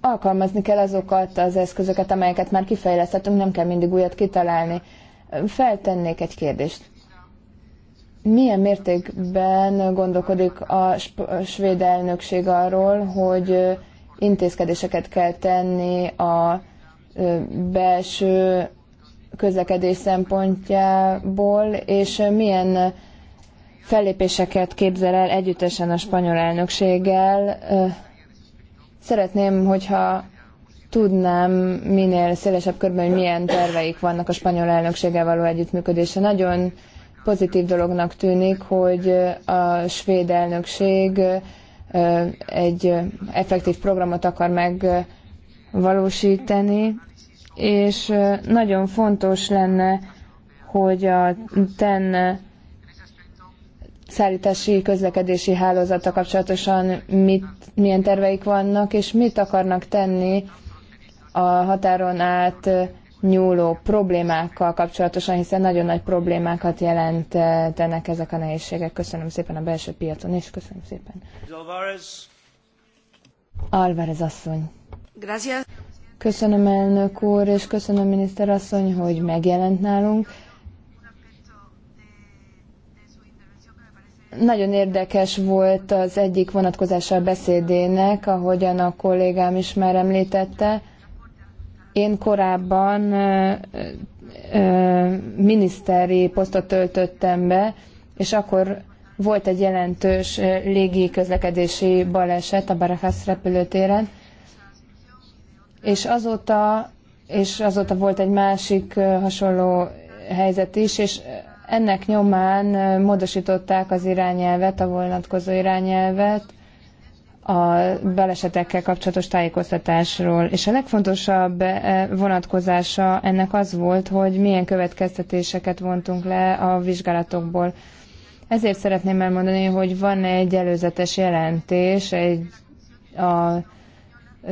Alkalmazni kell azokat az eszközöket, amelyeket már kifejlesztettünk, nem kell mindig újat kitalálni. Feltennék egy kérdést milyen mértékben gondolkodik a svéd elnökség arról, hogy intézkedéseket kell tenni a belső közlekedés szempontjából, és milyen fellépéseket képzel el együttesen a spanyol elnökséggel. Szeretném, hogyha tudnám minél szélesebb körben, hogy milyen terveik vannak a spanyol elnökséggel való együttműködése. Nagyon Pozitív dolognak tűnik, hogy a svéd elnökség egy effektív programot akar megvalósítani, és nagyon fontos lenne, hogy a TEN szállítási közlekedési hálózata kapcsolatosan mit, milyen terveik vannak, és mit akarnak tenni a határon át nyúló problémákkal kapcsolatosan, hiszen nagyon nagy problémákat jelentenek ezek a nehézségek. Köszönöm szépen a belső piacon, és köszönöm szépen. Alvarez, Alvarez asszony. Gracias. Köszönöm elnök úr, és köszönöm miniszter asszony, hogy megjelent nálunk. Nagyon érdekes volt az egyik vonatkozása a beszédének, ahogyan a kollégám is már említette, én korábban miniszteri posztot töltöttem be, és akkor volt egy jelentős légi közlekedési baleset a Barajas repülőtéren, és azóta, és azóta volt egy másik hasonló helyzet is, és ennek nyomán módosították az irányelvet, a vonatkozó irányelvet, a balesetekkel kapcsolatos tájékoztatásról. És a legfontosabb eh, vonatkozása ennek az volt, hogy milyen következtetéseket vontunk le a vizsgálatokból. Ezért szeretném elmondani, hogy van egy előzetes jelentés, egy a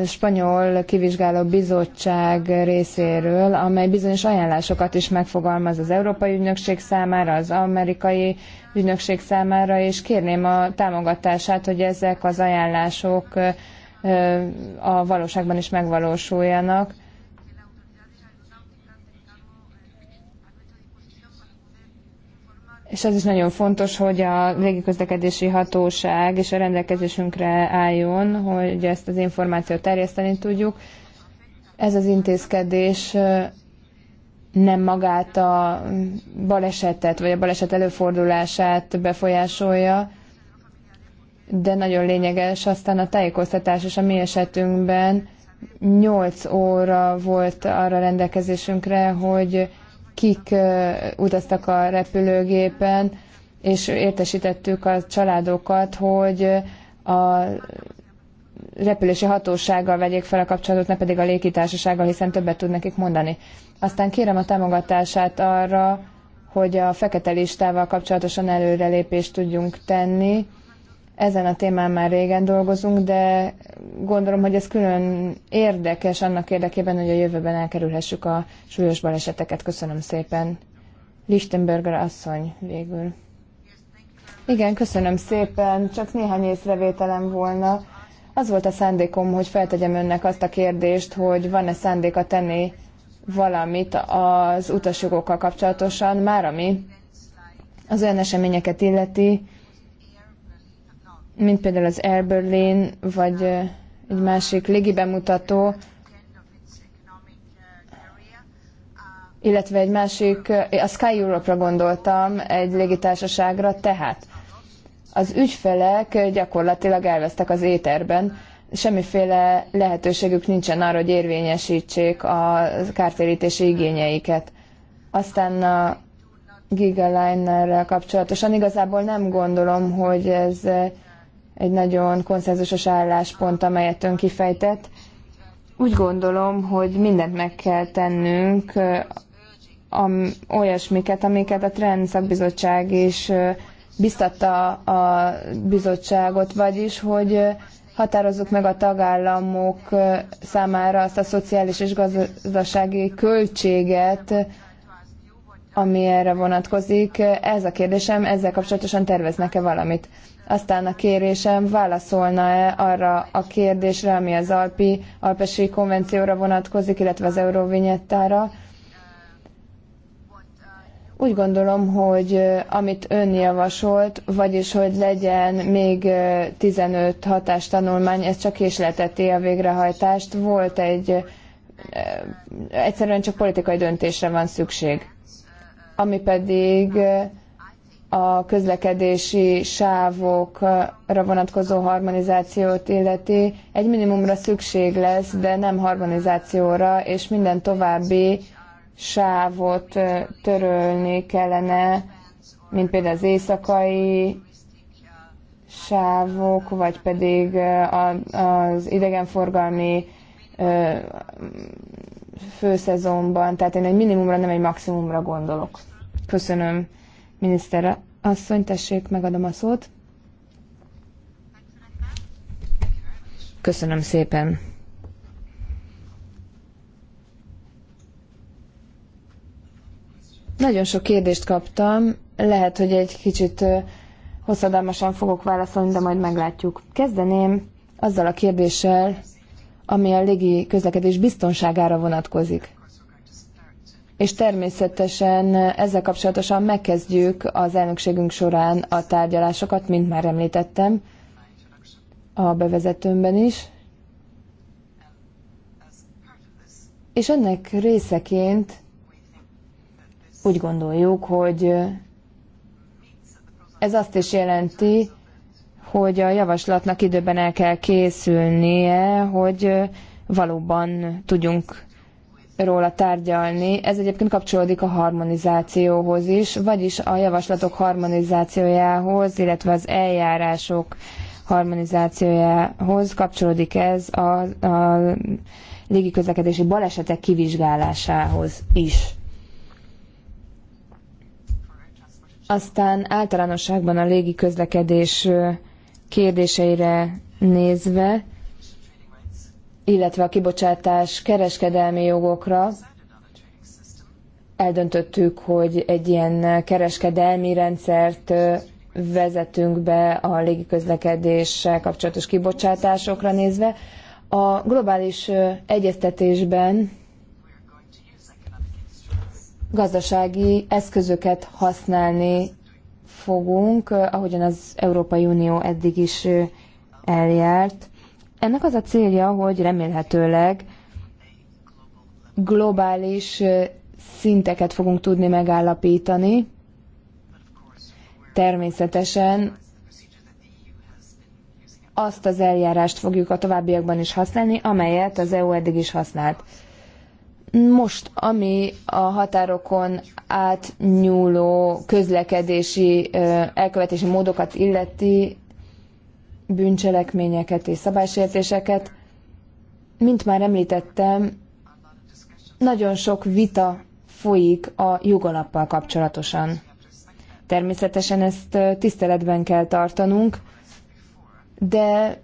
spanyol kivizsgáló bizottság részéről, amely bizonyos ajánlásokat is megfogalmaz az Európai Ügynökség számára, az amerikai ügynökség számára, és kérném a támogatását, hogy ezek az ajánlások a valóságban is megvalósuljanak. és az is nagyon fontos, hogy a végiközlekedési hatóság és a rendelkezésünkre álljon, hogy ezt az információt terjeszteni tudjuk. Ez az intézkedés nem magát a balesetet, vagy a baleset előfordulását befolyásolja, de nagyon lényeges aztán a tájékoztatás, és a mi esetünkben 8 óra volt arra rendelkezésünkre, hogy kik utaztak a repülőgépen, és értesítettük a családokat, hogy a repülési hatósággal vegyék fel a kapcsolatot, ne pedig a légitársasággal, hiszen többet tud nekik mondani. Aztán kérem a támogatását arra, hogy a fekete listával kapcsolatosan előrelépést tudjunk tenni, ezen a témán már régen dolgozunk, de gondolom, hogy ez külön érdekes annak érdekében, hogy a jövőben elkerülhessük a súlyos baleseteket. Köszönöm szépen. Lichtenberger asszony végül. Igen, köszönöm szépen. Csak néhány észrevételem volna. Az volt a szándékom, hogy feltegyem önnek azt a kérdést, hogy van-e szándéka tenni valamit az utasjogokkal kapcsolatosan, már ami az olyan eseményeket illeti, mint például az Air Berlin, vagy egy másik légibemutató, illetve egy másik, a Sky Europe-ra gondoltam, egy légitársaságra, tehát az ügyfelek gyakorlatilag elvesztek az éterben, semmiféle lehetőségük nincsen arra, hogy érvényesítsék a kártérítési igényeiket. Aztán a Gigaline-rel kapcsolatosan igazából nem gondolom, hogy ez egy nagyon konszenzusos álláspont, amelyet ön kifejtett. Úgy gondolom, hogy mindent meg kell tennünk, am, olyasmiket, amiket a Trend szakbizottság is biztatta a bizottságot, vagyis, hogy határozzuk meg a tagállamok számára azt a szociális és gazdasági költséget, ami erre vonatkozik. Ez a kérdésem, ezzel kapcsolatosan terveznek-e valamit? Aztán a kérésem válaszolna-e arra a kérdésre, ami az Alpi, Alpesi konvencióra vonatkozik, illetve az Euróvinyettára. Úgy gondolom, hogy amit ön javasolt, vagyis hogy legyen még 15 hatástanulmány, ez csak késleteti a végrehajtást. Volt egy, egyszerűen csak politikai döntésre van szükség. Ami pedig a közlekedési sávokra vonatkozó harmonizációt illeti, egy minimumra szükség lesz, de nem harmonizációra, és minden további sávot törölni kellene, mint például az éjszakai sávok, vagy pedig az idegenforgalmi főszezonban, tehát én egy minimumra, nem egy maximumra gondolok. Köszönöm. Miniszter asszony, tessék, megadom a szót. Köszönöm szépen. Nagyon sok kérdést kaptam, lehet, hogy egy kicsit hosszadalmasan fogok válaszolni, de majd meglátjuk. Kezdeném azzal a kérdéssel, ami a légi közlekedés biztonságára vonatkozik és természetesen ezzel kapcsolatosan megkezdjük az elnökségünk során a tárgyalásokat, mint már említettem a bevezetőmben is. És ennek részeként úgy gondoljuk, hogy ez azt is jelenti, hogy a javaslatnak időben el kell készülnie, hogy valóban tudjunk róla tárgyalni. Ez egyébként kapcsolódik a harmonizációhoz is, vagyis a javaslatok harmonizációjához, illetve az eljárások harmonizációjához kapcsolódik ez a, a légiközlekedési balesetek kivizsgálásához is. Aztán általánosságban a légiközlekedés kérdéseire nézve, illetve a kibocsátás kereskedelmi jogokra. Eldöntöttük, hogy egy ilyen kereskedelmi rendszert vezetünk be a légiközlekedéssel kapcsolatos kibocsátásokra nézve. A globális egyeztetésben gazdasági eszközöket használni fogunk, ahogyan az Európai Unió eddig is eljárt. Ennek az a célja, hogy remélhetőleg globális szinteket fogunk tudni megállapítani. Természetesen azt az eljárást fogjuk a továbbiakban is használni, amelyet az EU eddig is használt. Most, ami a határokon átnyúló közlekedési elkövetési módokat illeti, bűncselekményeket és szabálysértéseket. Mint már említettem, nagyon sok vita folyik a jogalappal kapcsolatosan. Természetesen ezt tiszteletben kell tartanunk, de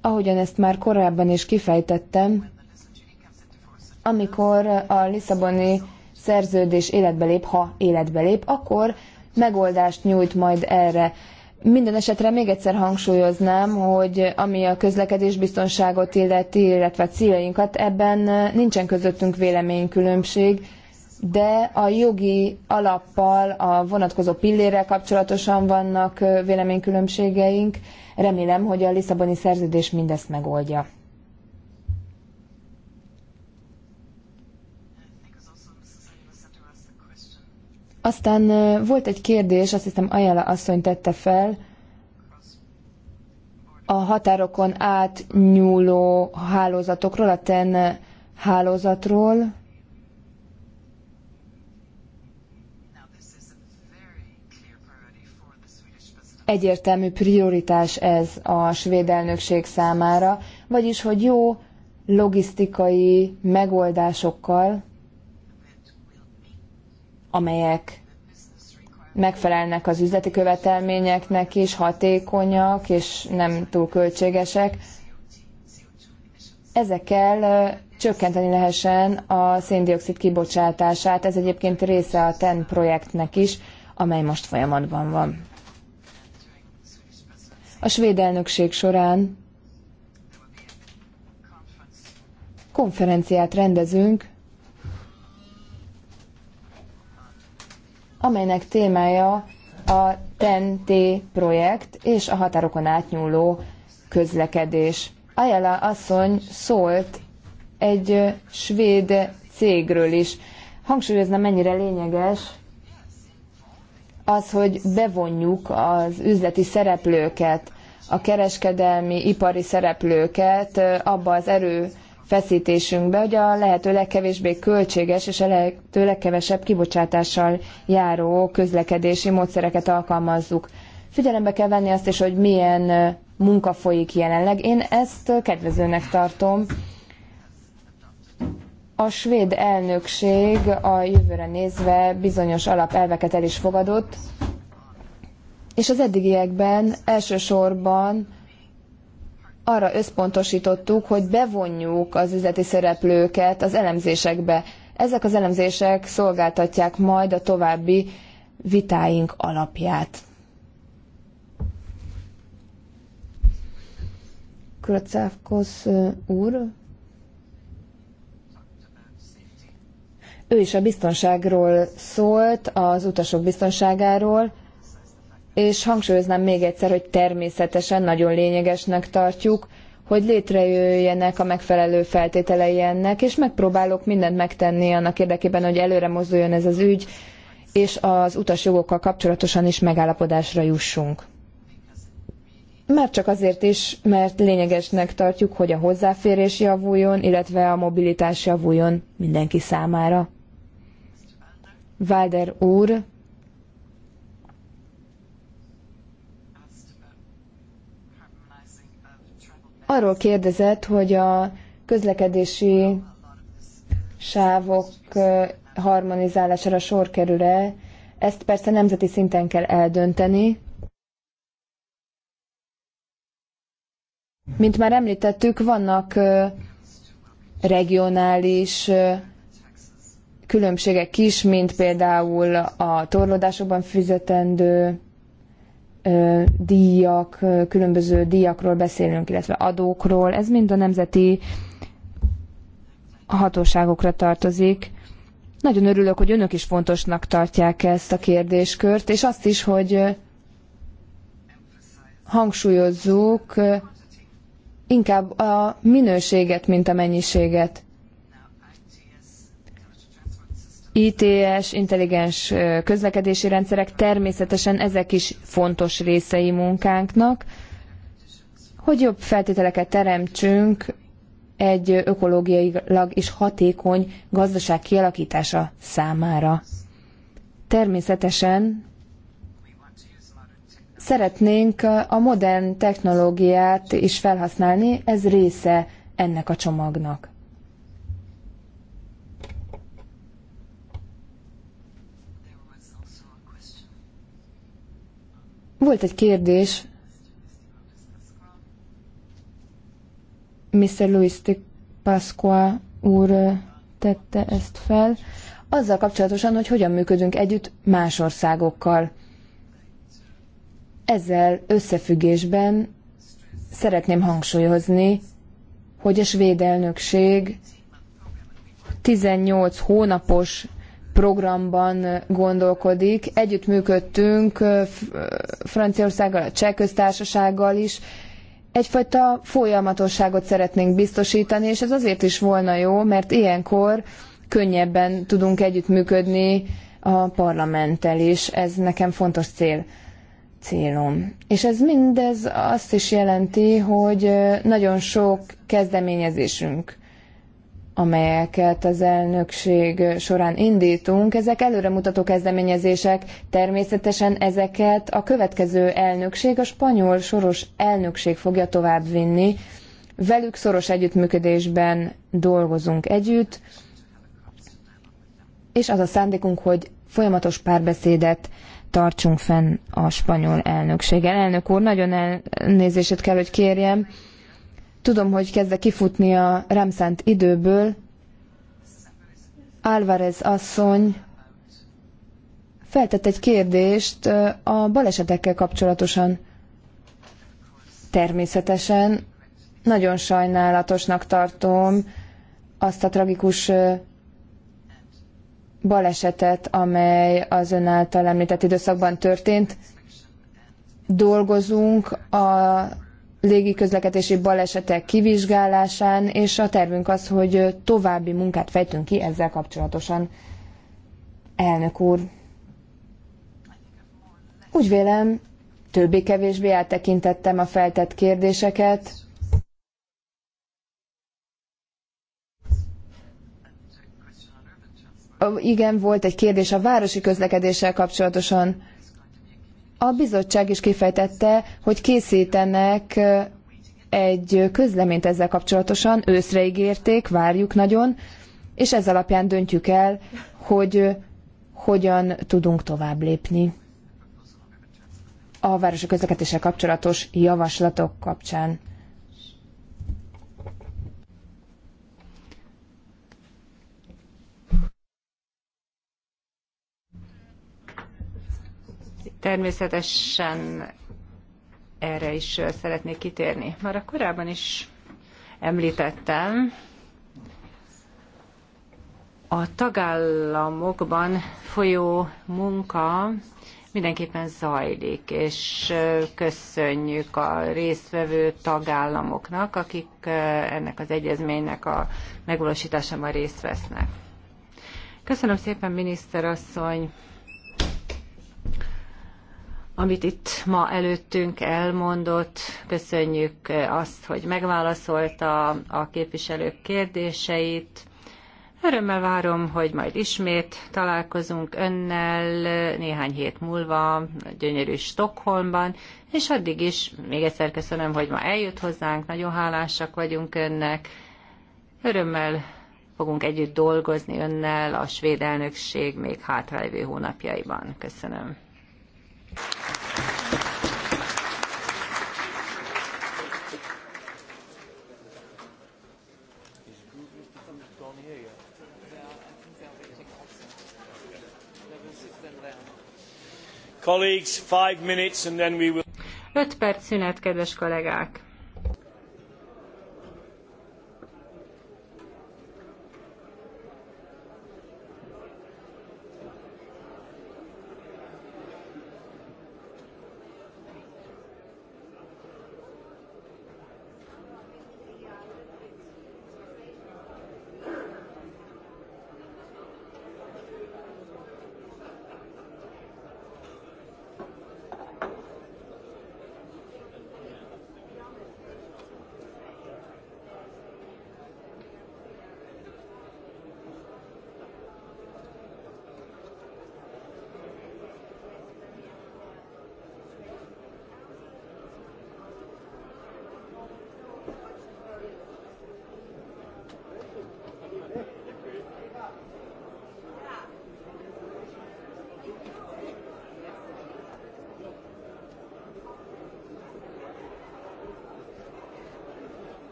ahogyan ezt már korábban is kifejtettem, amikor a Lisszaboni szerződés életbe lép, ha életbe lép, akkor megoldást nyújt majd erre. Minden esetre még egyszer hangsúlyoznám, hogy ami a közlekedés biztonságot illeti, illetve a céljainkat, ebben nincsen közöttünk véleménykülönbség, de a jogi alappal, a vonatkozó pillérrel kapcsolatosan vannak véleménykülönbségeink. Remélem, hogy a Lisszaboni szerződés mindezt megoldja. Aztán volt egy kérdés, azt hiszem Ajala asszony tette fel, a határokon átnyúló hálózatokról, a TEN hálózatról. Egyértelmű prioritás ez a svéd elnökség számára, vagyis hogy jó logisztikai megoldásokkal amelyek megfelelnek az üzleti követelményeknek is, hatékonyak és nem túl költségesek. Ezekkel csökkenteni lehessen a széndiokszid kibocsátását. Ez egyébként része a TEN projektnek is, amely most folyamatban van. A svéd elnökség során konferenciát rendezünk amelynek témája a TEN-T projekt és a határokon átnyúló közlekedés. Ajala asszony szólt egy svéd cégről is. Hangsúlyozna, mennyire lényeges az, hogy bevonjuk az üzleti szereplőket, a kereskedelmi, ipari szereplőket abba az erő feszítésünkbe, hogy a lehető legkevésbé költséges és a lehető legkevesebb kibocsátással járó közlekedési módszereket alkalmazzuk. Figyelembe kell venni azt is, hogy milyen munka folyik jelenleg. Én ezt kedvezőnek tartom. A svéd elnökség a jövőre nézve bizonyos alapelveket el is fogadott, és az eddigiekben elsősorban arra összpontosítottuk, hogy bevonjuk az üzleti szereplőket az elemzésekbe. Ezek az elemzések szolgáltatják majd a további vitáink alapját. Kracávkosz úr. Ő is a biztonságról szólt, az utasok biztonságáról és hangsúlyoznám még egyszer, hogy természetesen nagyon lényegesnek tartjuk, hogy létrejöjjenek a megfelelő feltételei ennek, és megpróbálok mindent megtenni annak érdekében, hogy előre mozduljon ez az ügy, és az utasjogokkal kapcsolatosan is megállapodásra jussunk. Már csak azért is, mert lényegesnek tartjuk, hogy a hozzáférés javuljon, illetve a mobilitás javuljon mindenki számára. Válder úr, Arról kérdezett, hogy a közlekedési sávok harmonizálására sor kerül-e. Ezt persze nemzeti szinten kell eldönteni. Mint már említettük, vannak regionális különbségek is, mint például a torlódásokban fizetendő díjak, különböző díjakról beszélünk, illetve adókról. Ez mind a nemzeti hatóságokra tartozik. Nagyon örülök, hogy önök is fontosnak tartják ezt a kérdéskört, és azt is, hogy hangsúlyozzuk inkább a minőséget, mint a mennyiséget. ITS, intelligens közlekedési rendszerek természetesen ezek is fontos részei munkánknak, hogy jobb feltételeket teremtsünk egy ökológiailag is hatékony gazdaság kialakítása számára. Természetesen szeretnénk a modern technológiát is felhasználni, ez része ennek a csomagnak. Volt egy kérdés Mr. Louis de Pasqua úr tette ezt fel, azzal kapcsolatosan, hogy hogyan működünk együtt más országokkal. Ezzel összefüggésben szeretném hangsúlyozni, hogy a svéd elnökség 18 hónapos programban gondolkodik. Együttműködtünk Franciaországgal, a Cseh köztársasággal is. Egyfajta folyamatosságot szeretnénk biztosítani, és ez azért is volna jó, mert ilyenkor könnyebben tudunk együttműködni a parlamenttel is. Ez nekem fontos cél célom. És ez mindez azt is jelenti, hogy nagyon sok kezdeményezésünk amelyeket az elnökség során indítunk, ezek előremutató kezdeményezések, természetesen ezeket a következő elnökség, a spanyol soros elnökség fogja továbbvinni. Velük szoros együttműködésben dolgozunk együtt, és az a szándékunk, hogy folyamatos párbeszédet tartsunk fenn a spanyol elnökséggel. Elnök úr, nagyon elnézését kell, hogy kérjem, Tudom, hogy kezdve kifutni a rám szánt időből. Álvarez asszony feltett egy kérdést a balesetekkel kapcsolatosan. Természetesen nagyon sajnálatosnak tartom azt a tragikus balesetet, amely az ön által említett időszakban történt. Dolgozunk a légiközlekedési balesetek kivizsgálásán, és a tervünk az, hogy további munkát fejtünk ki ezzel kapcsolatosan. Elnök úr, úgy vélem, többé-kevésbé eltekintettem a feltett kérdéseket. Igen, volt egy kérdés a városi közlekedéssel kapcsolatosan. A bizottság is kifejtette, hogy készítenek egy közleményt ezzel kapcsolatosan, őszre ígérték, várjuk nagyon, és ez alapján döntjük el, hogy hogyan tudunk tovább lépni a városi közlekedéssel kapcsolatos javaslatok kapcsán. Természetesen erre is szeretnék kitérni. Már a korábban is említettem, a tagállamokban folyó munka mindenképpen zajlik, és köszönjük a résztvevő tagállamoknak, akik ennek az egyezménynek a megvalósításában részt vesznek. Köszönöm szépen, miniszter asszony! amit itt ma előttünk elmondott. Köszönjük azt, hogy megválaszolta a képviselők kérdéseit. Örömmel várom, hogy majd ismét találkozunk önnel néhány hét múlva, gyönyörű Stockholmban, és addig is még egyszer köszönöm, hogy ma eljött hozzánk, nagyon hálásak vagyunk önnek. Örömmel fogunk együtt dolgozni önnel a svéd elnökség még hátralévő hónapjaiban. Köszönöm. Colleagues, five minutes and then we will... Öt perc szünet, kedves kollégák!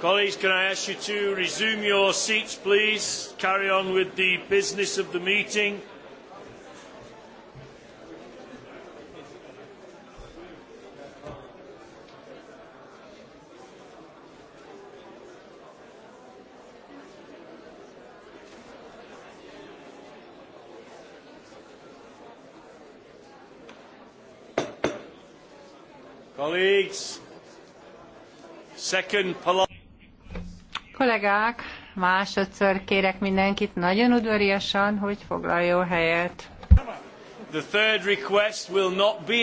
Colleagues, can I ask you to resume your seats, please? Carry on with the business of the meeting. Colleagues, second polite. Kollégák, másodszor kérek mindenkit nagyon udvariasan, hogy foglaljon helyet.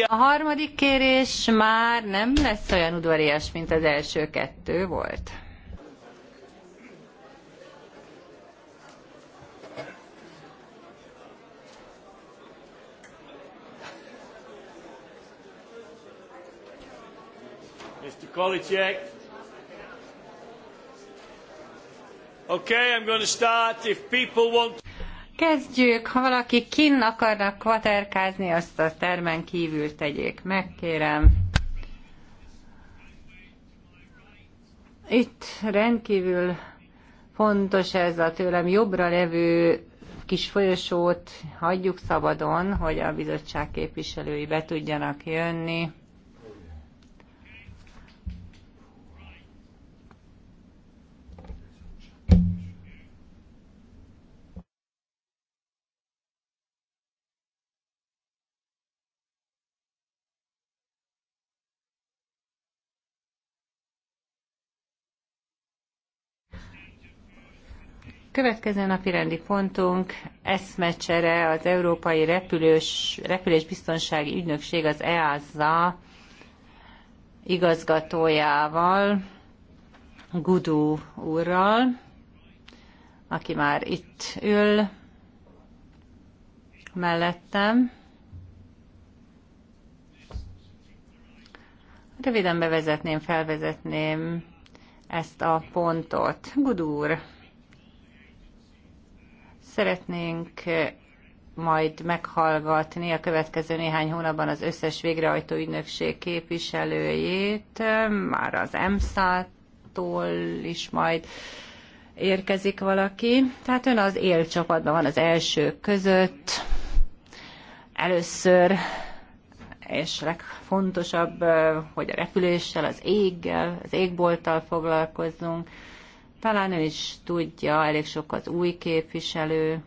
A harmadik kérés már nem lesz olyan udvarias, mint az első kettő volt. Mr. Kolicek. Okay, I'm going to start. If people want... Kezdjük, ha valaki kinn akarnak kvaterkázni, azt a termen kívül tegyék meg, kérem. Itt rendkívül fontos ez a tőlem jobbra levő kis folyosót hagyjuk szabadon, hogy a bizottság képviselői be tudjanak jönni. Következő napi rendi pontunk eszmecsere az Európai Repülős, Repülésbiztonsági Ügynökség, az EASA igazgatójával, Gudu úrral, aki már itt ül mellettem. Röviden bevezetném, felvezetném ezt a pontot. Gudu úr, Szeretnénk eh, majd meghallgatni a következő néhány hónapban az összes végrehajtó ügynökség képviselőjét, már az EMSZ-tól is majd érkezik valaki. Tehát ön az élcsapatban van az első között. Először és legfontosabb, eh, hogy a repüléssel, az éggel, az égbolttal foglalkozzunk. Talán ő is tudja, elég sok az új képviselő,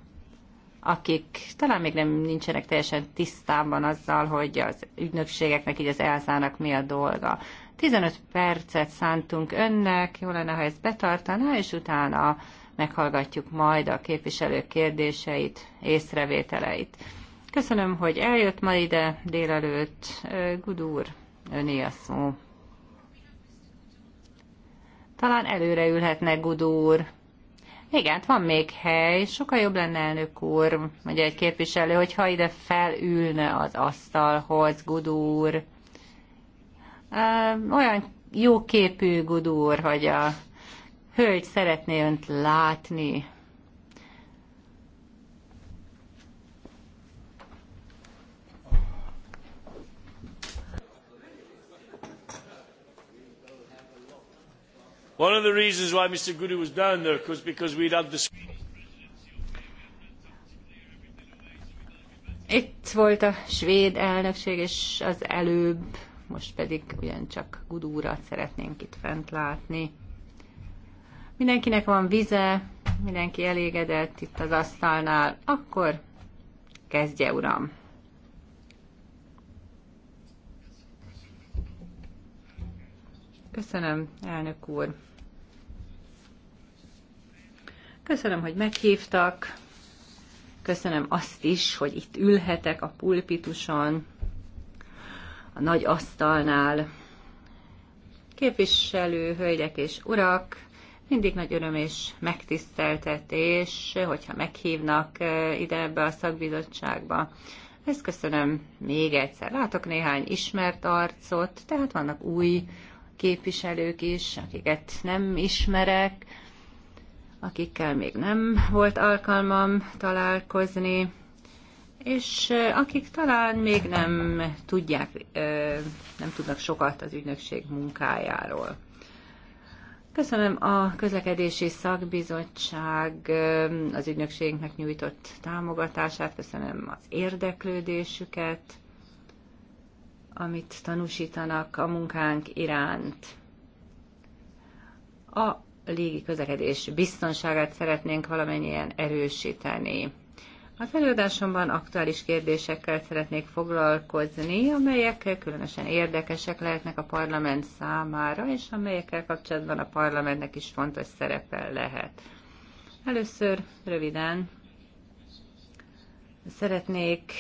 akik talán még nem nincsenek teljesen tisztában azzal, hogy az ügynökségeknek, így az elzának mi a dolga. 15 percet szántunk önnek, jó lenne, ha ezt betartaná, és utána meghallgatjuk majd a képviselők kérdéseit, észrevételeit. Köszönöm, hogy eljött ma ide délelőtt. Gudúr, öné a szó. Talán előre ülhetne Gudúr. Igen, hát van még hely, sokkal jobb lenne elnök úr, mondja egy képviselő, hogyha ide felülne az asztalhoz, Gudúr. Olyan jó képű Gudúr, hogy a hölgy szeretné önt látni. One of the reasons why Mr. Goody was down there was because we'd had this... Itt volt a svéd elnökség, és az előbb, most pedig ugyancsak Gudúrat szeretnénk itt fent látni. Mindenkinek van vize, mindenki elégedett itt az asztalnál, akkor kezdje, uram! Köszönöm, elnök úr! Köszönöm, hogy meghívtak. Köszönöm azt is, hogy itt ülhetek a pulpituson, a nagy asztalnál. Képviselő, hölgyek és urak, mindig nagy öröm és megtiszteltetés, hogyha meghívnak eh, ide ebbe a szakbizottságba. Ezt köszönöm még egyszer. Látok néhány ismert arcot, tehát vannak új képviselők is, akiket nem ismerek, akikkel még nem volt alkalmam találkozni, és akik talán még nem tudják, nem tudnak sokat az ügynökség munkájáról. Köszönöm a közlekedési szakbizottság az ügynökségnek nyújtott támogatását, köszönöm az érdeklődésüket, amit tanúsítanak a munkánk iránt. A légi közlekedés biztonságát szeretnénk valamennyien erősíteni. Az előadásomban aktuális kérdésekkel szeretnék foglalkozni, amelyek különösen érdekesek lehetnek a parlament számára, és amelyekkel kapcsolatban a parlamentnek is fontos szerepe lehet. Először röviden szeretnék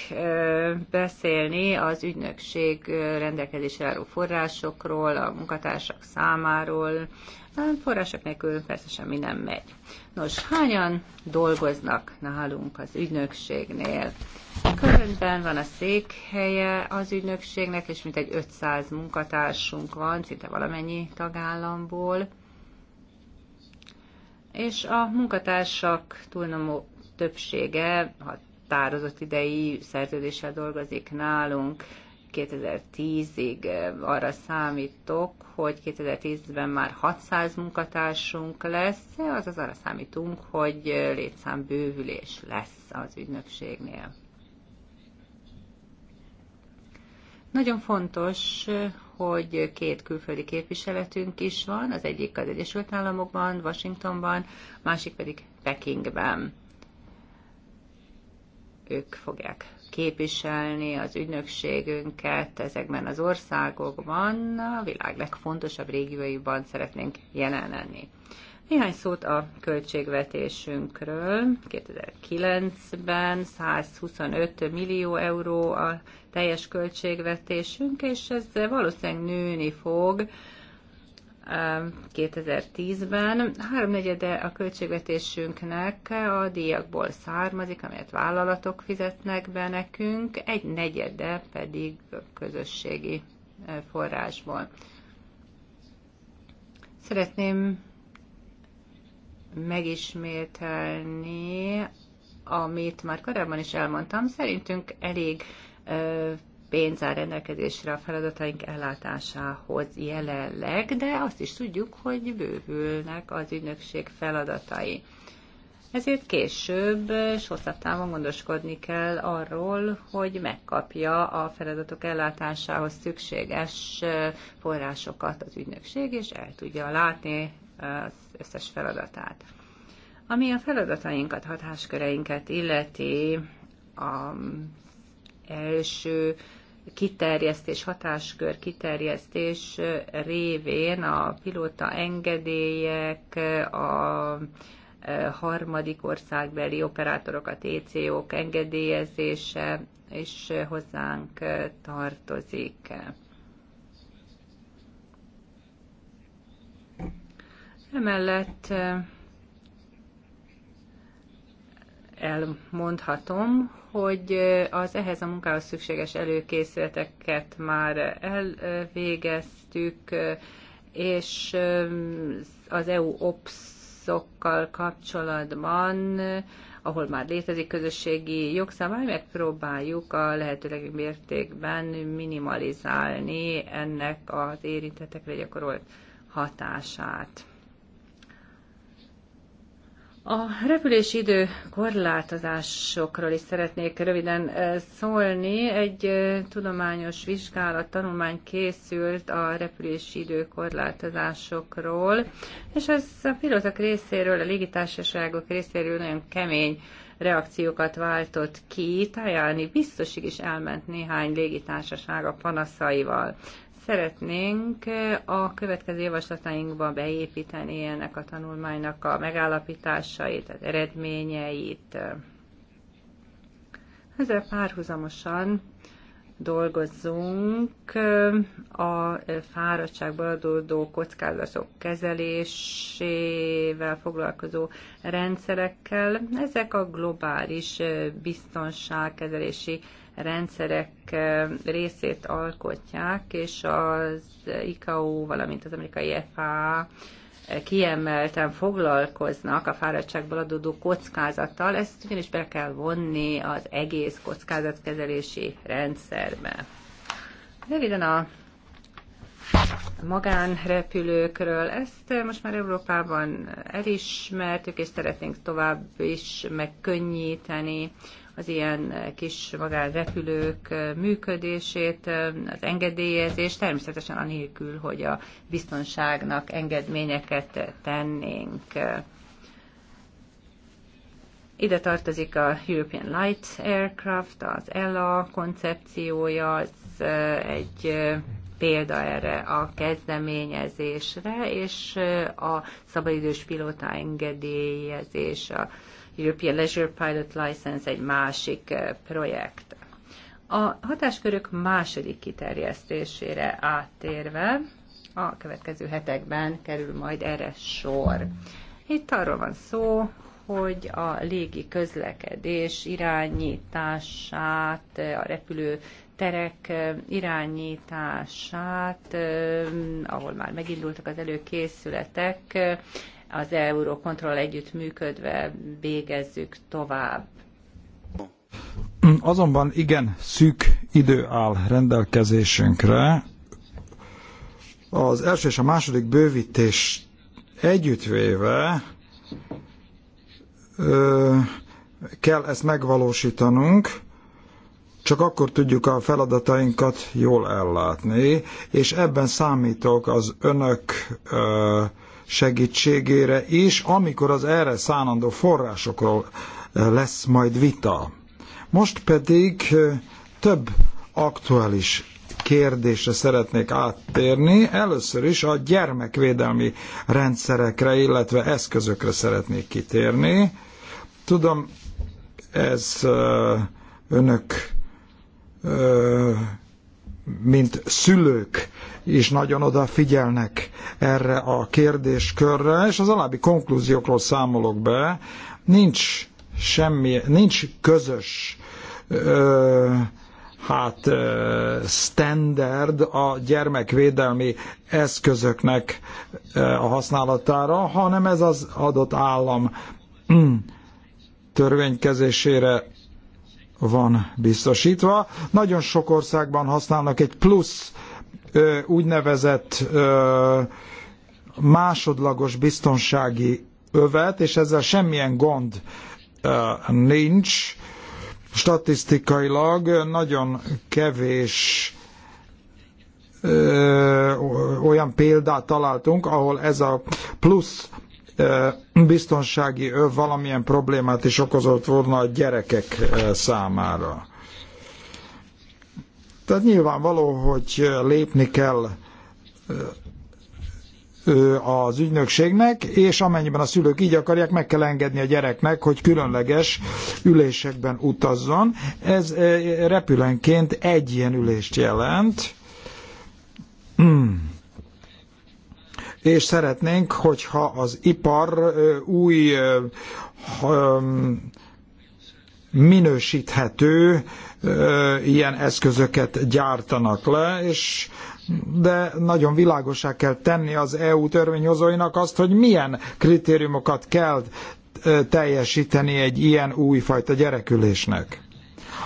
beszélni az ügynökség rendelkezésre álló forrásokról, a munkatársak számáról, Hát, források nélkül persze semmi nem megy. Nos, hányan dolgoznak nálunk az ügynökségnél? Körönben van a székhelye az ügynökségnek, és mintegy 500 munkatársunk van, szinte valamennyi tagállamból. És a munkatársak túlnomó többsége, ha tározott idei szerződéssel dolgozik nálunk. 2010-ig eh, arra számítok, hogy 2010-ben már 600 munkatársunk lesz, azaz arra számítunk, hogy eh, létszámbővülés lesz az ügynökségnél. Nagyon fontos, eh, hogy két külföldi képviseletünk is van, az egyik az Egyesült Államokban, Washingtonban, másik pedig Pekingben. Ők fogják képviselni az ügynökségünket ezekben az országokban, a világ legfontosabb régióiban szeretnénk jelen lenni. Néhány szót a költségvetésünkről. 2009-ben 125 millió euró a teljes költségvetésünk, és ez valószínűleg nőni fog 2010-ben. Háromnegyede a költségvetésünknek a díjakból származik, amelyet vállalatok fizetnek be nekünk, egy negyede pedig közösségi eh, forrásból. Szeretném megismételni, amit már korábban is elmondtam. Szerintünk elég eh, pénz áll rendelkezésre a feladataink ellátásához jelenleg, de azt is tudjuk, hogy bővülnek az ügynökség feladatai. Ezért később és hosszabb távon gondoskodni kell arról, hogy megkapja a feladatok ellátásához szükséges forrásokat az ügynökség, és el tudja látni az összes feladatát. Ami a feladatainkat, hatásköreinket illeti, a első kiterjesztés, hatáskör kiterjesztés révén a pilóta engedélyek, a e, harmadik országbeli operátorokat, ECO-k engedélyezése is hozzánk e, tartozik. Emellett e, elmondhatom, hogy az ehhez a munkához szükséges előkészületeket már elvégeztük, és az EU OPS-okkal kapcsolatban, ahol már létezik közösségi jogszabály, megpróbáljuk a lehető mértékben minimalizálni ennek az érintetekre gyakorolt hatását. A repülési idő korlátozásokról is szeretnék röviden eh, szólni. Egy eh, tudományos vizsgálat, tanulmány készült a repülési idő korlátozásokról, és ez a pilotok részéről, a légitársaságok részéről nagyon kemény reakciókat váltott ki. Tajani biztosig is elment néhány légitársaság a panaszaival. Szeretnénk eh, a következő javaslatainkba beépíteni ennek a tanulmánynak a megállapításait, az eredményeit. Ezzel párhuzamosan dolgozzunk eh, a fáradtságból adódó kockázatok kezelésével foglalkozó rendszerekkel. Ezek a globális eh, biztonságkezelési rendszerek részét alkotják, és az ICAO, valamint az amerikai FAA kiemelten foglalkoznak a fáradtságból adódó kockázattal, ezt ugyanis be kell vonni az egész kockázatkezelési rendszerbe. Röviden a magánrepülőkről. Ezt most már Európában elismertük, és szeretnénk tovább is megkönnyíteni az ilyen kis magánrepülők működését, az engedélyezést, természetesen anélkül, hogy a biztonságnak engedményeket tennénk. Ide tartozik a European Light Aircraft, az ELA koncepciója, az eh, egy eh, példa erre a kezdeményezésre, és eh, a szabadidős pilóta engedélyezés, a European Leisure Pilot License egy másik eh, projekt. A hatáskörök második kiterjesztésére áttérve a következő hetekben kerül majd erre sor. Itt arról van szó, hogy a légi közlekedés irányítását, a repülő terek eh, irányítását, eh, ahol már megindultak az előkészületek, az Eurocontrol együtt működve végezzük tovább. Azonban igen szűk idő áll rendelkezésünkre. Az első és a második bővítés együttvéve ö, kell ezt megvalósítanunk, csak akkor tudjuk a feladatainkat jól ellátni, és ebben számítok az önök ö, segítségére is, amikor az erre szánandó forrásokról eh, lesz majd vita. Most pedig eh, több aktuális kérdésre szeretnék áttérni. Először is a gyermekvédelmi rendszerekre, illetve eszközökre szeretnék kitérni. Tudom, ez eh, önök mint szülők is nagyon odafigyelnek erre a kérdéskörre, és az alábbi konklúziókról számolok be. Nincs semmi, nincs közös ö, hát ö, standard a gyermekvédelmi eszközöknek ö, a használatára, hanem ez az adott állam mm, törvénykezésére van biztosítva. Nagyon sok országban használnak egy plusz úgynevezett másodlagos biztonsági övet, és ezzel semmilyen gond nincs. Statisztikailag nagyon kevés olyan példát találtunk, ahol ez a plusz biztonsági öv valamilyen problémát is okozott volna a gyerekek számára. Tehát nyilvánvaló, hogy lépni kell az ügynökségnek, és amennyiben a szülők így akarják, meg kell engedni a gyereknek, hogy különleges ülésekben utazzon. Ez repülenként egy ilyen ülést jelent. Hmm és szeretnénk, hogyha az ipar új minősíthető ilyen eszközöket gyártanak le, és de nagyon világosá kell tenni az EU törvényhozóinak azt, hogy milyen kritériumokat kell teljesíteni egy ilyen újfajta gyerekülésnek.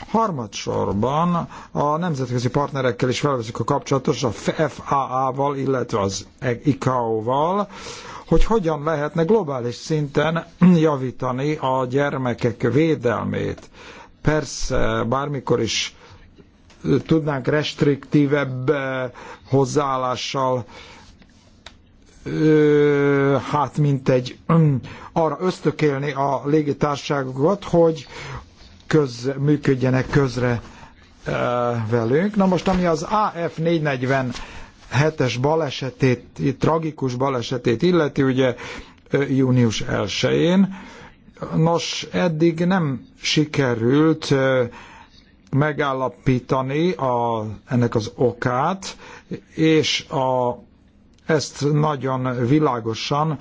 Harmadsorban a nemzetközi partnerekkel is felveszik a kapcsolatos a FAA-val, illetve az ICAO-val, hogy hogyan lehetne globális szinten javítani a gyermekek védelmét. Persze bármikor is tudnánk restriktívebb eh, hozzáállással eh, hát mint egy mm, arra ösztökélni a légitársaságokat, hogy köz, működjenek közre e, velünk. Na most, ami az AF447-es balesetét, tragikus balesetét illeti, ugye e, június 1-én, nos, eddig nem sikerült e, megállapítani a, ennek az okát, és a ezt nagyon világosan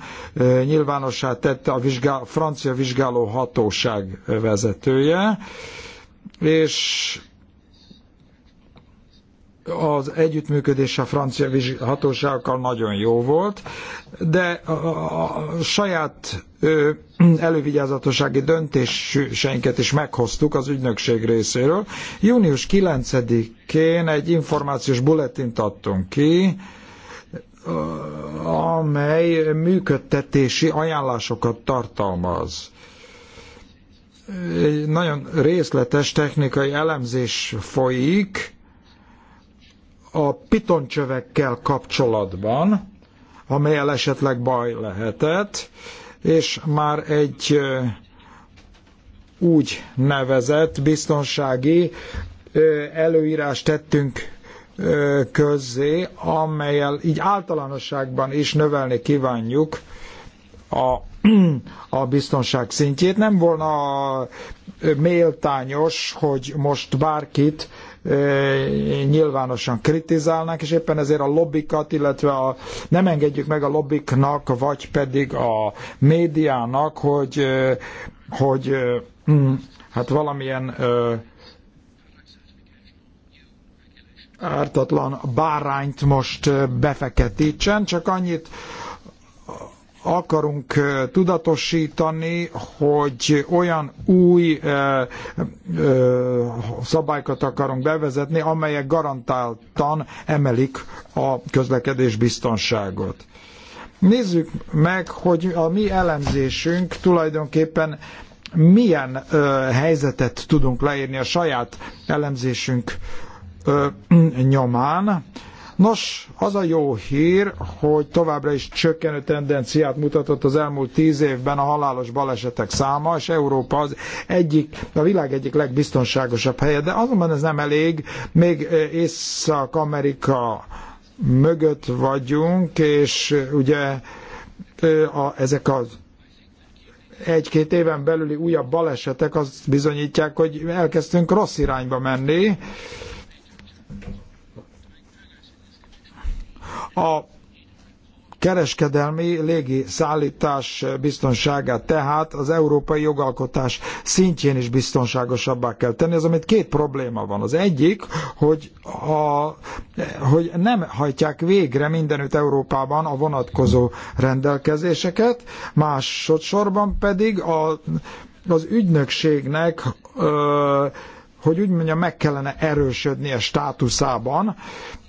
nyilvánossá tette a vizsgál, francia vizsgáló hatóság vezetője, és az együttműködés a francia hatóságokkal nagyon jó volt, de a saját elővigyázatossági döntéseinket is meghoztuk az ügynökség részéről. Június 9-én egy információs bulletint adtunk ki, amely működtetési ajánlásokat tartalmaz. Egy nagyon részletes technikai elemzés folyik a pitoncsövekkel kapcsolatban, amelyel esetleg baj lehetett, és már egy úgy nevezett biztonsági előírást tettünk közzé, amelyel így általánosságban is növelni kívánjuk a, a biztonság szintjét. Nem volna méltányos, hogy most bárkit nyilvánosan kritizálnánk, és éppen ezért a lobbikat, illetve a, nem engedjük meg a lobbiknak, vagy pedig a médiának, hogy, hogy mm, hát valamilyen ártatlan bárányt most befeketítsen, csak annyit akarunk tudatosítani, hogy olyan új szabályokat akarunk bevezetni, amelyek garantáltan emelik a közlekedés biztonságot. Nézzük meg, hogy a mi elemzésünk tulajdonképpen milyen ö, helyzetet tudunk leírni a saját elemzésünk nyomán. Nos, az a jó hír, hogy továbbra is csökkenő tendenciát mutatott az elmúlt tíz évben a halálos balesetek száma, és Európa az egyik, a világ egyik legbiztonságosabb helye, de azonban ez nem elég, még Észak-Amerika mögött vagyunk, és ugye a, ezek az egy-két éven belüli újabb balesetek azt bizonyítják, hogy elkezdtünk rossz irányba menni, a kereskedelmi légi szállítás biztonságát tehát az európai jogalkotás szintjén is biztonságosabbá kell tenni. Ez, amit két probléma van. Az egyik, hogy, a, hogy nem hajtják végre mindenütt Európában a vonatkozó rendelkezéseket, másodszorban pedig a, az ügynökségnek ö, hogy úgy mondja, meg kellene erősödni a státuszában,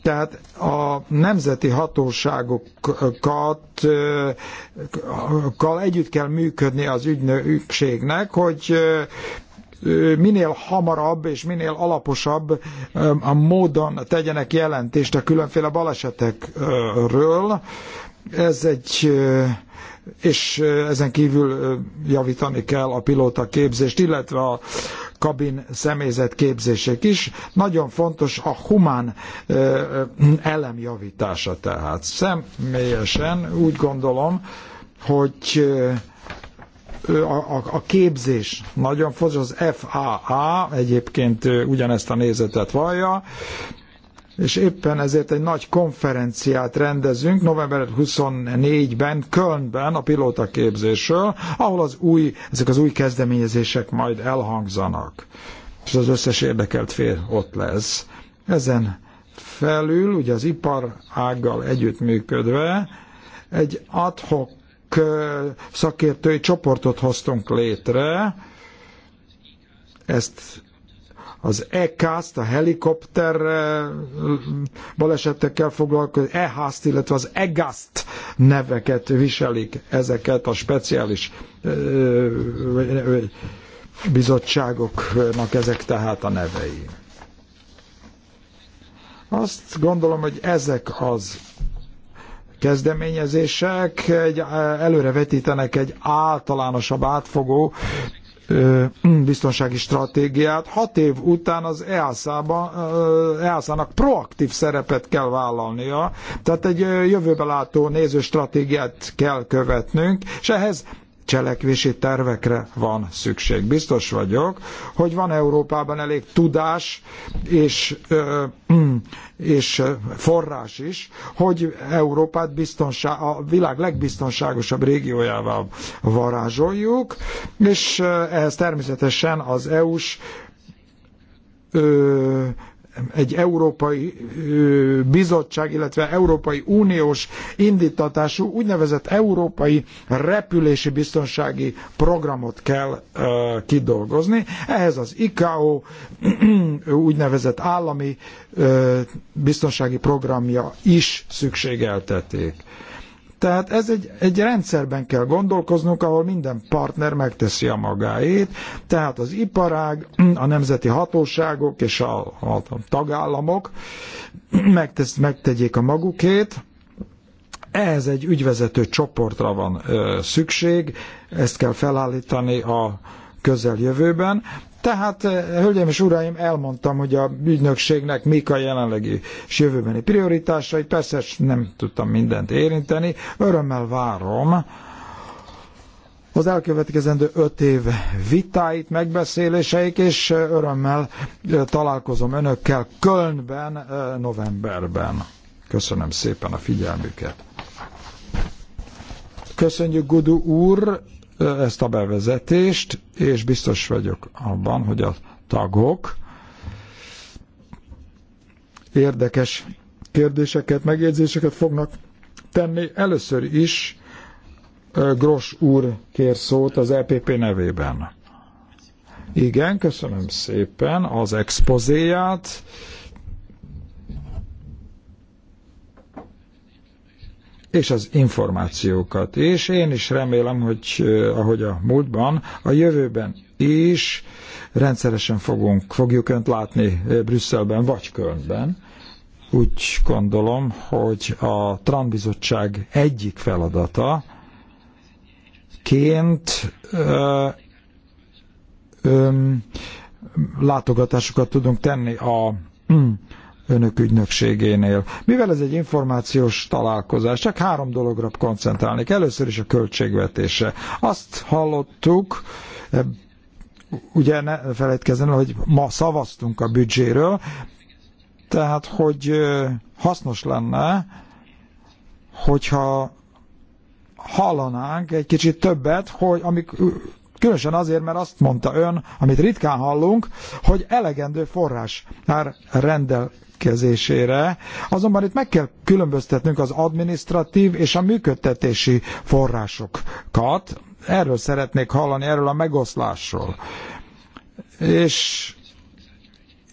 tehát a nemzeti hatóságokkal együtt kell működni az ügynökségnek, hogy minél hamarabb és minél alaposabb a módon tegyenek jelentést a különféle balesetekről. Ez egy és ezen kívül javítani kell a pilóta képzést, illetve a, kabin személyzet képzések is. Nagyon fontos a humán elem javítása tehát. Személyesen úgy gondolom, hogy a, a, a képzés nagyon fontos, az FAA egyébként ugyanezt a nézetet vallja, és éppen ezért egy nagy konferenciát rendezünk november 24-ben Kölnben a pilótaképzésről, ahol az új, ezek az új kezdeményezések majd elhangzanak. És az összes érdekelt fél ott lesz. Ezen felül, ugye az iparággal együttműködve, egy adhok szakértői csoportot hoztunk létre, ezt az Ecast, a helikopter eh, balesetekkel foglalkozó, ehas illetve az egas neveket viselik ezeket a speciális eh, bizottságoknak ezek tehát a nevei. Azt gondolom, hogy ezek az kezdeményezések egy, eh, előrevetítenek egy általánosabb átfogó biztonsági stratégiát. Hat év után az EASA-nak e proaktív szerepet kell vállalnia, tehát egy jövőbe látó néző stratégiát kell követnünk, és ehhez cselekvési tervekre van szükség. Biztos vagyok, hogy van Európában elég tudás és, mm, és forrás is, hogy Európát biztonság, a világ legbiztonságosabb régiójává varázsoljuk, és ehhez természetesen az EU-s egy Európai Bizottság, illetve Európai Uniós indítatású úgynevezett Európai Repülési Biztonsági Programot kell kidolgozni. Ehhez az ICAO úgynevezett állami biztonsági programja is szükségeltetik. Tehát ez egy, egy rendszerben kell gondolkoznunk, ahol minden partner megteszi a magáét, tehát az iparág, a nemzeti hatóságok és a, a tagállamok megtesz, megtegyék a magukét, ehhez egy ügyvezető csoportra van ö, szükség, ezt kell felállítani a közeljövőben, tehát, eh, hölgyeim és uraim, elmondtam, hogy a ügynökségnek mik a jelenlegi és jövőbeni prioritásai. Persze nem tudtam mindent érinteni. Örömmel várom az elkövetkezendő öt év vitáit, megbeszéléseik, és eh, örömmel eh, találkozom önökkel Kölnben novemberben. Köszönöm szépen a figyelmüket. Köszönjük, Gudu úr! ezt a bevezetést, és biztos vagyok abban, hogy a tagok érdekes kérdéseket, megjegyzéseket fognak tenni. Először is Gros úr kér szót az EPP nevében. Igen, köszönöm szépen az expozéját és az információkat. És én is remélem, hogy ahogy a múltban, a jövőben is rendszeresen fogunk, fogjuk Önt látni Brüsszelben vagy Kölnben. Úgy gondolom, hogy a Trump egyik feladata ként ö, ö, látogatásokat tudunk tenni a önök ügynökségénél. Mivel ez egy információs találkozás, csak három dologra koncentrálni kell. Először is a költségvetése. Azt hallottuk, eh, ugye ne felejtkezzen, hogy ma szavaztunk a büdzséről, tehát hogy eh, hasznos lenne, hogyha hallanánk egy kicsit többet, hogy amik Különösen azért, mert azt mondta ön, amit ritkán hallunk, hogy elegendő forrás már rendel kezésére. Azonban itt meg kell különböztetnünk az administratív és a működtetési forrásokat. Erről szeretnék hallani, erről a megoszlásról. És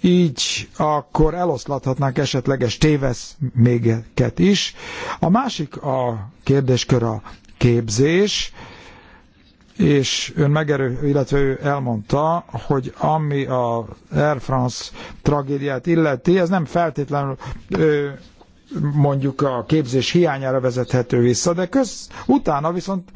így akkor eloszlathatnánk esetleges téveszméget is. A másik a kérdéskör a képzés és ön megerő, illetve ő elmondta, hogy ami a Air France tragédiát illeti, ez nem feltétlenül ö, mondjuk a képzés hiányára vezethető vissza, de köz, utána viszont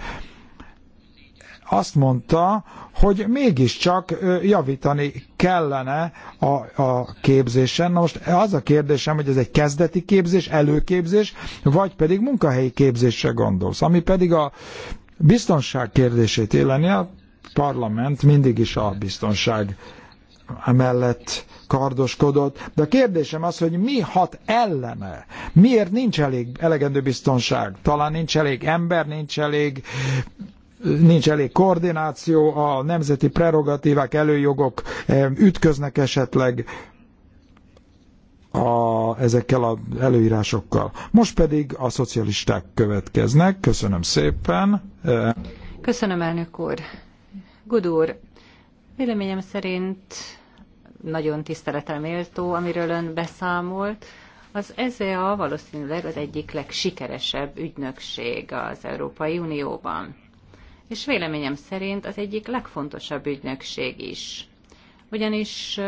azt mondta, hogy mégiscsak javítani kellene a, a képzésen. Na most az a kérdésem, hogy ez egy kezdeti képzés, előképzés, vagy pedig munkahelyi képzésre gondolsz. Ami pedig a biztonság kérdését élni a parlament mindig is a biztonság emellett kardoskodott, de a kérdésem az, hogy mi hat ellene? Miért nincs elég elegendő biztonság? Talán nincs elég ember, nincs elég nincs elég koordináció, a nemzeti prerogatívák, előjogok eh, ütköznek esetleg a, ezekkel az előírásokkal. Most pedig a szocialisták következnek. Köszönöm szépen. E, Köszönöm, elnök úr. Gudúr, véleményem szerint nagyon tiszteletre méltó, amiről ön beszámolt. Az EZEA valószínűleg az egyik legsikeresebb ügynökség az Európai Unióban. És véleményem szerint az egyik legfontosabb ügynökség is. Ugyanis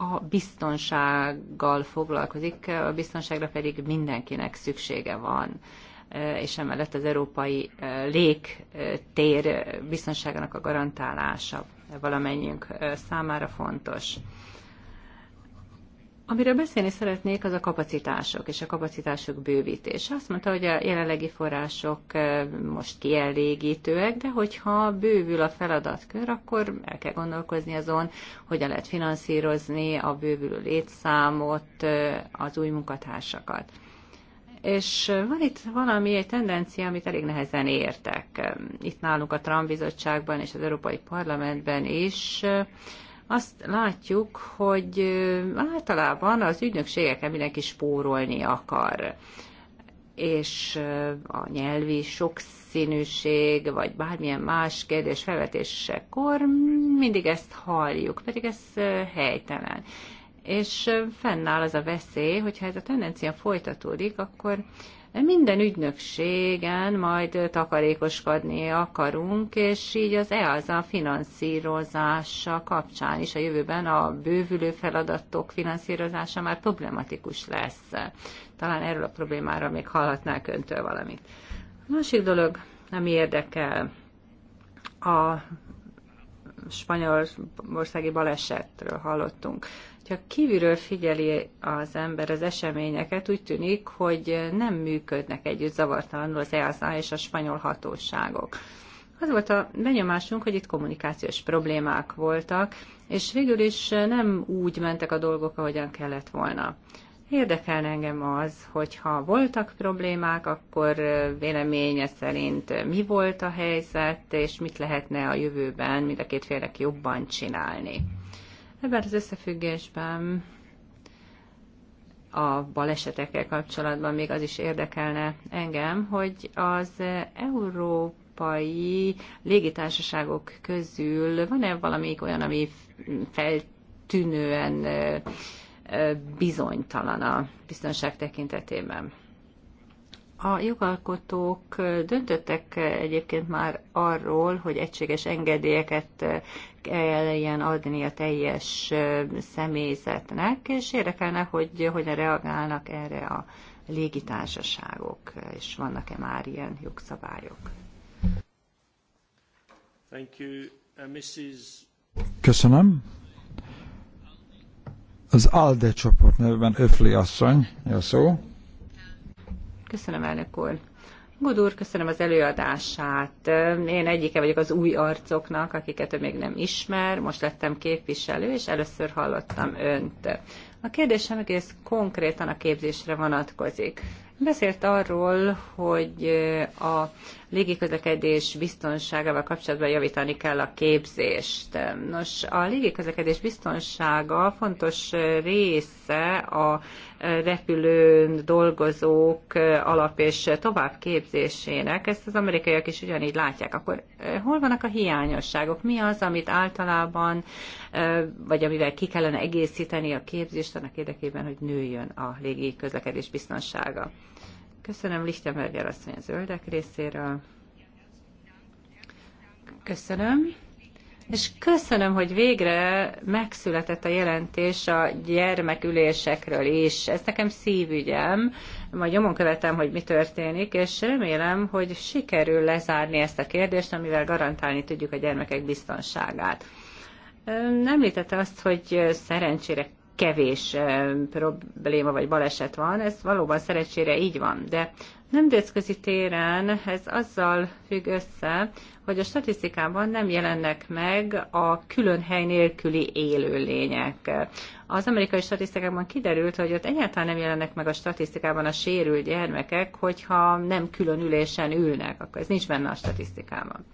a biztonsággal foglalkozik, a biztonságra pedig mindenkinek szüksége van és emellett az európai légtér biztonságának a garantálása valamennyiünk számára fontos. Amiről beszélni szeretnék, az a kapacitások és a kapacitások bővítése. Azt mondta, hogy a jelenlegi források most kielégítőek, de hogyha bővül a feladatkör, akkor el kell gondolkozni azon, hogyan lehet finanszírozni a bővülő létszámot, az új munkatársakat. És van itt valami, egy tendencia, amit elég nehezen értek. Itt nálunk a Trump bizottságban és az Európai Parlamentben is azt látjuk, hogy általában az ügynökségeken mindenki spórolni akar és a nyelvi sokszínűség, vagy bármilyen más kérdés felvetésekor mindig ezt halljuk, pedig ez helytelen. És fennáll az a veszély, hogyha ez a tendencia folytatódik, akkor minden ügynökségen majd takarékoskodni akarunk, és így az EASA finanszírozása kapcsán is a jövőben a bővülő feladatok finanszírozása már problematikus lesz. Talán erről a problémára még hallhatnák öntől valamit. A másik dolog, ami érdekel, a spanyolországi balesetről hallottunk. Ha kívülről figyeli az ember az eseményeket, úgy tűnik, hogy nem működnek együtt zavartalanul az EASA és a spanyol hatóságok. Az volt a benyomásunk, hogy itt kommunikációs problémák voltak, és végül is nem úgy mentek a dolgok, ahogyan kellett volna. Érdekelne engem az, hogyha voltak problémák, akkor véleménye szerint mi volt a helyzet, és mit lehetne a jövőben mind a két félnek jobban csinálni. Ebben az összefüggésben a balesetekkel kapcsolatban még az is érdekelne engem, hogy az Európa európai légitársaságok közül van-e valamik olyan, ami feltűnően bizonytalan a biztonság tekintetében. A jogalkotók döntöttek egyébként már arról, hogy egységes engedélyeket ilyen adni a teljes személyzetnek, és érdekelne, hogy hogyan reagálnak erre a légitársaságok, és vannak-e már ilyen jogszabályok. Thank you. Uh, Mrs. Köszönöm. Az ALDE csoport nevében Öfli asszony, jó szó. Köszönöm, elnök úr. úr, köszönöm az előadását. Én egyike vagyok az új arcoknak, akiket ő még nem ismer. Most lettem képviselő, és először hallottam önt. A kérdésem egész konkrétan a képzésre vonatkozik. Beszélt arról, hogy a légiközlekedés biztonságával kapcsolatban javítani kell a képzést. Nos, a légiközlekedés biztonsága fontos része a repülőn dolgozók alap és továbbképzésének. Ezt az amerikaiak is ugyanígy látják. Akkor hol vannak a hiányosságok? Mi az, amit általában, vagy amivel ki kellene egészíteni a képzést annak érdekében, hogy nőjön a légi közlekedés biztonsága? Köszönöm Lichtenberger asszony a zöldek részéről. Köszönöm és köszönöm, hogy végre megszületett a jelentés a gyermekülésekről is. Ez nekem szívügyem, majd nyomon követem, hogy mi történik, és remélem, hogy sikerül lezárni ezt a kérdést, amivel garantálni tudjuk a gyermekek biztonságát. Említette azt, hogy szerencsére kevés eh, probléma vagy baleset van, ez valóban szerencsére így van, de Nemzetközi téren ez azzal függ össze, hogy a statisztikában nem jelennek meg a külön hely nélküli élőlények. Az amerikai statisztikában kiderült, hogy ott egyáltalán nem jelennek meg a statisztikában a sérült gyermekek, hogyha nem külön ülésen ülnek, akkor ez nincs benne a statisztikában.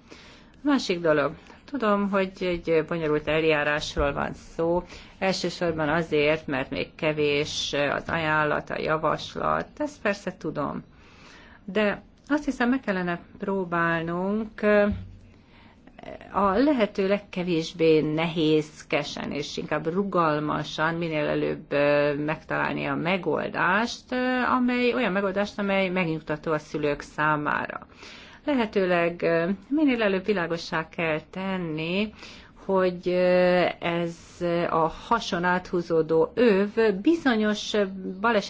A másik dolog, tudom, hogy egy bonyolult eljárásról van szó, elsősorban azért, mert még kevés az ajánlat, a javaslat, ezt persze tudom de azt hiszem meg kellene próbálnunk a lehető legkevésbé nehézkesen és inkább rugalmasan minél előbb megtalálni a megoldást, amely olyan megoldást, amely megnyugtató a szülők számára. Lehetőleg minél előbb világossá kell tenni, hogy ez a hason áthúzódó öv bizonyos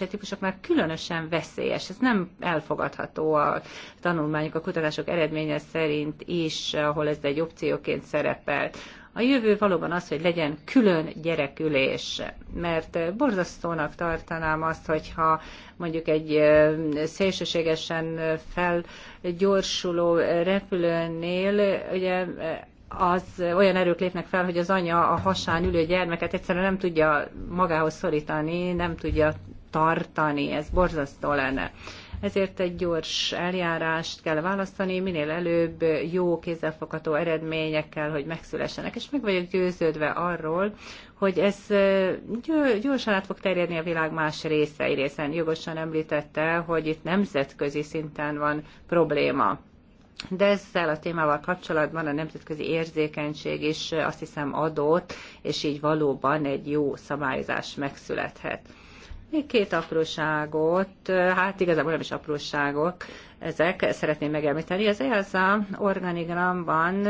típusoknál különösen veszélyes. Ez nem elfogadható a tanulmányok, a kutatások eredménye szerint is, ahol ez egy opcióként szerepel. A jövő valóban az, hogy legyen külön gyerekülés, mert borzasztónak tartanám azt, hogyha mondjuk egy szélsőségesen felgyorsuló repülőnél ugye az olyan erők lépnek fel, hogy az anya a hasán ülő gyermeket egyszerűen nem tudja magához szorítani, nem tudja tartani, ez borzasztó lenne. Ezért egy gyors eljárást kell választani, minél előbb jó kézzelfogható eredményekkel, hogy megszülessenek. És meg vagyok győződve arról, hogy ez gyorsan át fog terjedni a világ más részei részen. Jogosan említette, hogy itt nemzetközi szinten van probléma de ezzel a témával kapcsolatban a nemzetközi érzékenység is azt hiszem adott, és így valóban egy jó szabályozás megszülethet. Még két apróságot, hát igazából nem is apróságok, ezek szeretném megemlíteni. Az EASA organigramban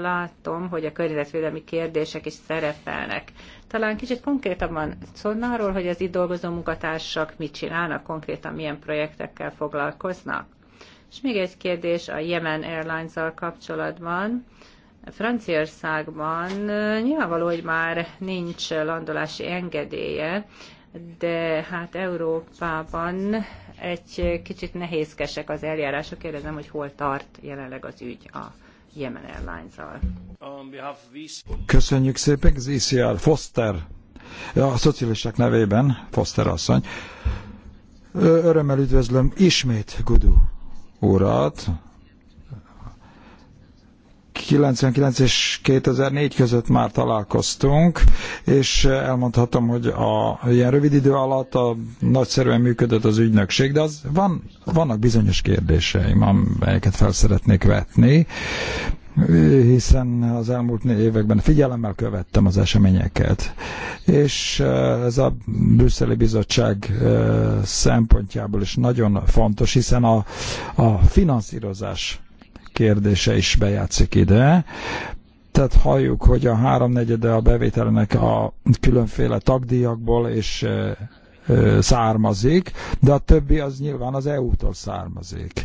látom, hogy a környezetvédelmi kérdések is szerepelnek. Talán kicsit konkrétabban szólna arról, hogy az itt dolgozó munkatársak mit csinálnak, konkrétan milyen projektekkel foglalkoznak? És még egy kérdés a Yemen airlines al kapcsolatban. Franciaországban nyilvánvaló, hogy már nincs landolási engedélye, de hát Európában egy kicsit nehézkesek az eljárások. Kérdezem, hogy hol tart jelenleg az ügy a Yemen Airlines-al. Köszönjük szépen, az Foster, a szocialisták nevében, Foster asszony. Örömmel üdvözlöm ismét Gudu urat. 99 és 2004 között már találkoztunk, és elmondhatom, hogy a ilyen rövid idő alatt a, nagyszerűen működött az ügynökség, de az van, vannak bizonyos kérdéseim, amelyeket fel szeretnék vetni hiszen az elmúlt években figyelemmel követtem az eseményeket. És ez a brüsszeli bizottság szempontjából is nagyon fontos, hiszen a, a finanszírozás kérdése is bejátszik ide. Tehát halljuk, hogy a háromnegyede a bevételnek a különféle tagdíjakból és származik, de a többi az nyilván az EU-tól származik.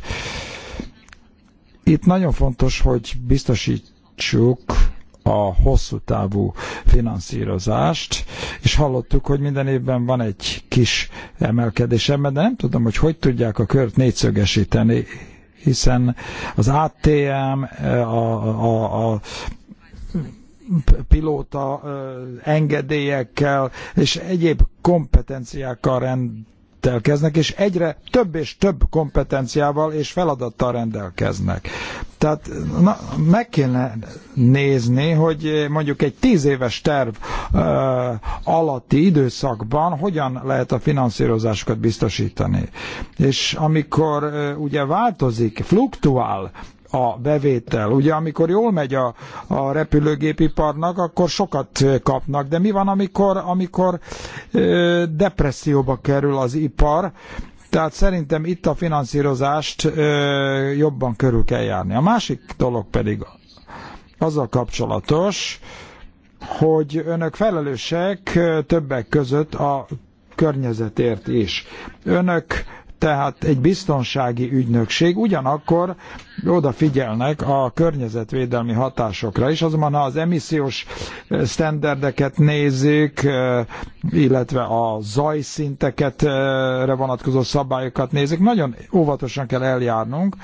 Itt nagyon fontos, hogy biztosítsuk a hosszú távú finanszírozást, és hallottuk, hogy minden évben van egy kis emelkedés ebben, de nem tudom, hogy hogy tudják a kört négyszögesíteni, hiszen az ATM, a, a, a pilóta engedélyekkel és egyéb kompetenciákkal rend rendelkeznek, és egyre több és több kompetenciával és feladattal rendelkeznek. Tehát na, meg kéne nézni, hogy mondjuk egy tíz éves terv ö, alatti időszakban hogyan lehet a finanszírozásokat biztosítani. És amikor ö, ugye változik, fluktuál a bevétel. Ugye amikor jól megy a, a repülőgépiparnak, akkor sokat kapnak, de mi van, amikor, amikor ö, depresszióba kerül az ipar, tehát szerintem itt a finanszírozást ö, jobban körül kell járni. A másik dolog pedig azzal kapcsolatos, hogy önök felelősek többek között a környezetért is. Önök tehát egy biztonsági ügynökség, ugyanakkor odafigyelnek a környezetvédelmi hatásokra is, azonban ha az emissziós sztenderdeket nézzük, illetve a zajszinteket vonatkozó szabályokat nézzük, nagyon óvatosan kell eljárnunk,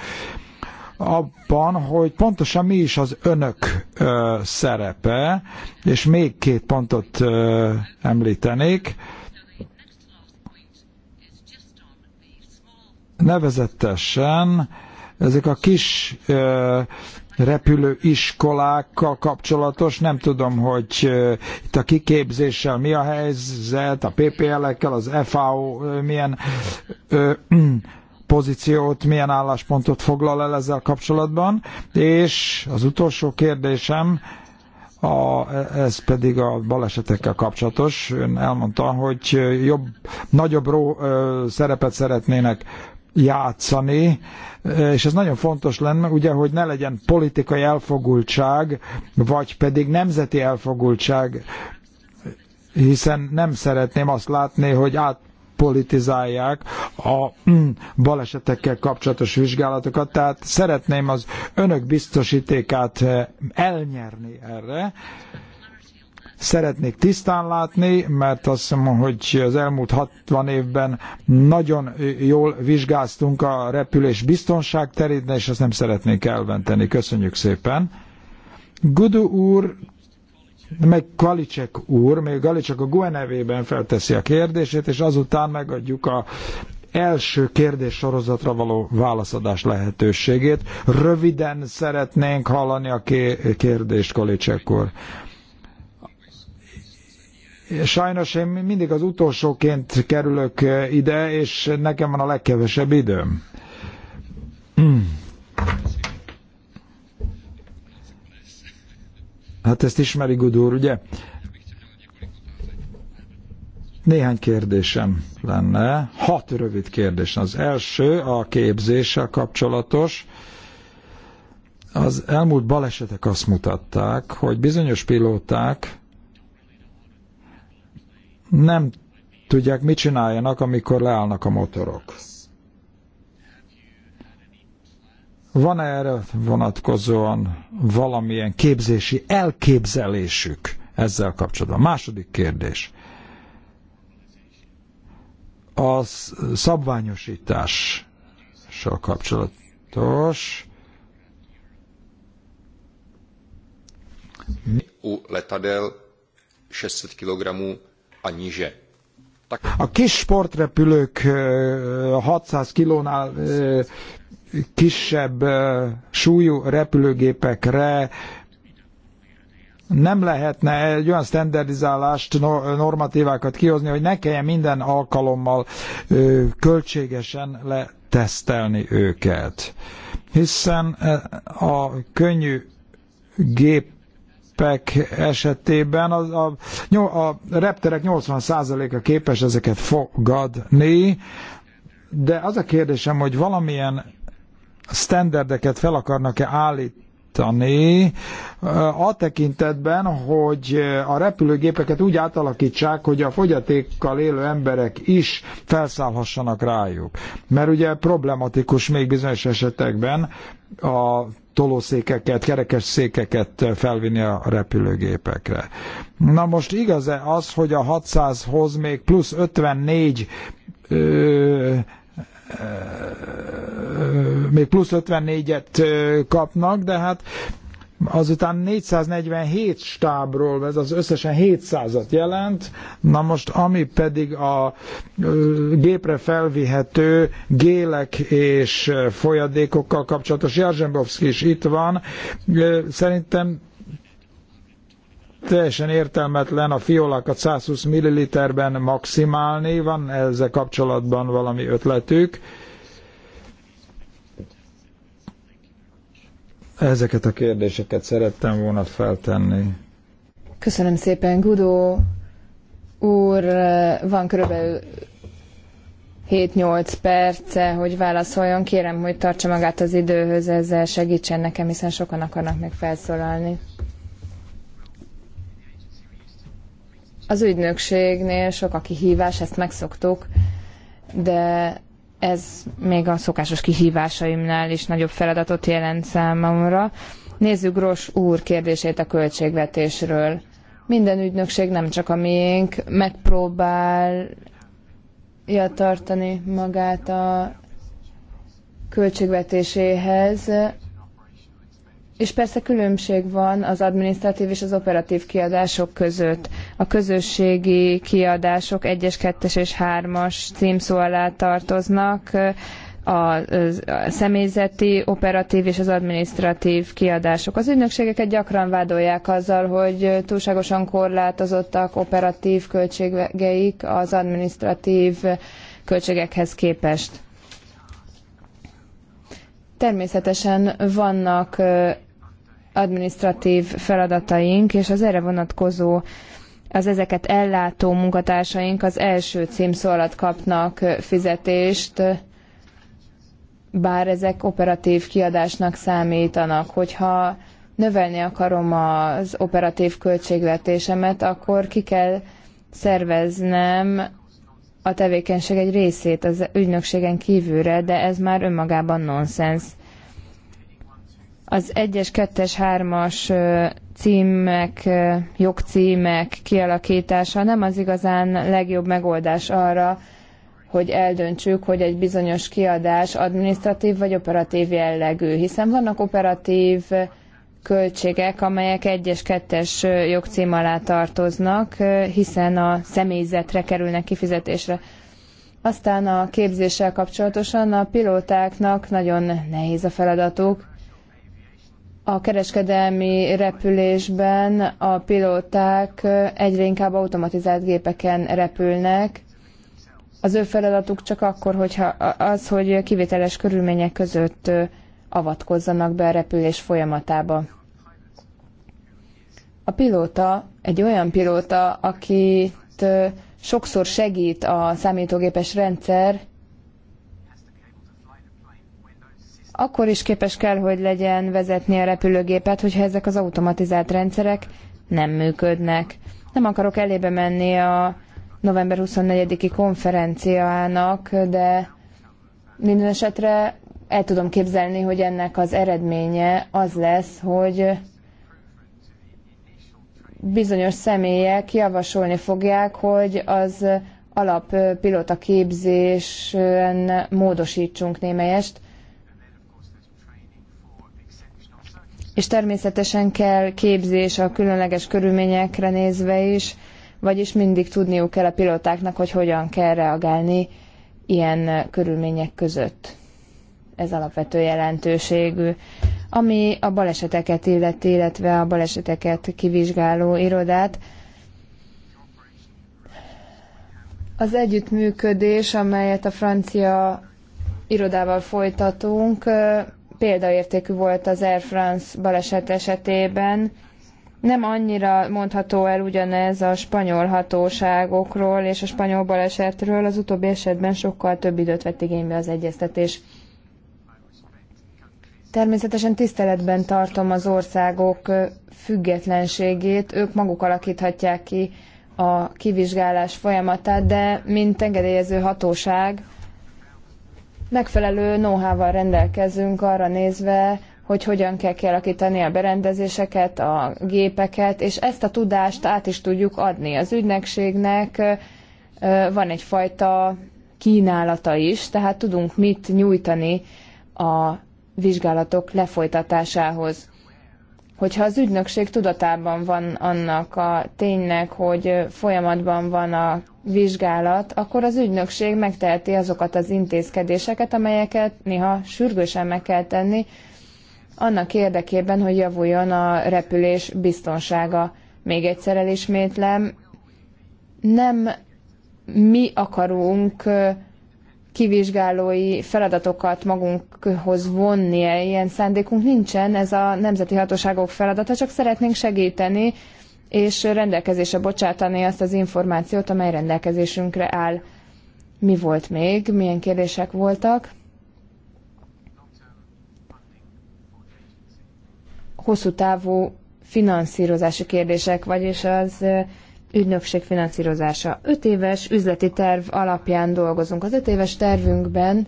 abban, hogy pontosan mi is az önök ö, szerepe, és még két pontot ö, említenék. Ö, nevezetesen ezek a kis ö, repülőiskolákkal kapcsolatos, nem tudom, hogy ö, itt a kiképzéssel mi a helyzet, a PPL-ekkel, az FAO ö, milyen ö, ö, pozíciót, milyen álláspontot foglal el ezzel kapcsolatban, és az utolsó kérdésem, a, ez pedig a balesetekkel kapcsolatos. Ön elmondta, hogy jobb, nagyobb ró, ö, szerepet szeretnének játszani, és ez nagyon fontos lenne, ugye, hogy ne legyen politikai elfogultság, vagy pedig nemzeti elfogultság, hiszen nem szeretném azt látni, hogy át politizálják a mm, balesetekkel kapcsolatos vizsgálatokat, tehát szeretném az önök biztosítékát eh, elnyerni erre, szeretnék tisztán látni, mert azt hiszem, hogy az elmúlt 60 évben nagyon jól vizsgáztunk a repülés biztonság terén, és azt nem szeretnék elventeni. Köszönjük szépen. Gudu úr, meg Kvalicek úr, még Galicek a GUE nevében felteszi a kérdését, és azután megadjuk a első kérdés sorozatra való válaszadás lehetőségét. Röviden szeretnénk hallani a kérdést, Kalicek úr. Sajnos én mindig az utolsóként kerülök ide, és nekem van a legkevesebb időm. Hát ezt ismeri Gudúr, ugye? Néhány kérdésem lenne. Hat rövid kérdés. Az első a képzéssel kapcsolatos. Az elmúlt balesetek azt mutatták, hogy bizonyos pilóták nem tudják, mit csináljanak, amikor leállnak a motorok. Van -e erre vonatkozóan valamilyen képzési elképzelésük ezzel kapcsolatban? Második kérdés. A szabványosítással kapcsolatos. U letadel 600 kg a níže. A kis sportrepülők 600 kilónál kisebb súlyú repülőgépekre nem lehetne egy olyan standardizálást, normatívákat kihozni, hogy ne kelljen minden alkalommal költségesen letesztelni őket. Hiszen a könnyű gép gépek esetében a, a, a repterek 80%-a képes ezeket fogadni, de az a kérdésem, hogy valamilyen standardeket fel akarnak-e állítani, javítani a tekintetben, hogy a repülőgépeket úgy átalakítsák, hogy a fogyatékkal élő emberek is felszállhassanak rájuk. Mert ugye problematikus még bizonyos esetekben a tolószékeket, kerekes székeket felvinni a repülőgépekre. Na most igaz-e az, hogy a 600-hoz még plusz 54 ö, még plusz 54-et kapnak, de hát azután 447 stábról, ez az összesen 700-at jelent, na most ami pedig a gépre felvihető gélek és folyadékokkal kapcsolatos, Jarzsembovszki is itt van, szerintem teljesen értelmetlen a fiolakat 120 ml-ben maximálni, van ezzel kapcsolatban valami ötletük. Ezeket a kérdéseket szerettem volna feltenni. Köszönöm szépen, Gudó úr, van körülbelül 7-8 perce, hogy válaszoljon. Kérem, hogy tartsa magát az időhöz, ezzel segítsen nekem, hiszen sokan akarnak még felszólalni. Az ügynökségnél sok a kihívás, ezt megszoktuk, de ez még a szokásos kihívásaimnál is nagyobb feladatot jelent számomra. Nézzük Gros úr kérdését a költségvetésről. Minden ügynökség, nem csak a miénk, megpróbálja tartani magát a költségvetéséhez, és persze különbség van az adminisztratív és az operatív kiadások között. A közösségi kiadások 1-es, 2-es és 3-as címszó alá tartoznak, a személyzeti, operatív és az adminisztratív kiadások. Az ügynökségeket gyakran vádolják azzal, hogy túlságosan korlátozottak operatív költségeik az adminisztratív költségekhez képest. Természetesen vannak administratív feladataink, és az erre vonatkozó az ezeket ellátó munkatársaink az első címszó alatt kapnak fizetést, bár ezek operatív kiadásnak számítanak. Hogyha növelni akarom az operatív költségvetésemet, akkor ki kell szerveznem a tevékenység egy részét az ügynökségen kívülre, de ez már önmagában nonsens az 1-es, 2-es, 3-as címek, jogcímek kialakítása nem az igazán legjobb megoldás arra, hogy eldöntsük, hogy egy bizonyos kiadás adminisztratív vagy operatív jellegű, hiszen vannak operatív költségek, amelyek egyes, kettes jogcím alá tartoznak, hiszen a személyzetre kerülnek kifizetésre. Aztán a képzéssel kapcsolatosan a pilótáknak nagyon nehéz a feladatuk, a kereskedelmi repülésben a pilóták egyre inkább automatizált gépeken repülnek. Az ő feladatuk csak akkor, hogyha az, hogy kivételes körülmények között avatkozzanak be a repülés folyamatába. A pilóta egy olyan pilóta, akit sokszor segít a számítógépes rendszer, akkor is képes kell, hogy legyen vezetni a repülőgépet, hogyha ezek az automatizált rendszerek nem működnek. Nem akarok elébe menni a november 24-i konferenciának, de minden esetre el tudom képzelni, hogy ennek az eredménye az lesz, hogy bizonyos személyek javasolni fogják, hogy az pilota képzésen módosítsunk némelyest, és természetesen kell képzés a különleges körülményekre nézve is, vagyis mindig tudniuk kell a pilótáknak, hogy hogyan kell reagálni ilyen körülmények között. Ez alapvető jelentőségű. Ami a baleseteket illeti, illetve a baleseteket kivizsgáló irodát, az együttműködés, amelyet a francia irodával folytatunk, példaértékű volt az Air France baleset esetében. Nem annyira mondható el ugyanez a spanyol hatóságokról és a spanyol balesetről, az utóbbi esetben sokkal több időt vett igénybe az egyeztetés. Természetesen tiszteletben tartom az országok függetlenségét, ők maguk alakíthatják ki a kivizsgálás folyamatát, de mint engedélyező hatóság megfelelő know rendelkezünk arra nézve, hogy hogyan kell kialakítani a berendezéseket, a gépeket, és ezt a tudást át is tudjuk adni. Az ügynökségnek van egyfajta kínálata is, tehát tudunk mit nyújtani a vizsgálatok lefolytatásához. Hogyha az ügynökség tudatában van annak a ténynek, hogy folyamatban van a vizsgálat, akkor az ügynökség megteheti azokat az intézkedéseket, amelyeket néha sürgősen meg kell tenni, annak érdekében, hogy javuljon a repülés biztonsága. Még egyszer elismétlem, nem mi akarunk kivizsgálói feladatokat magunkhoz vonni, -e. ilyen szándékunk nincsen, ez a nemzeti hatóságok feladata, csak szeretnénk segíteni, és rendelkezésre bocsátani azt az információt, amely rendelkezésünkre áll. Mi volt még, milyen kérdések voltak? Hosszú távú finanszírozási kérdések, vagyis az ügynökség finanszírozása. Öt éves üzleti terv alapján dolgozunk. Az öt éves tervünkben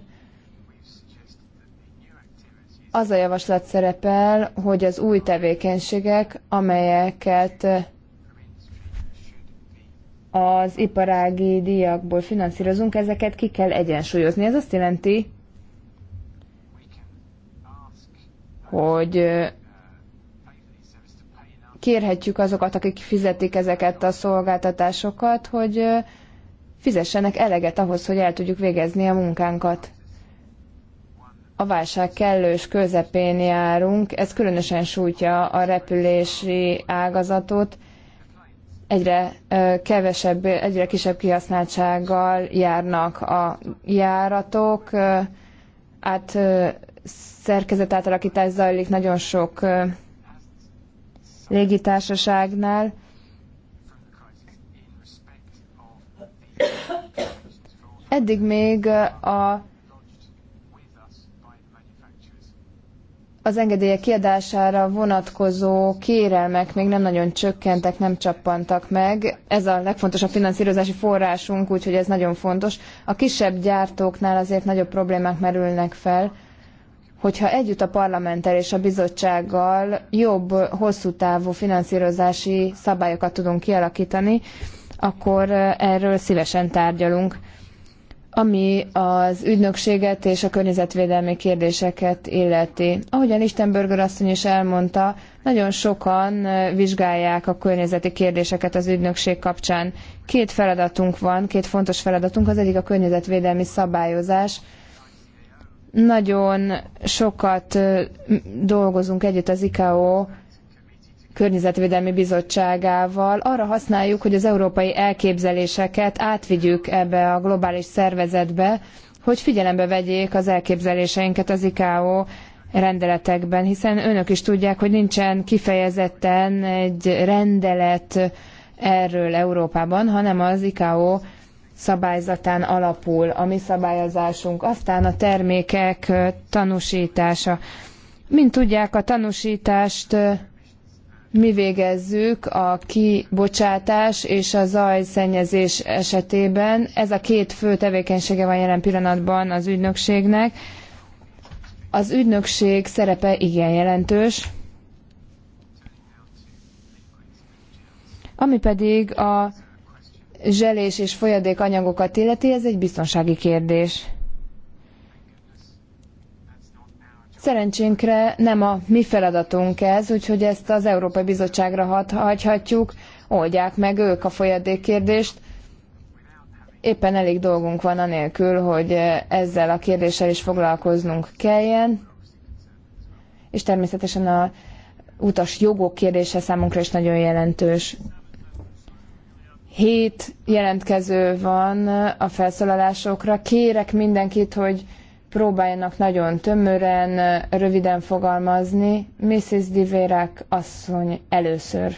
az a javaslat szerepel, hogy az új tevékenységek, amelyeket az iparági díjakból finanszírozunk, ezeket ki kell egyensúlyozni. Ez azt jelenti, hogy kérhetjük azokat, akik fizetik ezeket a szolgáltatásokat, hogy fizessenek eleget ahhoz, hogy el tudjuk végezni a munkánkat. A válság kellős közepén járunk, ez különösen sújtja a repülési ágazatot, egyre kevesebb, egyre kisebb kihasználtsággal járnak a járatok, át szerkezet átalakítás zajlik, nagyon sok légitársaságnál. Eddig még a az engedélyek kiadására vonatkozó kérelmek még nem nagyon csökkentek, nem csappantak meg. Ez a legfontosabb finanszírozási forrásunk, úgyhogy ez nagyon fontos. A kisebb gyártóknál azért nagyobb problémák merülnek fel, hogyha együtt a parlamenttel és a bizottsággal jobb, hosszú távú finanszírozási szabályokat tudunk kialakítani, akkor erről szívesen tárgyalunk. Ami az ügynökséget és a környezetvédelmi kérdéseket illeti. Ahogyan Istenbörgör asszony is elmondta, nagyon sokan vizsgálják a környezeti kérdéseket az ügynökség kapcsán. Két feladatunk van, két fontos feladatunk, az egyik a környezetvédelmi szabályozás, nagyon sokat dolgozunk együtt az ICAO környezetvédelmi bizottságával. Arra használjuk, hogy az európai elképzeléseket átvigyük ebbe a globális szervezetbe, hogy figyelembe vegyék az elképzeléseinket az ICAO rendeletekben, hiszen önök is tudják, hogy nincsen kifejezetten egy rendelet erről Európában, hanem az ICAO szabályzatán alapul a mi szabályozásunk, aztán a termékek tanúsítása. Mint tudják, a tanúsítást mi végezzük a kibocsátás és a zajszennyezés esetében. Ez a két fő tevékenysége van jelen pillanatban az ügynökségnek. Az ügynökség szerepe igen jelentős, ami pedig a zselés és folyadékanyagokat illeti, ez egy biztonsági kérdés. Szerencsénkre nem a mi feladatunk ez, úgyhogy ezt az Európai Bizottságra hagyhatjuk, oldják meg ők a kérdést. Éppen elég dolgunk van anélkül, hogy ezzel a kérdéssel is foglalkoznunk kelljen, és természetesen a utas jogok kérdése számunkra is nagyon jelentős hét jelentkező van a felszólalásokra. Kérek mindenkit, hogy próbáljanak nagyon tömören, röviden fogalmazni. Mrs. Divérák asszony először.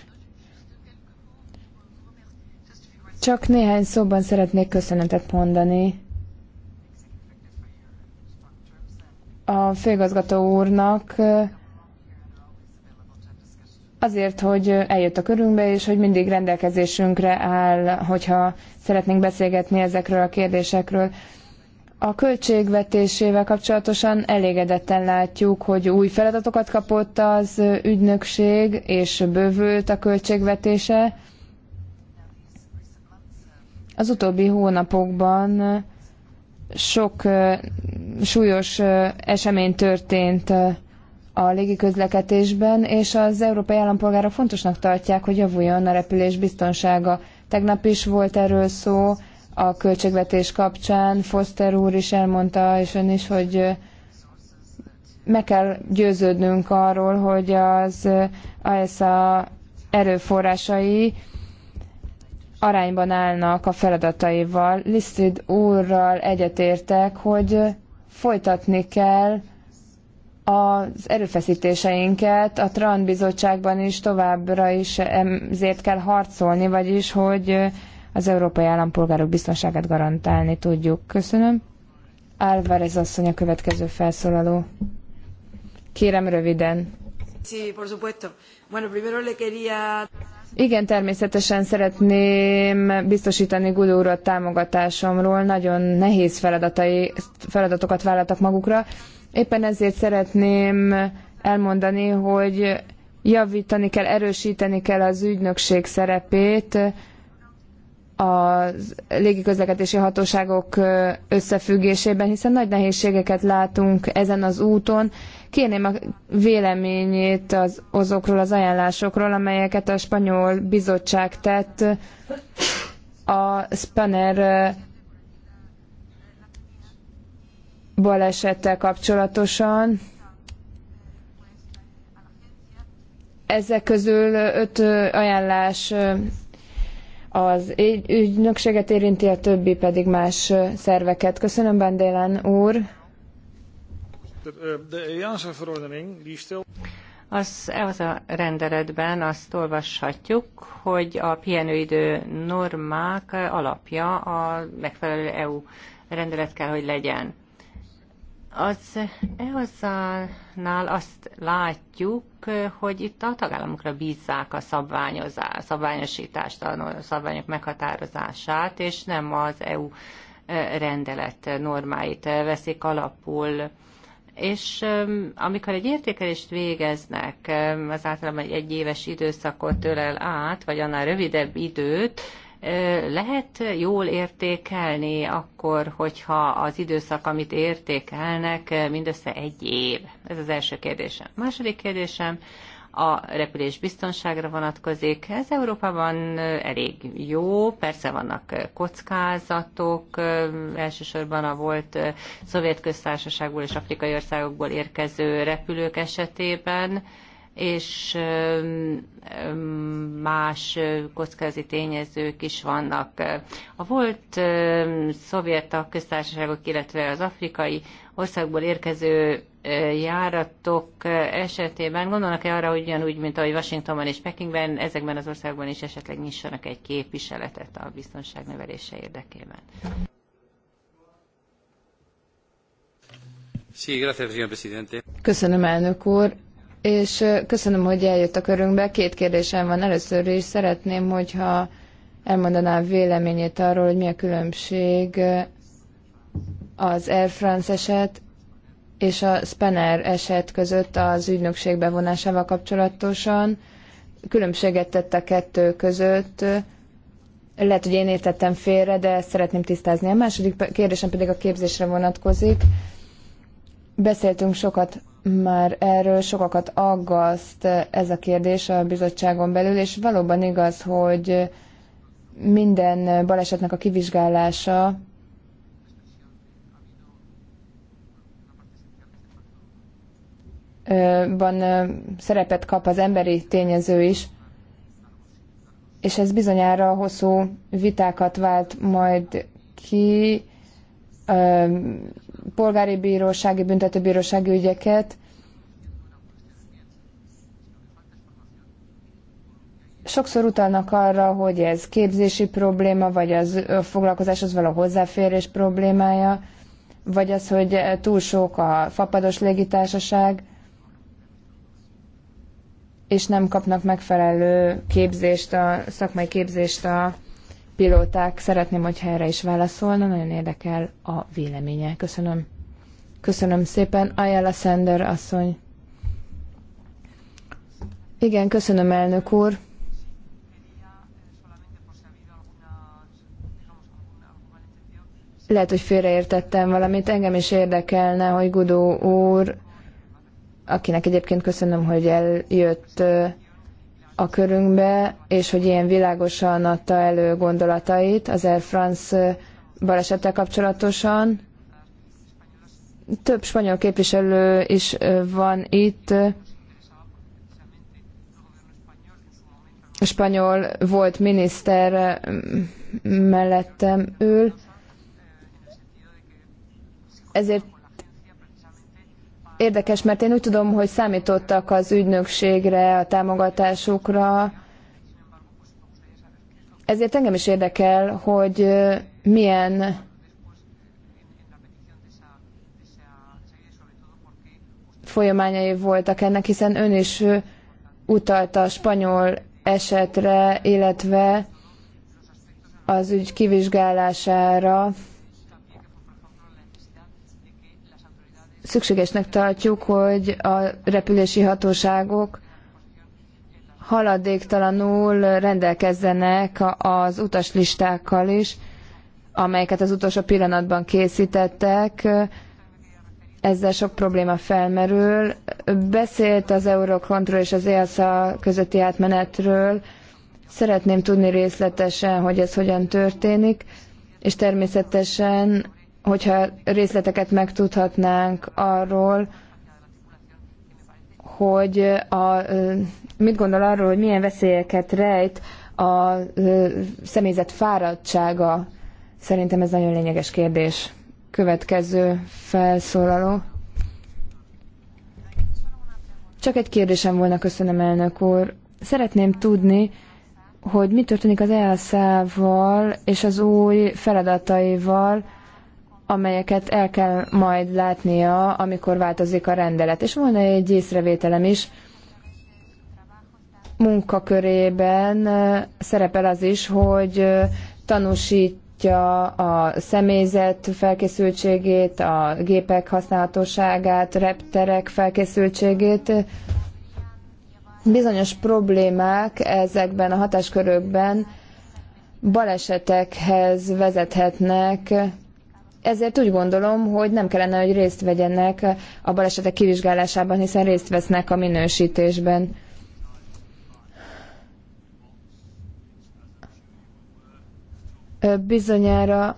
Csak néhány szóban szeretnék köszönetet mondani a főigazgató úrnak azért, hogy eljött a körünkbe, és hogy mindig rendelkezésünkre áll, hogyha szeretnénk beszélgetni ezekről a kérdésekről. A költségvetésével kapcsolatosan elégedetten látjuk, hogy új feladatokat kapott az ügynökség, és bővült a költségvetése. Az utóbbi hónapokban sok súlyos esemény történt a légiközlekedésben, és az európai állampolgára fontosnak tartják, hogy javuljon a repülés biztonsága. Tegnap is volt erről szó a költségvetés kapcsán, Foster úr is elmondta, és ön is, hogy meg kell győződnünk arról, hogy az ASA erőforrásai arányban állnak a feladataival. Lisztrid úrral egyetértek, hogy folytatni kell az erőfeszítéseinket a TRAN bizottságban is továbbra is ezért kell harcolni, vagyis hogy az európai állampolgárok biztonságát garantálni tudjuk. Köszönöm. Álvarez asszony a következő felszólaló. Kérem röviden. Igen, természetesen szeretném biztosítani Gudó urat támogatásomról. Nagyon nehéz feladatai, feladatokat vállaltak magukra Éppen ezért szeretném elmondani, hogy javítani kell, erősíteni kell az ügynökség szerepét, a légiközlekedési hatóságok összefüggésében, hiszen nagy nehézségeket látunk ezen az úton. Kérném a véleményét az, azokról az ajánlásokról, amelyeket a spanyol bizottság tett a Spanner balesettel kapcsolatosan. Ezek közül öt ajánlás az ügynökséget érinti, a többi pedig más szerveket. Köszönöm, Bendélen úr. Az a rendeletben azt olvashatjuk, hogy a pihenőidő normák alapja a megfelelő EU rendelet kell, hogy legyen. Az EASA-nál azt látjuk, hogy itt a tagállamokra bízzák a szabványosítást, a szabványok meghatározását, és nem az EU e, rendelet normáit veszik alapul. És amikor egy értékelést végeznek, az általában egy egyéves időszakot ölel át, vagy annál rövidebb időt, lehet jól értékelni akkor, hogyha az időszak, amit értékelnek, mindössze egy év? Ez az első kérdésem. második kérdésem, a repülés biztonságra vonatkozik. Ez Európában elég jó, persze vannak kockázatok, elsősorban a volt szovjet köztársaságból és afrikai országokból érkező repülők esetében, és más kockázati tényezők is vannak. A volt szovjet köztársaságok, illetve az afrikai országból érkező járatok esetében gondolnak-e arra, hogy ugyanúgy, mint ahogy Washingtonban és Pekingben, ezekben az országban is esetleg nyissanak egy képviseletet a biztonság növelése érdekében? Köszönöm, elnök úr és köszönöm, hogy eljött a körünkbe. Két kérdésem van. Először is szeretném, hogyha elmondaná véleményét arról, hogy mi a különbség az Air France eset és a Spanner eset között az ügynökség bevonásával kapcsolatosan. Különbséget tett a kettő között. Lehet, hogy én értettem félre, de ezt szeretném tisztázni. A második kérdésem pedig a képzésre vonatkozik. Beszéltünk sokat már erről sokakat aggaszt ez a kérdés a bizottságon belül, és valóban igaz, hogy minden balesetnek a kivizsgálása van szerepet kap az emberi tényező is, és ez bizonyára hosszú vitákat vált majd ki, polgári bírósági, büntetőbírósági ügyeket. Sokszor utalnak arra, hogy ez képzési probléma, vagy az foglalkozáshoz való hozzáférés problémája, vagy az, hogy túl sok a fapados légitársaság, és nem kapnak megfelelő képzést, a szakmai képzést a pilóták. Szeretném, hogyha erre is válaszolna, nagyon érdekel a véleménye. Köszönöm. Köszönöm szépen. Ayala Sender asszony. Igen, köszönöm, elnök úr. Lehet, hogy félreértettem valamit. Engem is érdekelne, hogy Gudó úr, akinek egyébként köszönöm, hogy eljött a körünkbe, és hogy ilyen világosan adta elő gondolatait az Air France balesete kapcsolatosan. Több spanyol képviselő is van itt. A spanyol volt miniszter mellettem ül. Ezért érdekes, mert én úgy tudom, hogy számítottak az ügynökségre, a támogatásukra, ezért engem is érdekel, hogy milyen folyamányai voltak ennek, hiszen ön is utalta a spanyol esetre, illetve az ügy kivizsgálására. szükségesnek tartjuk, hogy a repülési hatóságok haladéktalanul rendelkezzenek az utaslistákkal is, amelyeket az utolsó pillanatban készítettek. Ezzel sok probléma felmerül. Beszélt az Eurocontrol és az EASA közötti átmenetről. Szeretném tudni részletesen, hogy ez hogyan történik, és természetesen hogyha részleteket megtudhatnánk arról, hogy a, mit gondol arról, hogy milyen veszélyeket rejt a személyzet fáradtsága. Szerintem ez nagyon lényeges kérdés. Következő felszólaló. Csak egy kérdésem volna, köszönöm elnök úr. Szeretném tudni, hogy mi történik az elszával és az új feladataival, amelyeket el kell majd látnia, amikor változik a rendelet. És volna egy észrevételem is, munkakörében szerepel az is, hogy tanúsítja a személyzet felkészültségét, a gépek használatosságát, repterek felkészültségét. Bizonyos problémák ezekben a hatáskörökben balesetekhez vezethetnek, ezért úgy gondolom, hogy nem kellene, hogy részt vegyenek a balesetek kivizsgálásában, hiszen részt vesznek a minősítésben. Bizonyára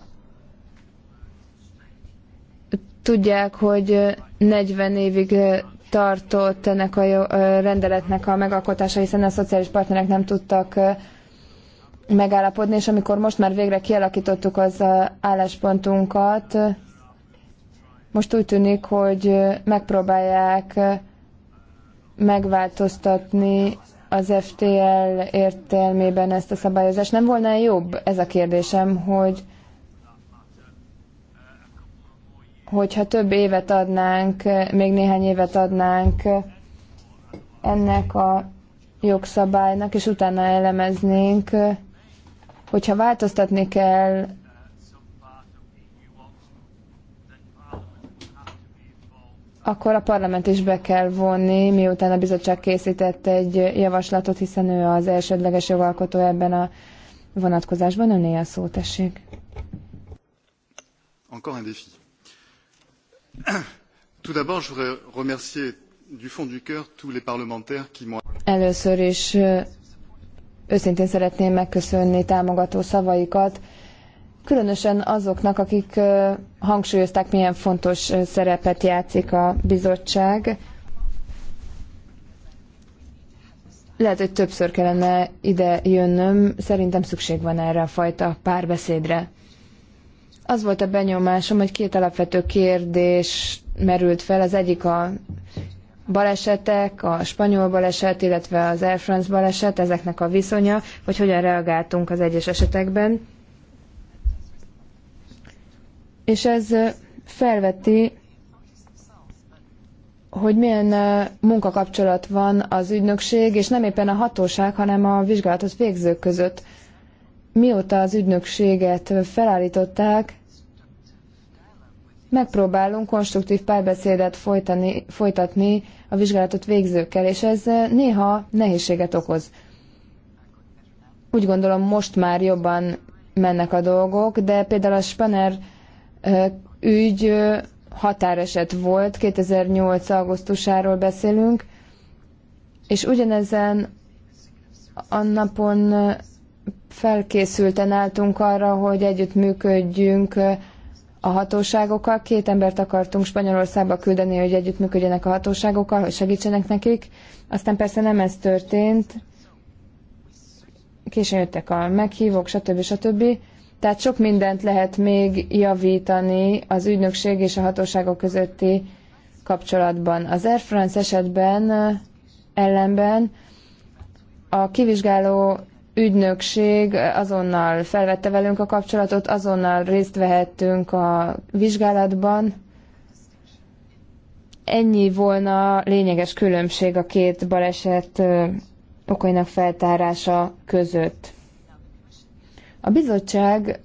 tudják, hogy 40 évig tartott ennek a rendeletnek a megalkotása, hiszen a szociális partnerek nem tudtak megállapodni, és amikor most már végre kialakítottuk az álláspontunkat, most úgy tűnik, hogy megpróbálják megváltoztatni az FTL értelmében ezt a szabályozást. Nem volna jobb ez a kérdésem, hogy hogyha több évet adnánk, még néhány évet adnánk ennek a jogszabálynak, és utána elemeznénk, hogyha változtatni kell akkor a parlament is be kell vonni, miután a bizottság készített egy javaslatot, hiszen ő az elsődleges jogalkotó ebben a vonatkozásban. Öné a szó, tessék. Encore un défi. Tout d'abord, je voudrais remercier du fond du cœur tous les parlementaires qui m'ont... Először is Őszintén szeretném megköszönni támogató szavaikat, különösen azoknak, akik hangsúlyozták, milyen fontos szerepet játszik a bizottság. Lehet, hogy többször kellene ide jönnöm, szerintem szükség van erre a fajta párbeszédre. Az volt a benyomásom, hogy két alapvető kérdés merült fel, az egyik a balesetek, a spanyol baleset, illetve az Air France baleset, ezeknek a viszonya, hogy hogyan reagáltunk az egyes esetekben. És ez felveti, hogy milyen munkakapcsolat van az ügynökség, és nem éppen a hatóság, hanem a vizsgálatot végzők között. Mióta az ügynökséget felállították, megpróbálunk konstruktív párbeszédet folytani, folytatni a vizsgálatot végzőkkel, és ez eh, néha nehézséget okoz. Úgy gondolom, most már jobban mennek a dolgok, de például a Spanner eh, ügy eh, határeset volt, 2008. augusztusáról beszélünk, és ugyanezen a napon felkészülten álltunk arra, hogy együttműködjünk a hatóságokkal. Két embert akartunk Spanyolországba küldeni, hogy együttműködjenek a hatóságokkal, hogy segítsenek nekik. Aztán persze nem ez történt. Későn jöttek a meghívók, stb. stb. Tehát sok mindent lehet még javítani az ügynökség és a hatóságok közötti kapcsolatban. Az Air France esetben ellenben a kivizsgáló ügynökség azonnal felvette velünk a kapcsolatot, azonnal részt vehettünk a vizsgálatban. Ennyi volna lényeges különbség a két baleset okainak feltárása között. A bizottság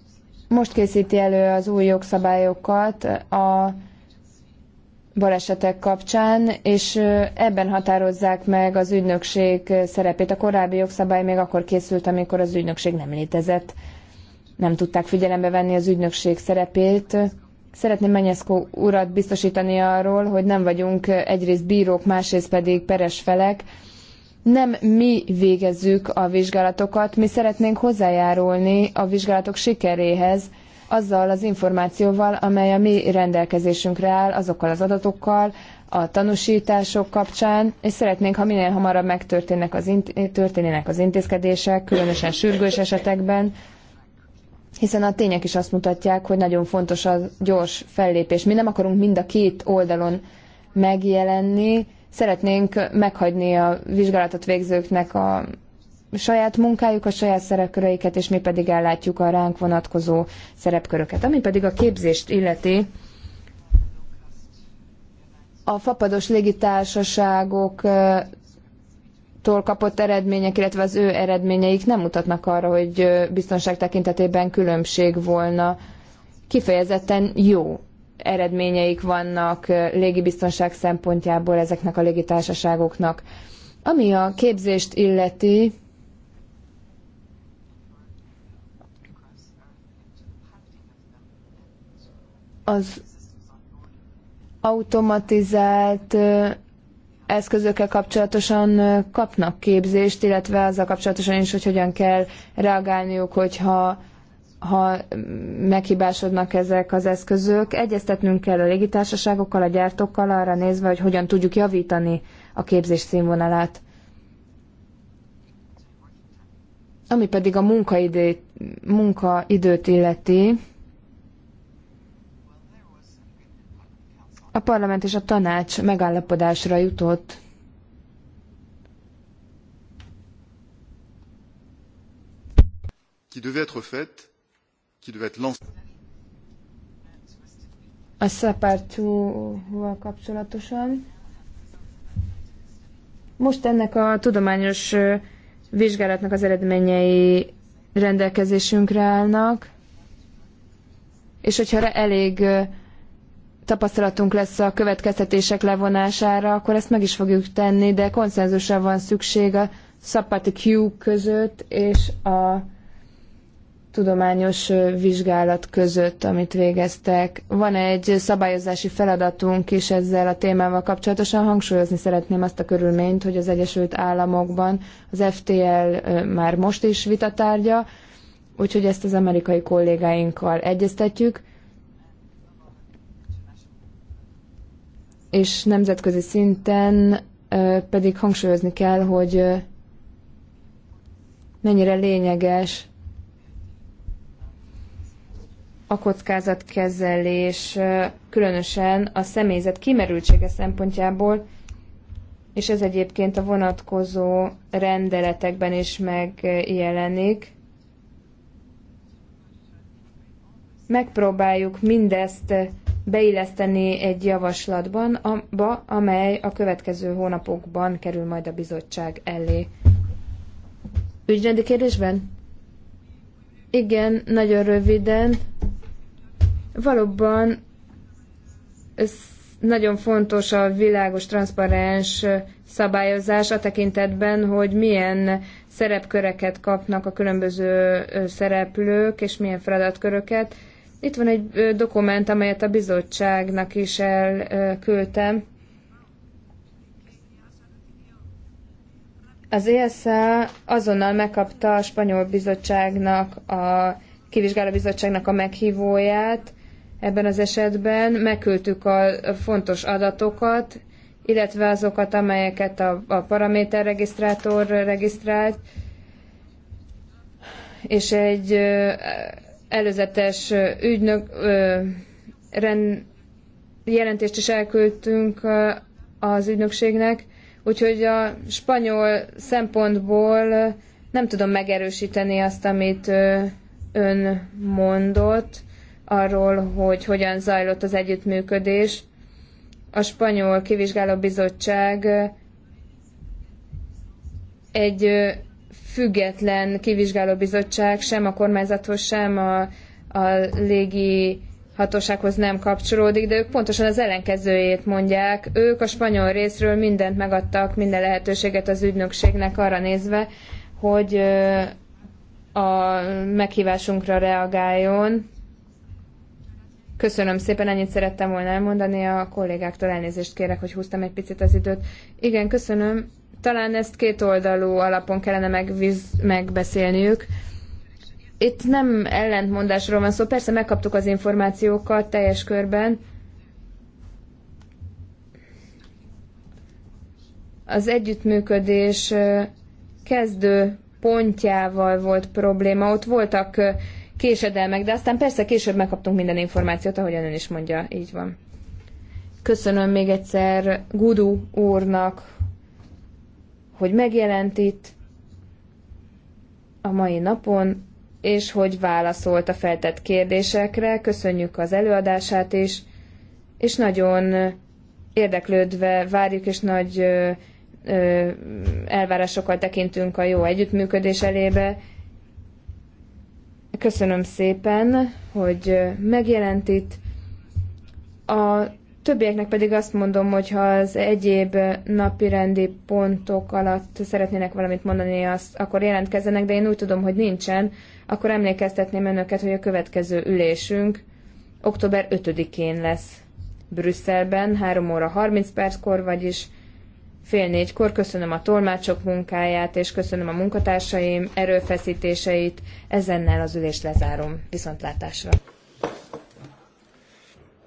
most készíti elő az új jogszabályokat a balesetek kapcsán, és ebben határozzák meg az ügynökség szerepét. A korábbi jogszabály még akkor készült, amikor az ügynökség nem létezett. Nem tudták figyelembe venni az ügynökség szerepét. Szeretném Menyeszkó urat biztosítani arról, hogy nem vagyunk egyrészt bírók, másrészt pedig peres felek. Nem mi végezzük a vizsgálatokat, mi szeretnénk hozzájárulni a vizsgálatok sikeréhez, azzal az információval, amely a mi rendelkezésünkre áll, azokkal az adatokkal, a tanúsítások kapcsán, és szeretnénk, ha minél hamarabb megtörténnek az, történjenek az intézkedések, különösen sürgős esetekben, hiszen a tények is azt mutatják, hogy nagyon fontos a gyors fellépés. Mi nem akarunk mind a két oldalon megjelenni, szeretnénk meghagyni a vizsgálatot végzőknek a saját munkájuk, a saját szerepköreiket, és mi pedig ellátjuk a ránk vonatkozó szerepköröket. Ami pedig a képzést illeti, a fapados légitársaságoktól kapott eredmények, illetve az ő eredményeik nem mutatnak arra, hogy biztonság tekintetében különbség volna. Kifejezetten jó eredményeik vannak légibiztonság szempontjából ezeknek a légitársaságoknak. Ami a képzést illeti, az automatizált eszközökkel kapcsolatosan kapnak képzést, illetve azzal kapcsolatosan is, hogy hogyan kell reagálniuk, hogyha ha meghibásodnak ezek az eszközök. Egyeztetnünk kell a légitársaságokkal, a gyártókkal arra nézve, hogy hogyan tudjuk javítani a képzés színvonalát. Ami pedig a munkaidőt, munkaidőt illeti, a parlament és a tanács megállapodásra jutott qui devait être faite, qui devait être lancée. A szapártyúval kapcsolatosan. Most ennek a tudományos vizsgálatnak az eredményei rendelkezésünkre állnak, és hogyha elég tapasztalatunk lesz a következtetések levonására, akkor ezt meg is fogjuk tenni, de konszenzusra van szükség a Szapati Q között és a tudományos vizsgálat között, amit végeztek. Van egy szabályozási feladatunk is ezzel a témával kapcsolatosan. Hangsúlyozni szeretném azt a körülményt, hogy az Egyesült Államokban az FTL már most is vitatárgya, úgyhogy ezt az amerikai kollégáinkkal egyeztetjük és nemzetközi szinten pedig hangsúlyozni kell, hogy mennyire lényeges a kockázatkezelés, különösen a személyzet kimerültsége szempontjából, és ez egyébként a vonatkozó rendeletekben is megjelenik. Megpróbáljuk mindezt beilleszteni egy javaslatban, abba, amely a következő hónapokban kerül majd a bizottság elé. Ügyrendi kérdésben? Igen, nagyon röviden. Valóban ez nagyon fontos a világos, transzparens szabályozás a tekintetben, hogy milyen szerepköreket kapnak a különböző szereplők, és milyen feladatköröket itt van egy dokument, amelyet a bizottságnak is elküldtem. Az ESA azonnal megkapta a spanyol bizottságnak, a kivizsgáló bizottságnak a meghívóját. Ebben az esetben megküldtük a fontos adatokat, illetve azokat, amelyeket a, a paraméterregisztrátor regisztrált, és egy előzetes ügynök ren, jelentést is elküldtünk az ügynökségnek, úgyhogy a spanyol szempontból nem tudom megerősíteni azt, amit ön mondott arról, hogy hogyan zajlott az együttműködés. A spanyol kivizsgáló bizottság egy független kivizsgálóbizottság sem a kormányzathoz, sem a, a légi hatósághoz nem kapcsolódik, de ők pontosan az ellenkezőjét mondják. Ők a spanyol részről mindent megadtak, minden lehetőséget az ügynökségnek arra nézve, hogy a meghívásunkra reagáljon. Köszönöm szépen, ennyit szerettem volna elmondani a kollégáktól. Elnézést kérek, hogy húztam egy picit az időt. Igen, köszönöm. Talán ezt kétoldalú alapon kellene megviz, megbeszélniük. Itt nem ellentmondásról van szó, persze megkaptuk az információkat teljes körben. Az együttműködés kezdő pontjával volt probléma, ott voltak késedelmek, de aztán persze később megkaptunk minden információt, ahogy ön is mondja, így van. Köszönöm még egyszer Gudu úrnak, hogy megjelent itt a mai napon, és hogy válaszolt a feltett kérdésekre. Köszönjük az előadását is, és nagyon érdeklődve várjuk, és nagy elvárásokkal tekintünk a jó együttműködés elébe. Köszönöm szépen, hogy megjelent itt. A Többieknek pedig azt mondom, hogy ha az egyéb napirendi pontok alatt szeretnének valamit mondani, azt, akkor jelentkezzenek, de én úgy tudom, hogy nincsen, akkor emlékeztetném önöket, hogy a következő ülésünk október 5-én lesz Brüsszelben, 3 óra 30 perckor, vagyis fél négykor. Köszönöm a tolmácsok munkáját, és köszönöm a munkatársaim erőfeszítéseit. Ezennel az ülést lezárom. Viszontlátásra!